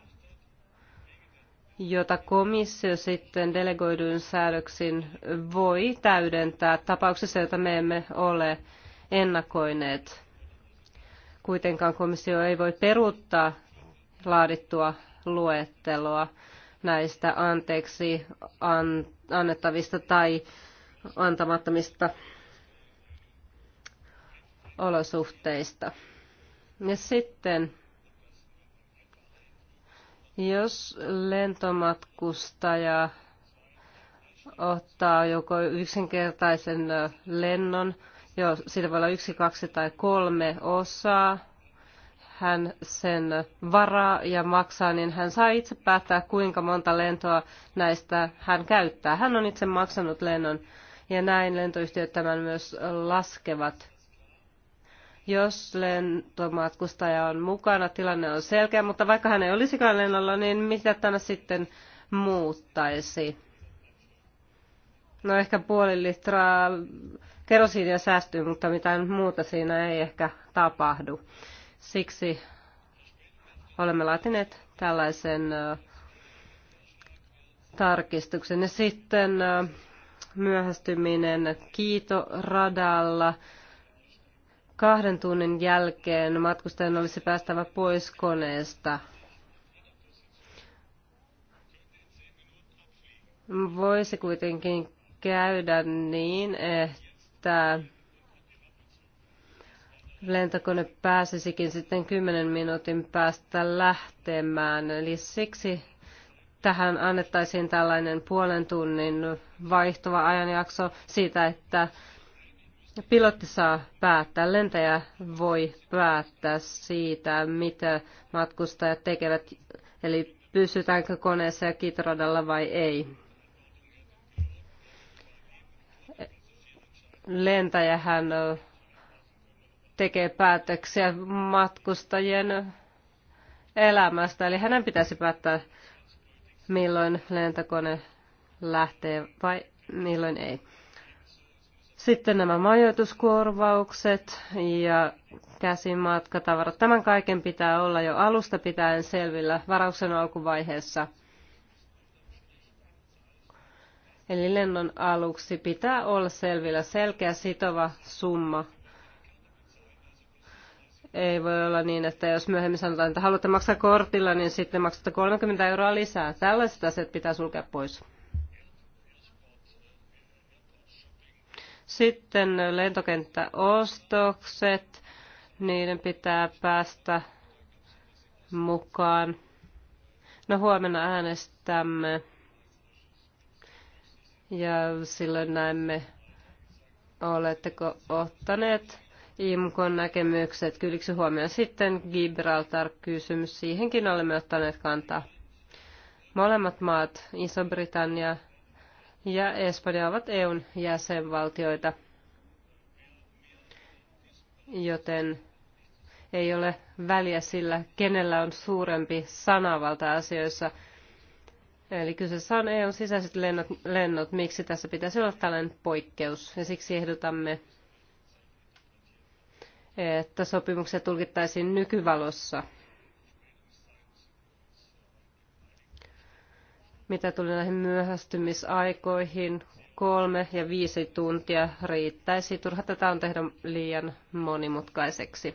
jota komissio sitten delegoidun säädöksin voi täydentää tapauksessa, jota me emme ole ennakoineet. Kuitenkaan komissio ei voi peruuttaa laadittua luetteloa näistä anteeksi annettavista tai antamattomista olosuhteista. Ja sitten jos lentomatkustaja ottaa joko yksinkertaisen lennon, jo sillä voi olla yksi, kaksi tai kolme osaa, hän sen varaa ja maksaa, niin hän saa itse päättää, kuinka monta lentoa näistä hän käyttää. Hän on itse maksanut lennon ja näin lentoyhtiöt tämän myös laskevat. Jos lentomatkustaja on mukana, tilanne on selkeä, mutta vaikka hän ei olisikaan lennolla, niin mitä tänä sitten muuttaisi? No ehkä puoli litraa kerosiinia säästyy, mutta mitään muuta siinä ei ehkä tapahdu. Siksi olemme laatineet tällaisen tarkistuksen. Ja sitten myöhästyminen kiitoradalla. radalla kahden tunnin jälkeen matkustajan olisi päästävä pois koneesta. Voisi kuitenkin käydä niin, että lentokone pääsisikin sitten 10 minuutin päästä lähtemään. Eli siksi tähän annettaisiin tällainen puolen tunnin vaihtuva ajanjakso siitä, että Pilotti saa päättää, lentäjä voi päättää siitä, mitä matkustajat tekevät, eli pysytäänkö koneessa ja kitradalla vai ei. Lentäjähän tekee päätöksiä matkustajien elämästä, eli hänen pitäisi päättää, milloin lentokone lähtee vai milloin ei. Sitten nämä majoituskorvaukset ja käsimatkatavarat. Tämän kaiken pitää olla jo alusta pitäen selvillä varauksen alkuvaiheessa. Eli lennon aluksi pitää olla selvillä selkeä sitova summa. Ei voi olla niin, että jos myöhemmin sanotaan, että haluatte maksaa kortilla, niin sitten maksatte 30 euroa lisää. Tällaiset asiat pitää sulkea pois. Sitten lentokenttäostokset, niiden pitää päästä mukaan. No huomenna äänestämme ja silloin näemme, oletteko ottaneet IMKon näkemykset kylliksi huomioon. Sitten Gibraltar-kysymys, siihenkin olemme ottaneet kantaa. Molemmat maat, Iso-Britannia ja Espanja ovat EUn jäsenvaltioita, joten ei ole väliä sillä, kenellä on suurempi sanavalta asioissa. Eli kyseessä on EUn sisäiset lennot, lennot, miksi tässä pitäisi olla tällainen poikkeus. Ja siksi ehdotamme, että sopimuksia tulkittaisiin nykyvalossa – Mitä tuli näihin myöhästymisaikoihin, kolme ja viisi tuntia riittäisi. Turha tätä on tehdä liian monimutkaiseksi.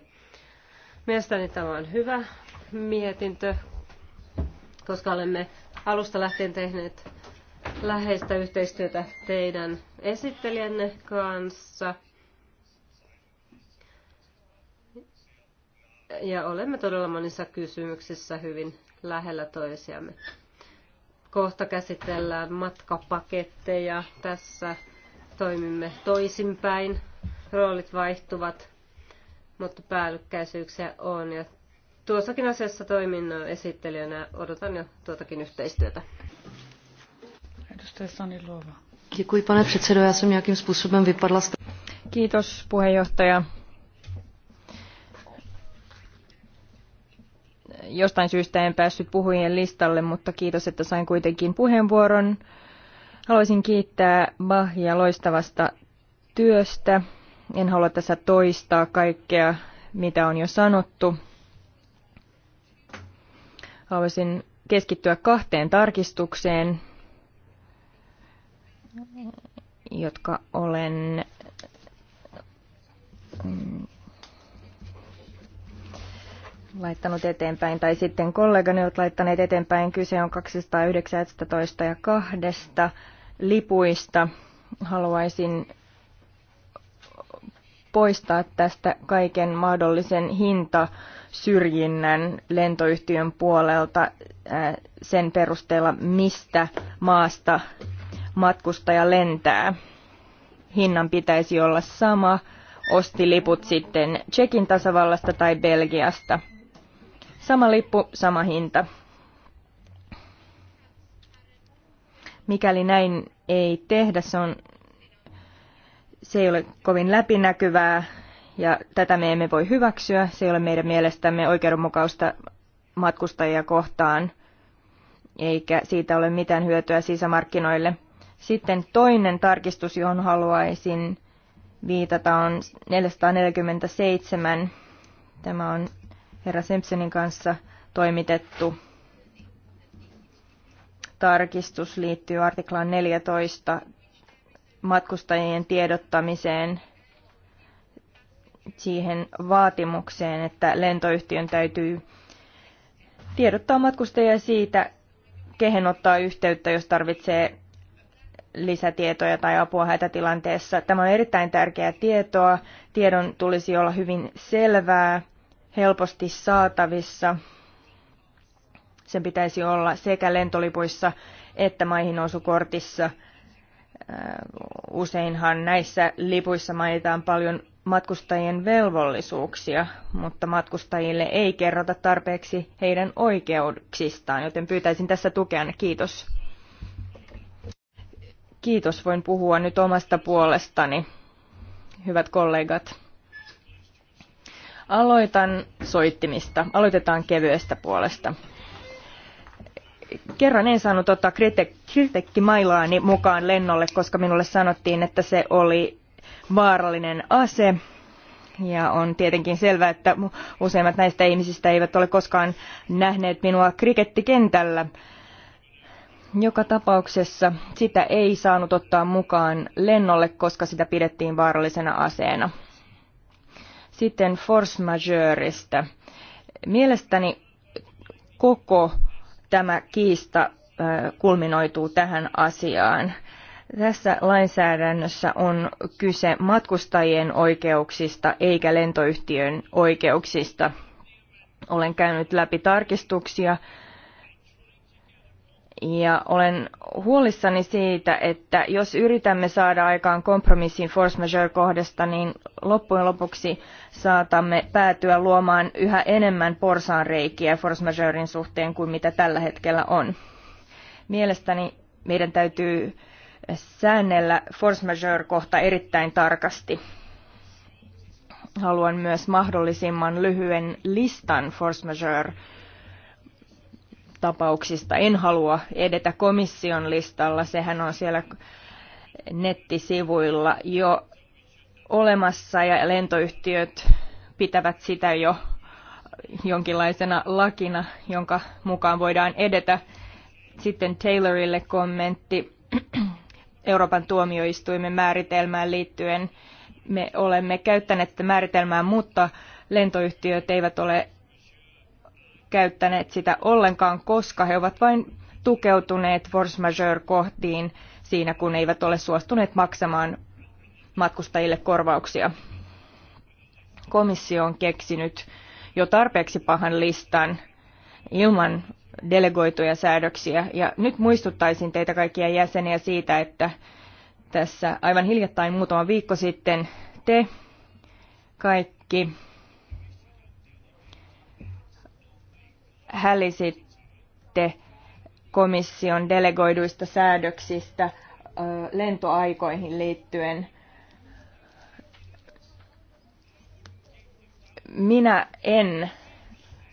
Mielestäni tämä on hyvä mietintö, koska olemme alusta lähtien tehneet läheistä yhteistyötä teidän esittelijänne kanssa. Ja olemme todella monissa kysymyksissä hyvin lähellä toisiamme. Kohta käsitellään matkapaketteja. Tässä toimimme toisinpäin. Roolit vaihtuvat, mutta päällykkäisyyksiä on. Ja tuossakin asiassa toiminnon esittelijänä odotan jo tuotakin yhteistyötä. Edustaja Sani Luova. Kiitos, puheenjohtaja. Jostain syystä en päässyt puhujien listalle, mutta kiitos, että sain kuitenkin puheenvuoron. Haluaisin kiittää Bahia loistavasta työstä. En halua tässä toistaa kaikkea, mitä on jo sanottu. Haluaisin keskittyä kahteen tarkistukseen, jotka olen mm, laittanut eteenpäin, tai sitten kollegani ovat laittaneet eteenpäin. Kyse on 219 ja kahdesta lipuista. Haluaisin poistaa tästä kaiken mahdollisen hintasyrjinnän lentoyhtiön puolelta äh, sen perusteella, mistä maasta matkustaja lentää. Hinnan pitäisi olla sama, osti liput sitten Tsekin tasavallasta tai Belgiasta – Sama lippu, sama hinta. Mikäli näin ei tehdä, se, on, se ei ole kovin läpinäkyvää ja tätä me emme voi hyväksyä. Se ei ole meidän mielestämme oikeudenmukausta matkustajia kohtaan, eikä siitä ole mitään hyötyä sisämarkkinoille. Sitten toinen tarkistus, johon haluaisin viitata, on 447. Tämä on herra Simpsonin kanssa toimitettu tarkistus liittyy artiklaan 14 matkustajien tiedottamiseen siihen vaatimukseen, että lentoyhtiön täytyy tiedottaa matkustajia siitä, kehen ottaa yhteyttä, jos tarvitsee lisätietoja tai apua hätätilanteessa. Tämä on erittäin tärkeää tietoa. Tiedon tulisi olla hyvin selvää helposti saatavissa. Sen pitäisi olla sekä lentolipuissa että maihin nousukortissa. Äh, useinhan näissä lipuissa mainitaan paljon matkustajien velvollisuuksia, mutta matkustajille ei kerrota tarpeeksi heidän oikeuksistaan, joten pyytäisin tässä tukea. Kiitos. Kiitos, voin puhua nyt omasta puolestani, hyvät kollegat. Aloitan soittimista. Aloitetaan kevyestä puolesta. Kerran en saanut ottaa kritekki-mailaani mukaan lennolle, koska minulle sanottiin, että se oli vaarallinen ase. Ja on tietenkin selvää, että useimmat näistä ihmisistä eivät ole koskaan nähneet minua krikettikentällä. Joka tapauksessa sitä ei saanut ottaa mukaan lennolle, koska sitä pidettiin vaarallisena aseena. Sitten force majeureista. Mielestäni koko tämä kiista kulminoituu tähän asiaan. Tässä lainsäädännössä on kyse matkustajien oikeuksista eikä lentoyhtiön oikeuksista. Olen käynyt läpi tarkistuksia ja olen huolissani siitä, että jos yritämme saada aikaan kompromissin force majeure-kohdasta, niin loppujen lopuksi saatamme päätyä luomaan yhä enemmän porsaanreikiä force majeurein suhteen kuin mitä tällä hetkellä on. Mielestäni meidän täytyy säännellä force majeure-kohta erittäin tarkasti. Haluan myös mahdollisimman lyhyen listan force majeure tapauksista. En halua edetä komission listalla, sehän on siellä nettisivuilla jo olemassa ja lentoyhtiöt pitävät sitä jo jonkinlaisena lakina, jonka mukaan voidaan edetä. Sitten Taylorille kommentti Euroopan tuomioistuimen määritelmään liittyen. Me olemme käyttäneet tätä määritelmää, mutta lentoyhtiöt eivät ole käyttäneet sitä ollenkaan, koska he ovat vain tukeutuneet force majeure-kohtiin siinä, kun eivät ole suostuneet maksamaan matkustajille korvauksia. Komissio on keksinyt jo tarpeeksi pahan listan ilman delegoituja säädöksiä. Ja nyt muistuttaisin teitä kaikkia jäseniä siitä, että tässä aivan hiljattain muutama viikko sitten te kaikki hälisitte komission delegoiduista säädöksistä lentoaikoihin liittyen. Minä en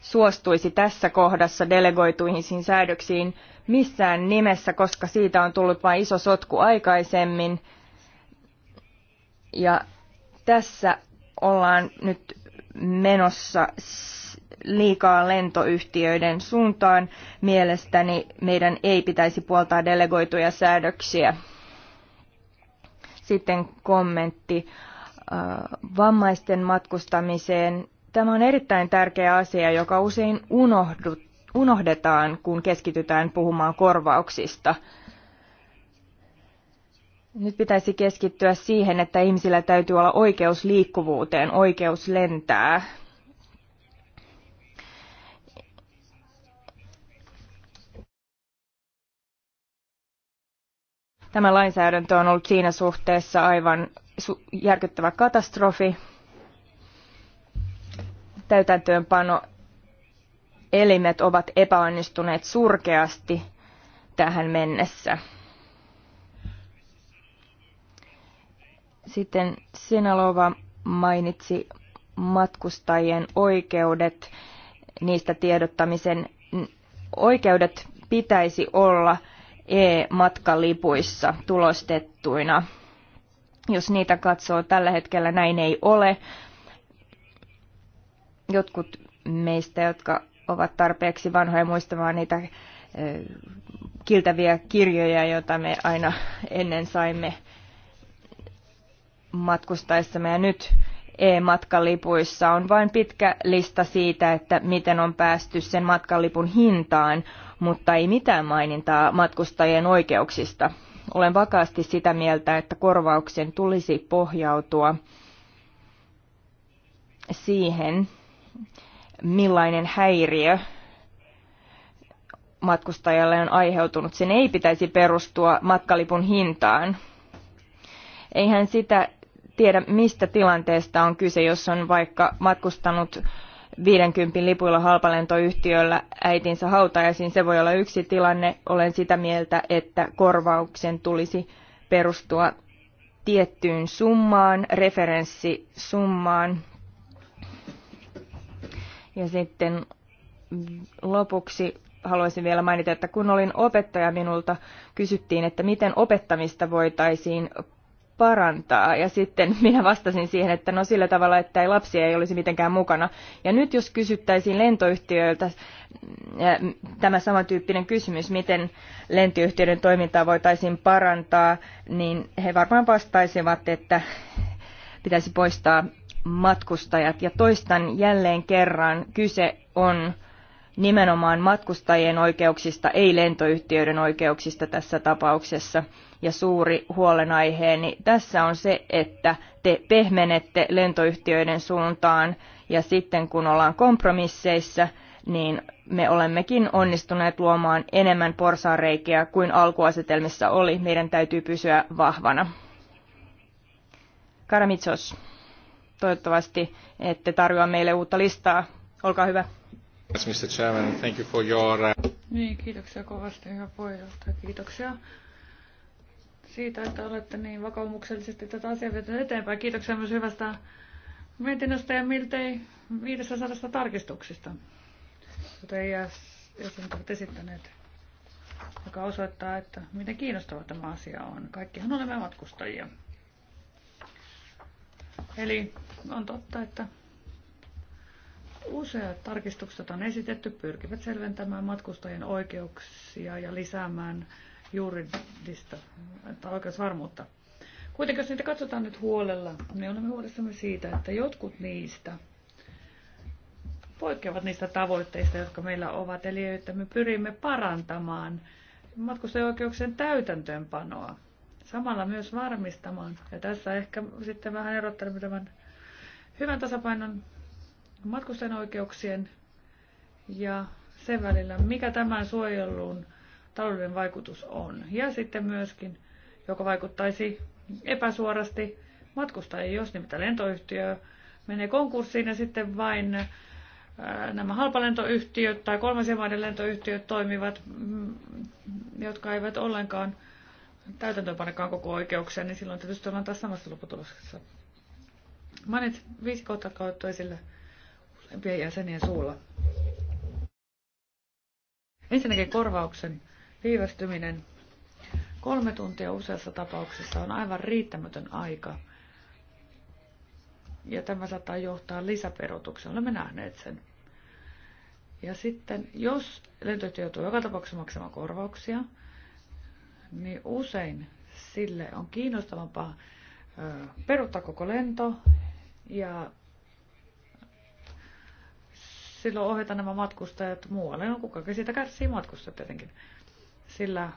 suostuisi tässä kohdassa delegoituihin säädöksiin missään nimessä, koska siitä on tullut vain iso sotku aikaisemmin. Ja tässä ollaan nyt menossa liikaa lentoyhtiöiden suuntaan. Mielestäni meidän ei pitäisi puoltaa delegoituja säädöksiä. Sitten kommentti äh, vammaisten matkustamiseen. Tämä on erittäin tärkeä asia, joka usein unohdetaan, kun keskitytään puhumaan korvauksista. Nyt pitäisi keskittyä siihen, että ihmisillä täytyy olla oikeus liikkuvuuteen, oikeus lentää. Tämä lainsäädäntö on ollut siinä suhteessa aivan järkyttävä katastrofi. Täytäntöönpano elimet ovat epäonnistuneet surkeasti tähän mennessä. Sitten Sinalova mainitsi matkustajien oikeudet, niistä tiedottamisen oikeudet pitäisi olla – e-matkalipuissa tulostettuina. Jos niitä katsoo tällä hetkellä, näin ei ole. Jotkut meistä, jotka ovat tarpeeksi vanhoja muistamaan niitä kiltäviä kirjoja, joita me aina ennen saimme matkustaessamme. Ja nyt e-matkalipuissa on vain pitkä lista siitä, että miten on päästy sen matkalipun hintaan, mutta ei mitään mainintaa matkustajien oikeuksista. Olen vakaasti sitä mieltä, että korvauksen tulisi pohjautua siihen, millainen häiriö matkustajalle on aiheutunut. Sen ei pitäisi perustua matkalipun hintaan. Eihän sitä tiedä, mistä tilanteesta on kyse, jos on vaikka matkustanut 50 lipuilla halpalentoyhtiöllä äitinsä hautajaisiin. Se voi olla yksi tilanne. Olen sitä mieltä, että korvauksen tulisi perustua tiettyyn summaan, referenssisummaan. Ja sitten lopuksi haluaisin vielä mainita, että kun olin opettaja, minulta kysyttiin, että miten opettamista voitaisiin parantaa. Ja sitten minä vastasin siihen, että no sillä tavalla, että ei lapsia ei olisi mitenkään mukana. Ja nyt jos kysyttäisiin lentoyhtiöiltä mm, tämä samantyyppinen kysymys, miten lentoyhtiöiden toimintaa voitaisiin parantaa, niin he varmaan vastaisivat, että pitäisi poistaa matkustajat. Ja toistan jälleen kerran, kyse on nimenomaan matkustajien oikeuksista, ei lentoyhtiöiden oikeuksista tässä tapauksessa ja suuri huolenaiheeni tässä on se, että te pehmenette lentoyhtiöiden suuntaan ja sitten kun ollaan kompromisseissa, niin me olemmekin onnistuneet luomaan enemmän porsaanreikiä kuin alkuasetelmissa oli. Meidän täytyy pysyä vahvana. Karamitsos, toivottavasti ette tarjoa meille uutta listaa. Olkaa hyvä. Mr. Chairman, thank you for your... Uh, niin, kiitoksia kovasti, hyvä puheenjohtaja. Kiitoksia siitä, että olette niin vakaumuksellisesti tätä asiaa vietynyt eteenpäin. Kiitoksia myös hyvästä mietinnöstä ja miltei 500 tarkistuksista, ei jäsenet ovat esittäneet, joka osoittaa, että miten kiinnostava tämä asia on. Kaikkihan olemme matkustajia. Eli on totta, että useat tarkistukset on esitetty, pyrkivät selventämään matkustajien oikeuksia ja lisäämään juridista tai oikeusvarmuutta. Kuitenkin jos niitä katsotaan nyt huolella, niin olemme huolissamme siitä, että jotkut niistä poikkeavat niistä tavoitteista, jotka meillä ovat, eli että me pyrimme parantamaan matkustajoikeuksien täytäntöönpanoa. Samalla myös varmistamaan, ja tässä ehkä sitten vähän tämän hyvän tasapainon matkustajan oikeuksien ja sen välillä, mikä tämän suojeluun taloudellinen vaikutus on. Ja sitten myöskin, joka vaikuttaisi epäsuorasti matkustajien, jos nimittäin lentoyhtiö menee konkurssiin ja sitten vain äh, nämä halpalentoyhtiöt tai kolmansien maiden lentoyhtiöt toimivat, mm, jotka eivät ollenkaan täytäntöönpanekaan koko oikeuksia, niin silloin tietysti ollaan taas samassa lopputuloksessa. Mainit viisi kohta kautta esille useimpien jäsenien suulla. Ensinnäkin korvauksen Viivästyminen kolme tuntia useassa tapauksessa on aivan riittämätön aika. Ja tämä saattaa johtaa lisäperotuksen. Olemme nähneet sen. Ja sitten, jos lentoyhtiö joutuu joka tapauksessa maksamaan korvauksia, niin usein sille on kiinnostavampaa peruuttaa koko lento ja silloin ohjata nämä matkustajat muualle. No kuka siitä kärsii matkustajat tietenkin sillä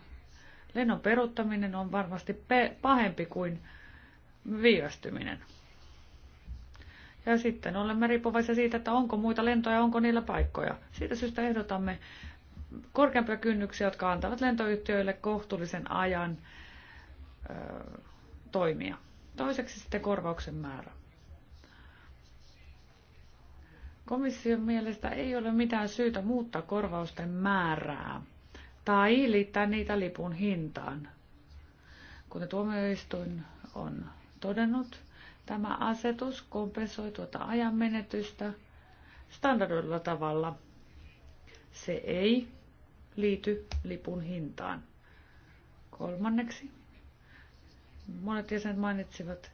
lennon peruuttaminen on varmasti pahempi kuin viivästyminen. Ja sitten olemme riippuvaisia siitä, että onko muita lentoja, onko niillä paikkoja. Siitä syystä ehdotamme korkeampia kynnyksiä, jotka antavat lentoyhtiöille kohtuullisen ajan ö, toimia. Toiseksi sitten korvauksen määrä. Komission mielestä ei ole mitään syytä muuttaa korvausten määrää tai liittää niitä lipun hintaan. Kuten tuomioistuin on todennut, tämä asetus kompensoi tuota ajan menetystä standardoidulla tavalla. Se ei liity lipun hintaan. Kolmanneksi, monet jäsenet mainitsivat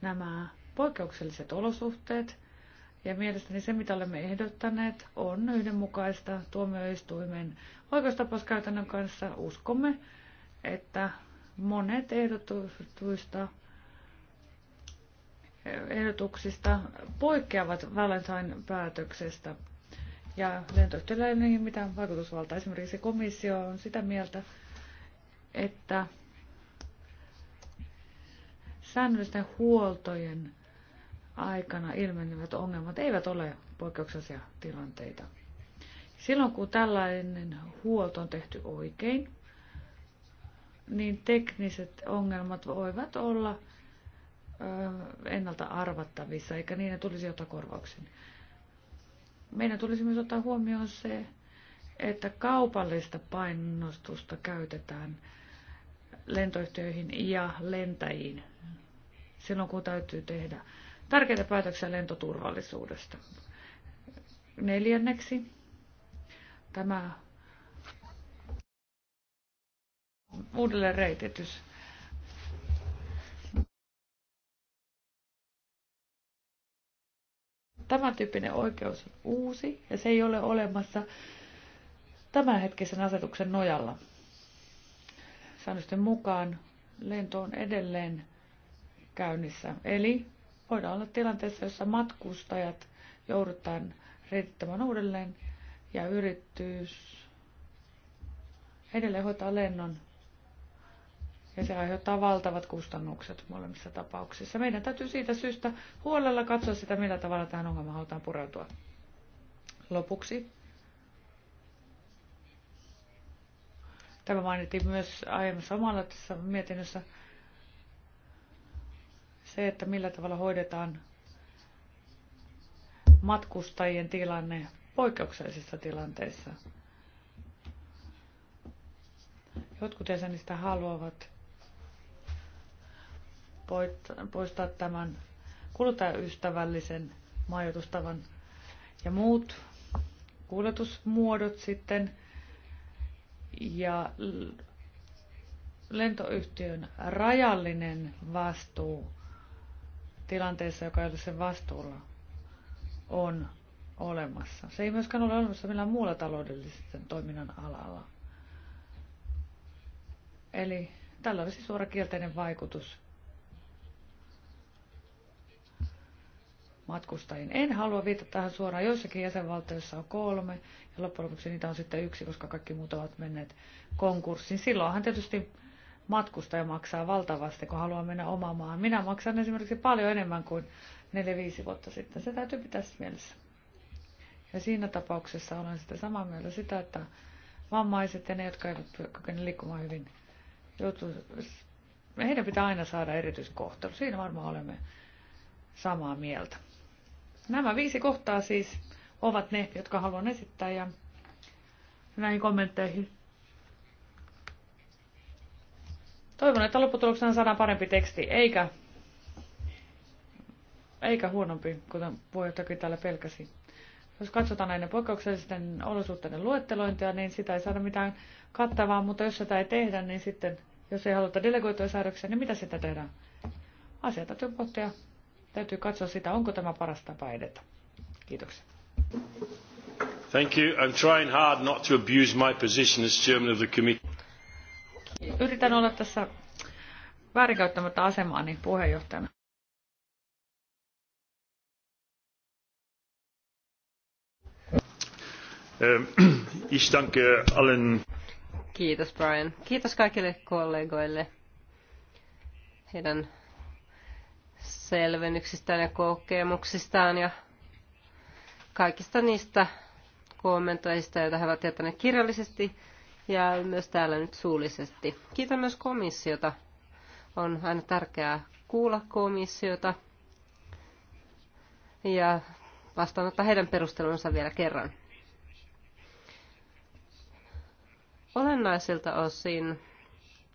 nämä poikkeukselliset olosuhteet, ja mielestäni se, mitä olemme ehdottaneet, on yhdenmukaista tuomioistuimen oikeustapauskäytännön kanssa. Uskomme, että monet ehdotuista ehdotuksista poikkeavat Valentine päätöksestä. Ja lentoyhtiöllä ei ole mitään vaikutusvaltaa. Esimerkiksi komissio on sitä mieltä, että säännöllisten huoltojen aikana ilmenevät ongelmat eivät ole poikkeuksellisia tilanteita. Silloin kun tällainen huolto on tehty oikein, niin tekniset ongelmat voivat olla ennalta arvattavissa, eikä niiden tulisi ottaa korvauksen. Meidän tulisi myös ottaa huomioon se, että kaupallista painostusta käytetään lentoyhtiöihin ja lentäjiin silloin, kun täytyy tehdä tärkeitä päätöksiä lentoturvallisuudesta. Neljänneksi tämä uudelleen tämä Tämän tyyppinen oikeus on uusi ja se ei ole olemassa tämänhetkisen asetuksen nojalla. Säännösten mukaan lento on edelleen käynnissä. Eli voidaan olla tilanteessa, jossa matkustajat joudutaan reittämään uudelleen ja yritys edelleen hoitaa lennon. Ja se aiheuttaa valtavat kustannukset molemmissa tapauksissa. Meidän täytyy siitä syystä huolella katsoa sitä, millä tavalla tähän ongelmaan halutaan pureutua. Lopuksi. Tämä mainittiin myös aiemmassa omalla tässä mietinnössä. Se, että millä tavalla hoidetaan matkustajien tilanne poikkeuksellisissa tilanteissa. Jotkut jäsenistä haluavat poistaa tämän kuluttajaystävällisen majoitustavan ja muut kuljetusmuodot sitten ja lentoyhtiön rajallinen vastuu tilanteessa, joka ei ole sen vastuulla, on olemassa. Se ei myöskään ole olemassa millään muulla taloudellisen toiminnan alalla. Eli tällä olisi suora kielteinen vaikutus matkustajiin. En halua viitata tähän suoraan. Joissakin jäsenvaltioissa on kolme ja loppujen lopuksi niitä on sitten yksi, koska kaikki muut ovat menneet konkurssiin. Silloinhan tietysti matkustaja maksaa valtavasti, kun haluaa mennä omaan maahan. Minä maksan esimerkiksi paljon enemmän kuin 4-5 vuotta sitten. Se täytyy pitää mielessä. Ja siinä tapauksessa olen sitä samaa mieltä sitä, että vammaiset ja ne, jotka eivät kykene liikkumaan hyvin, joutuu, heidän pitää aina saada erityiskohtelu. Siinä varmaan olemme samaa mieltä. Nämä viisi kohtaa siis ovat ne, jotka haluan esittää ja näihin kommentteihin Toivon, että lopputuloksena saadaan parempi teksti, eikä, eikä huonompi, kuten puheenjohtajakin täällä pelkäsi. Jos katsotaan näiden poikkeuksellisten olosuhteiden luettelointia, niin sitä ei saada mitään kattavaa, mutta jos sitä ei tehdä, niin sitten, jos ei haluta delegoitua säädöksiä, niin mitä sitä tehdään? Asiat täytyy pohtia. Täytyy katsoa sitä, onko tämä paras tapa edetä. Kiitoksia. Thank you. I'm trying hard not to abuse my position as chairman of the committee. Yritän olla tässä väärinkäyttämättä asemaani puheenjohtajana. Eh, ich danke allen. Kiitos Brian. Kiitos kaikille kollegoille heidän selvennyksistään ja kokemuksistaan ja kaikista niistä kommentoista, joita he ovat jättäneet kirjallisesti ja myös täällä nyt suullisesti. Kiitän myös komissiota. On aina tärkeää kuulla komissiota ja vastaanottaa heidän perustelunsa vielä kerran. Olennaisilta osin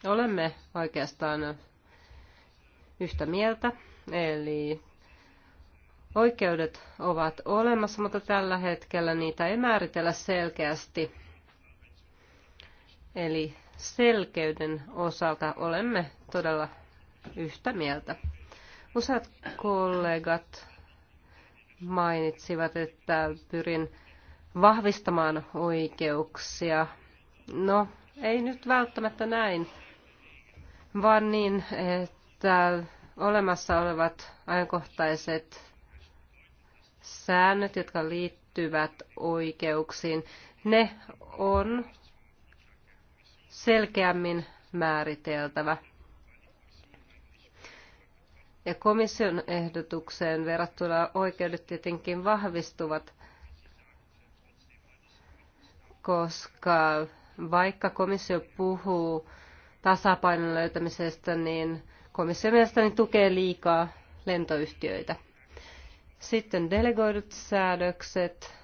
olemme oikeastaan yhtä mieltä, eli oikeudet ovat olemassa, mutta tällä hetkellä niitä ei määritellä selkeästi Eli selkeyden osalta olemme todella yhtä mieltä. Useat kollegat mainitsivat, että pyrin vahvistamaan oikeuksia. No, ei nyt välttämättä näin, vaan niin, että olemassa olevat ajankohtaiset säännöt, jotka liittyvät oikeuksiin, ne on selkeämmin määriteltävä. Ja komission ehdotukseen verrattuna oikeudet tietenkin vahvistuvat, koska vaikka komissio puhuu tasapainon löytämisestä, niin komissio mielestäni tukee liikaa lentoyhtiöitä. Sitten delegoidut säädökset.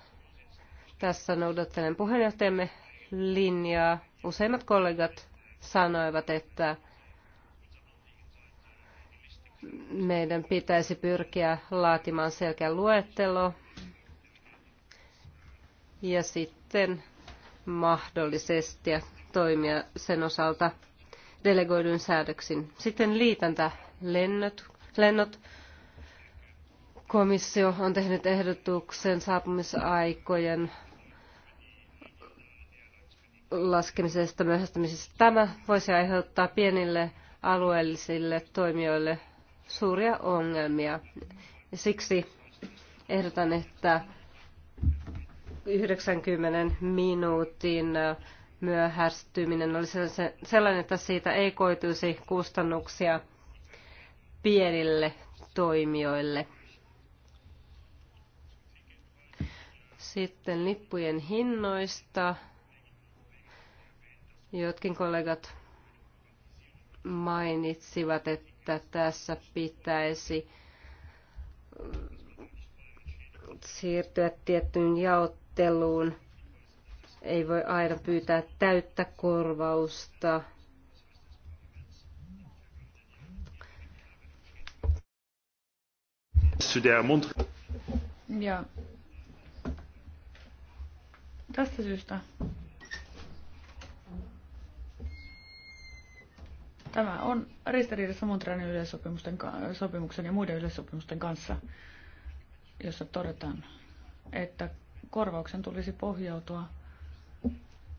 Tässä noudattelen puheenjohtajamme linjaa. Useimmat kollegat sanoivat, että meidän pitäisi pyrkiä laatimaan selkeä luettelo ja sitten mahdollisesti toimia sen osalta delegoidun säädöksin. Sitten liitäntä lennot. lennot. Komissio on tehnyt ehdotuksen saapumisaikojen laskemisesta myöhästämisestä. Tämä voisi aiheuttaa pienille alueellisille toimijoille suuria ongelmia. Siksi ehdotan, että 90 minuutin myöhästyminen olisi sellainen, että siitä ei koituisi kustannuksia pienille toimijoille. Sitten lippujen hinnoista. Jotkin kollegat mainitsivat, että tässä pitäisi mm, siirtyä tiettyyn jaotteluun. Ei voi aina pyytää täyttä korvausta. Ja. Tästä syystä Tämä on ristiriidassa Montrealin yleissopimuksen sopimuksen ja muiden yleissopimusten kanssa, jossa todetaan, että korvauksen tulisi pohjautua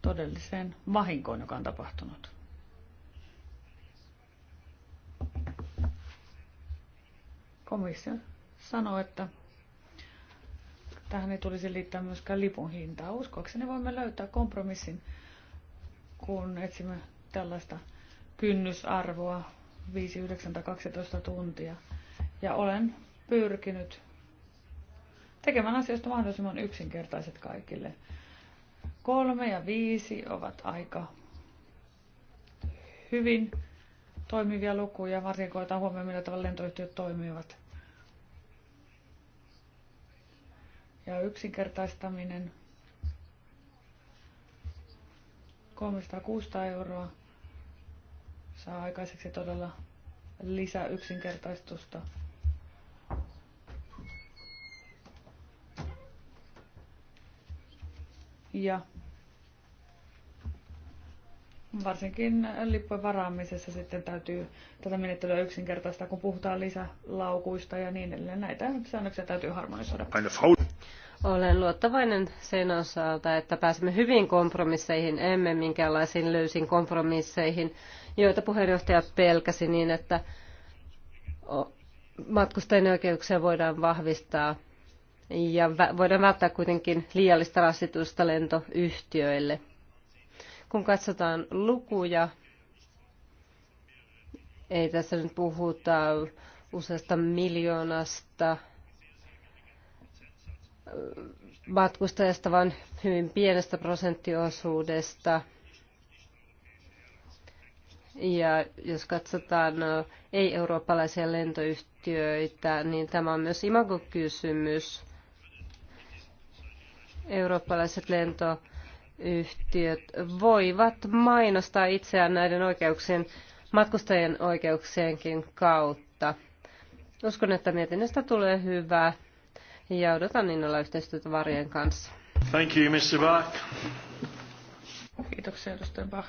todelliseen vahinkoon, joka on tapahtunut. Komissio sanoo, että tähän ei tulisi liittää myöskään lipun hintaa. Uskoakseni voimme löytää kompromissin, kun etsimme tällaista kynnysarvoa 5, 9 tai 12 tuntia. Ja olen pyrkinyt tekemään asioista mahdollisimman yksinkertaiset kaikille. Kolme ja viisi ovat aika hyvin toimivia lukuja, varsinkin kun otetaan huomioon, millä tavalla lentoyhtiöt toimivat. Ja yksinkertaistaminen 300-600 euroa saa aikaiseksi todella lisää yksinkertaistusta. Ja varsinkin lippujen varaamisessa sitten täytyy tätä menettelyä yksinkertaistaa, kun puhutaan lisälaukuista ja niin edelleen. Näitä säännöksiä täytyy harmonisoida. Olen luottavainen sen osalta, että pääsemme hyvin kompromisseihin, emme minkäänlaisiin löysin kompromisseihin, joita puheenjohtaja pelkäsi niin, että matkustajien oikeuksia voidaan vahvistaa ja voidaan välttää kuitenkin liiallista rasitusta lentoyhtiöille. Kun katsotaan lukuja, ei tässä nyt puhuta useasta miljoonasta matkustajasta, vain hyvin pienestä prosenttiosuudesta. Ja jos katsotaan ei-eurooppalaisia lentoyhtiöitä, niin tämä on myös imagokysymys. Eurooppalaiset lentoyhtiöt voivat mainostaa itseään näiden oikeuksien, matkustajien oikeuksienkin kautta. Uskon, että mietinnöstä tulee hyvää ja odotan innolla yhteistyötä varjen kanssa. Thank you, Mr. Bach. Kiitoksia, edustaja Bach.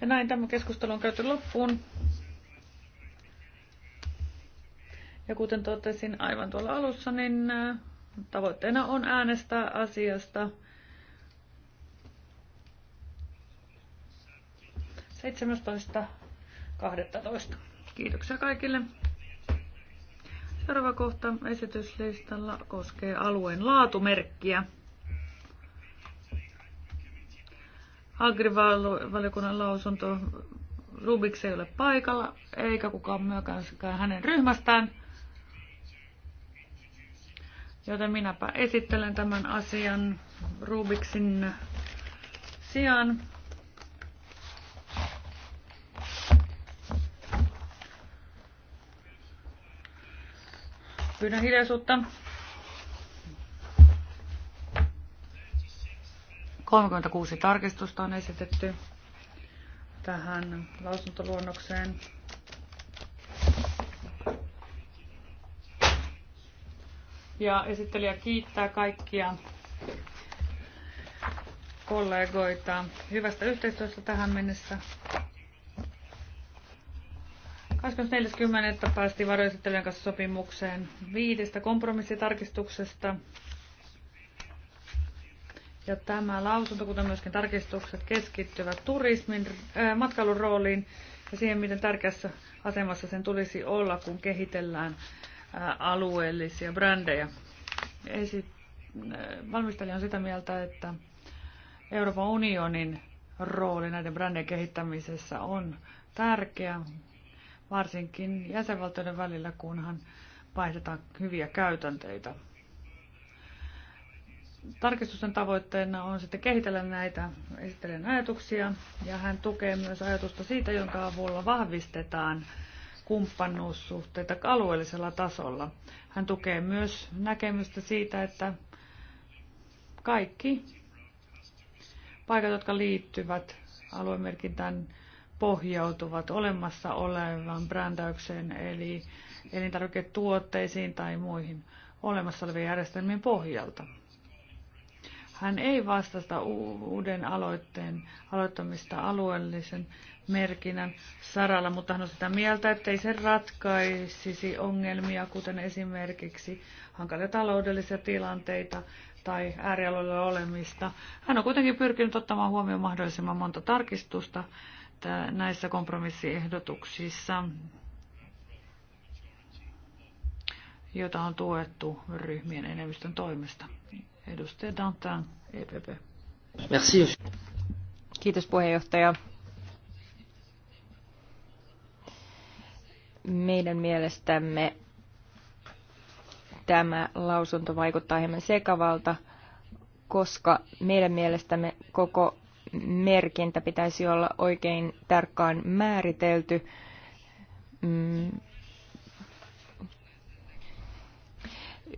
Ja näin tämä keskustelu on käyty loppuun. Ja kuten totesin aivan tuolla alussa, niin äh, tavoitteena on äänestää asiasta 17.12. Kiitoksia kaikille. Seuraava kohta esityslistalla koskee alueen laatumerkkiä. Agrivaliokunnan lausunto Rubiks ei ole paikalla, eikä kukaan myöskään hänen ryhmästään. Joten minäpä esittelen tämän asian Rubiksin sijaan. Pyydän hiljaisuutta. 36 tarkistusta on esitetty tähän lausuntoluonnokseen. Ja esittelijä kiittää kaikkia kollegoita hyvästä yhteistyöstä tähän mennessä. 24.10. päästiin varjoesittelijän kanssa sopimukseen viidestä kompromissitarkistuksesta. Ja tämä lausunto, kuten myöskin tarkistukset, keskittyvät turismin, ää, äh, matkailun rooliin ja siihen, miten tärkeässä asemassa sen tulisi olla, kun kehitellään ää, äh, alueellisia brändejä. Esi- ää, äh, valmistelija on sitä mieltä, että Euroopan unionin rooli näiden brändien kehittämisessä on tärkeä, varsinkin jäsenvaltioiden välillä, kunhan vaihdetaan hyviä käytänteitä. Tarkistusten tavoitteena on sitten kehitellä näitä esittelijän ajatuksia ja hän tukee myös ajatusta siitä, jonka avulla vahvistetaan kumppannuussuhteita alueellisella tasolla. Hän tukee myös näkemystä siitä, että kaikki paikat, jotka liittyvät aluemerkintään, pohjautuvat olemassa olevan brändäykseen, eli elintarviketuotteisiin tai muihin olemassa olevien järjestelmien pohjalta. Hän ei vastasta uuden aloitteen aloittamista alueellisen merkinnän saralla, mutta hän on sitä mieltä, ei se ratkaisisi ongelmia, kuten esimerkiksi hankalia taloudellisia tilanteita tai äärialueilla olemista. Hän on kuitenkin pyrkinyt ottamaan huomioon mahdollisimman monta tarkistusta että näissä kompromissiehdotuksissa, joita on tuettu ryhmien enemmistön toimesta. Edustaja Dantan, EPP. Merci. Kiitos puheenjohtaja. Meidän mielestämme tämä lausunto vaikuttaa hieman sekavalta, koska meidän mielestämme koko merkintä pitäisi olla oikein tarkkaan määritelty. Mm.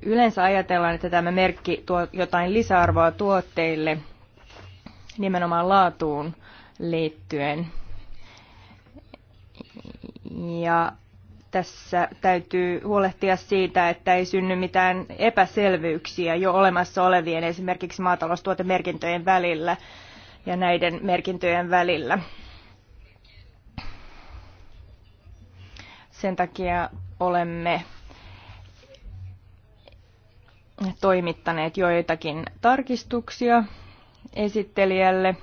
Yleensä ajatellaan, että tämä merkki tuo jotain lisäarvoa tuotteille nimenomaan laatuun liittyen. Ja tässä täytyy huolehtia siitä, että ei synny mitään epäselvyyksiä jo olemassa olevien esimerkiksi maataloustuotemerkintöjen välillä ja näiden merkintöjen välillä. Sen takia olemme toimittaneet joitakin tarkistuksia esittelijälle.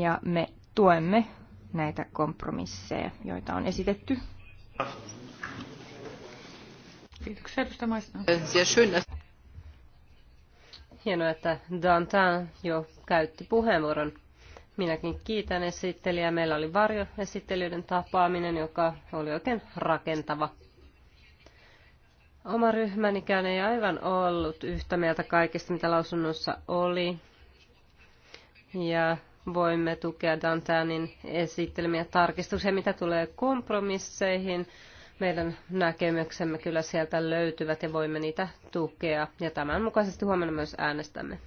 Ja me tuemme näitä kompromisseja, joita on esitetty. Kiitoksia edustaja Hienoa, että Dantan jo käytti puheenvuoron. Minäkin kiitän esittelijää. Meillä oli varjo esittelijöiden tapaaminen, joka oli oikein rakentava. Oma ryhmänikään ei aivan ollut yhtä mieltä kaikista, mitä lausunnossa oli. Ja voimme tukea Dantanin esittelemiä tarkistuksia, mitä tulee kompromisseihin meidän näkemyksemme kyllä sieltä löytyvät ja voimme niitä tukea. Ja tämän mukaisesti huomenna myös äänestämme.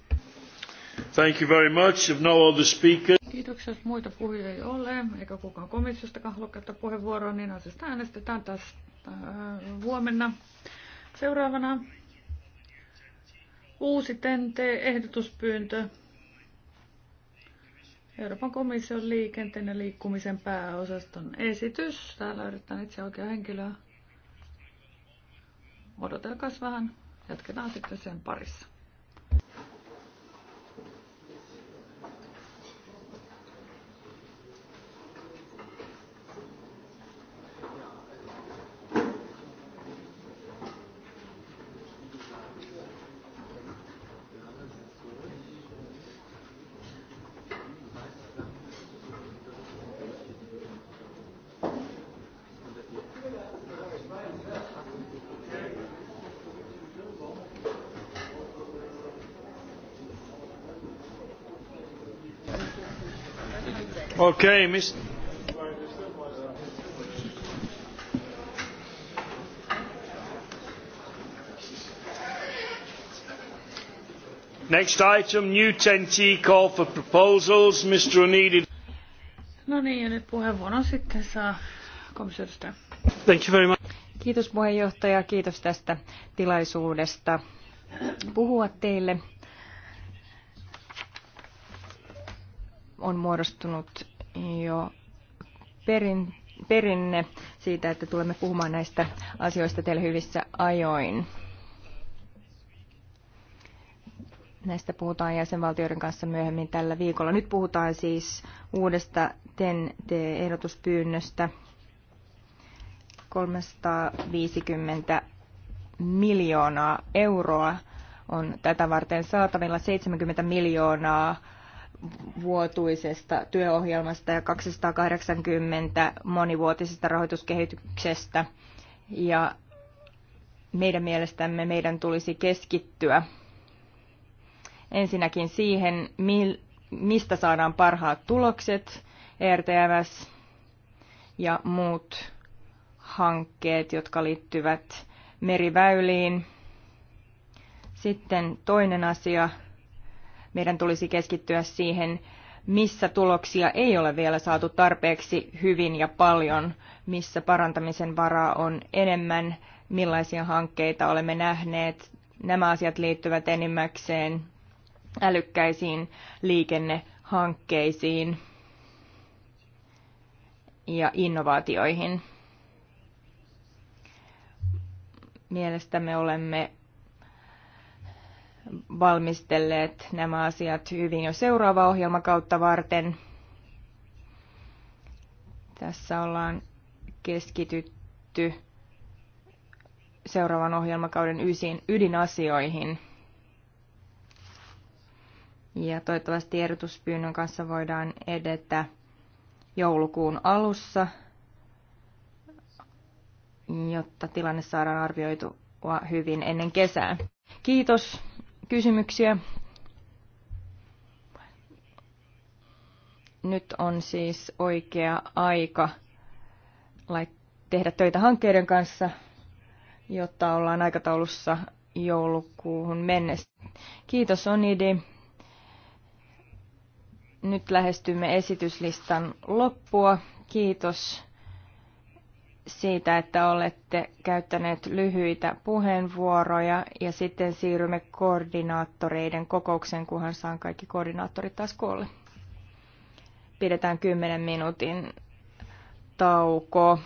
Thank you very much. If no other speakers... Kiitoksia, jos muita puhujia ei ole, eikä kukaan komissiosta halua käyttää puheenvuoroa, niin asiasta äänestetään taas äh, huomenna. Seuraavana uusi TENTE-ehdotuspyyntö Euroopan komission liikenteen ja liikkumisen pääosaston esitys. Täällä yritän itse oikea henkilöä. Odotelkaas vähän. Jatketaan sitten sen parissa. Okay, Mr. Next item, new 10T call for proposals. Mr. Onidi. No niin, ja nyt puheenvuoron sitten saa komissiosta. Thank you very much. Kiitos puheenjohtaja, kiitos tästä tilaisuudesta puhua teille. On muodostunut jo perin, perinne siitä, että tulemme puhumaan näistä asioista teille hyvissä ajoin. Näistä puhutaan jäsenvaltioiden kanssa myöhemmin tällä viikolla. Nyt puhutaan siis uudesta TEN-ehdotuspyynnöstä 350 miljoonaa euroa on tätä varten saatavilla 70 miljoonaa vuotuisesta työohjelmasta ja 280 monivuotisesta rahoituskehityksestä. Ja meidän mielestämme meidän tulisi keskittyä ensinnäkin siihen, mistä saadaan parhaat tulokset, ERTMS ja muut hankkeet, jotka liittyvät meriväyliin. Sitten toinen asia meidän tulisi keskittyä siihen, missä tuloksia ei ole vielä saatu tarpeeksi hyvin ja paljon, missä parantamisen varaa on enemmän, millaisia hankkeita olemme nähneet. Nämä asiat liittyvät enimmäkseen älykkäisiin liikennehankkeisiin ja innovaatioihin. Mielestämme olemme valmistelleet nämä asiat hyvin jo seuraava ohjelma kautta varten. Tässä ollaan keskitytty seuraavan ohjelmakauden ydinasioihin. Ja toivottavasti tiedotuspyynnön kanssa voidaan edetä joulukuun alussa, jotta tilanne saadaan arvioitua hyvin ennen kesää. Kiitos kysymyksiä. Nyt on siis oikea aika tehdä töitä hankkeiden kanssa, jotta ollaan aikataulussa joulukuuhun mennessä. Kiitos Onidi. Nyt lähestymme esityslistan loppua. Kiitos siitä, että olette käyttäneet lyhyitä puheenvuoroja ja sitten siirrymme koordinaattoreiden kokoukseen, kunhan saan kaikki koordinaattorit taas koolle. Pidetään 10 minuutin tauko.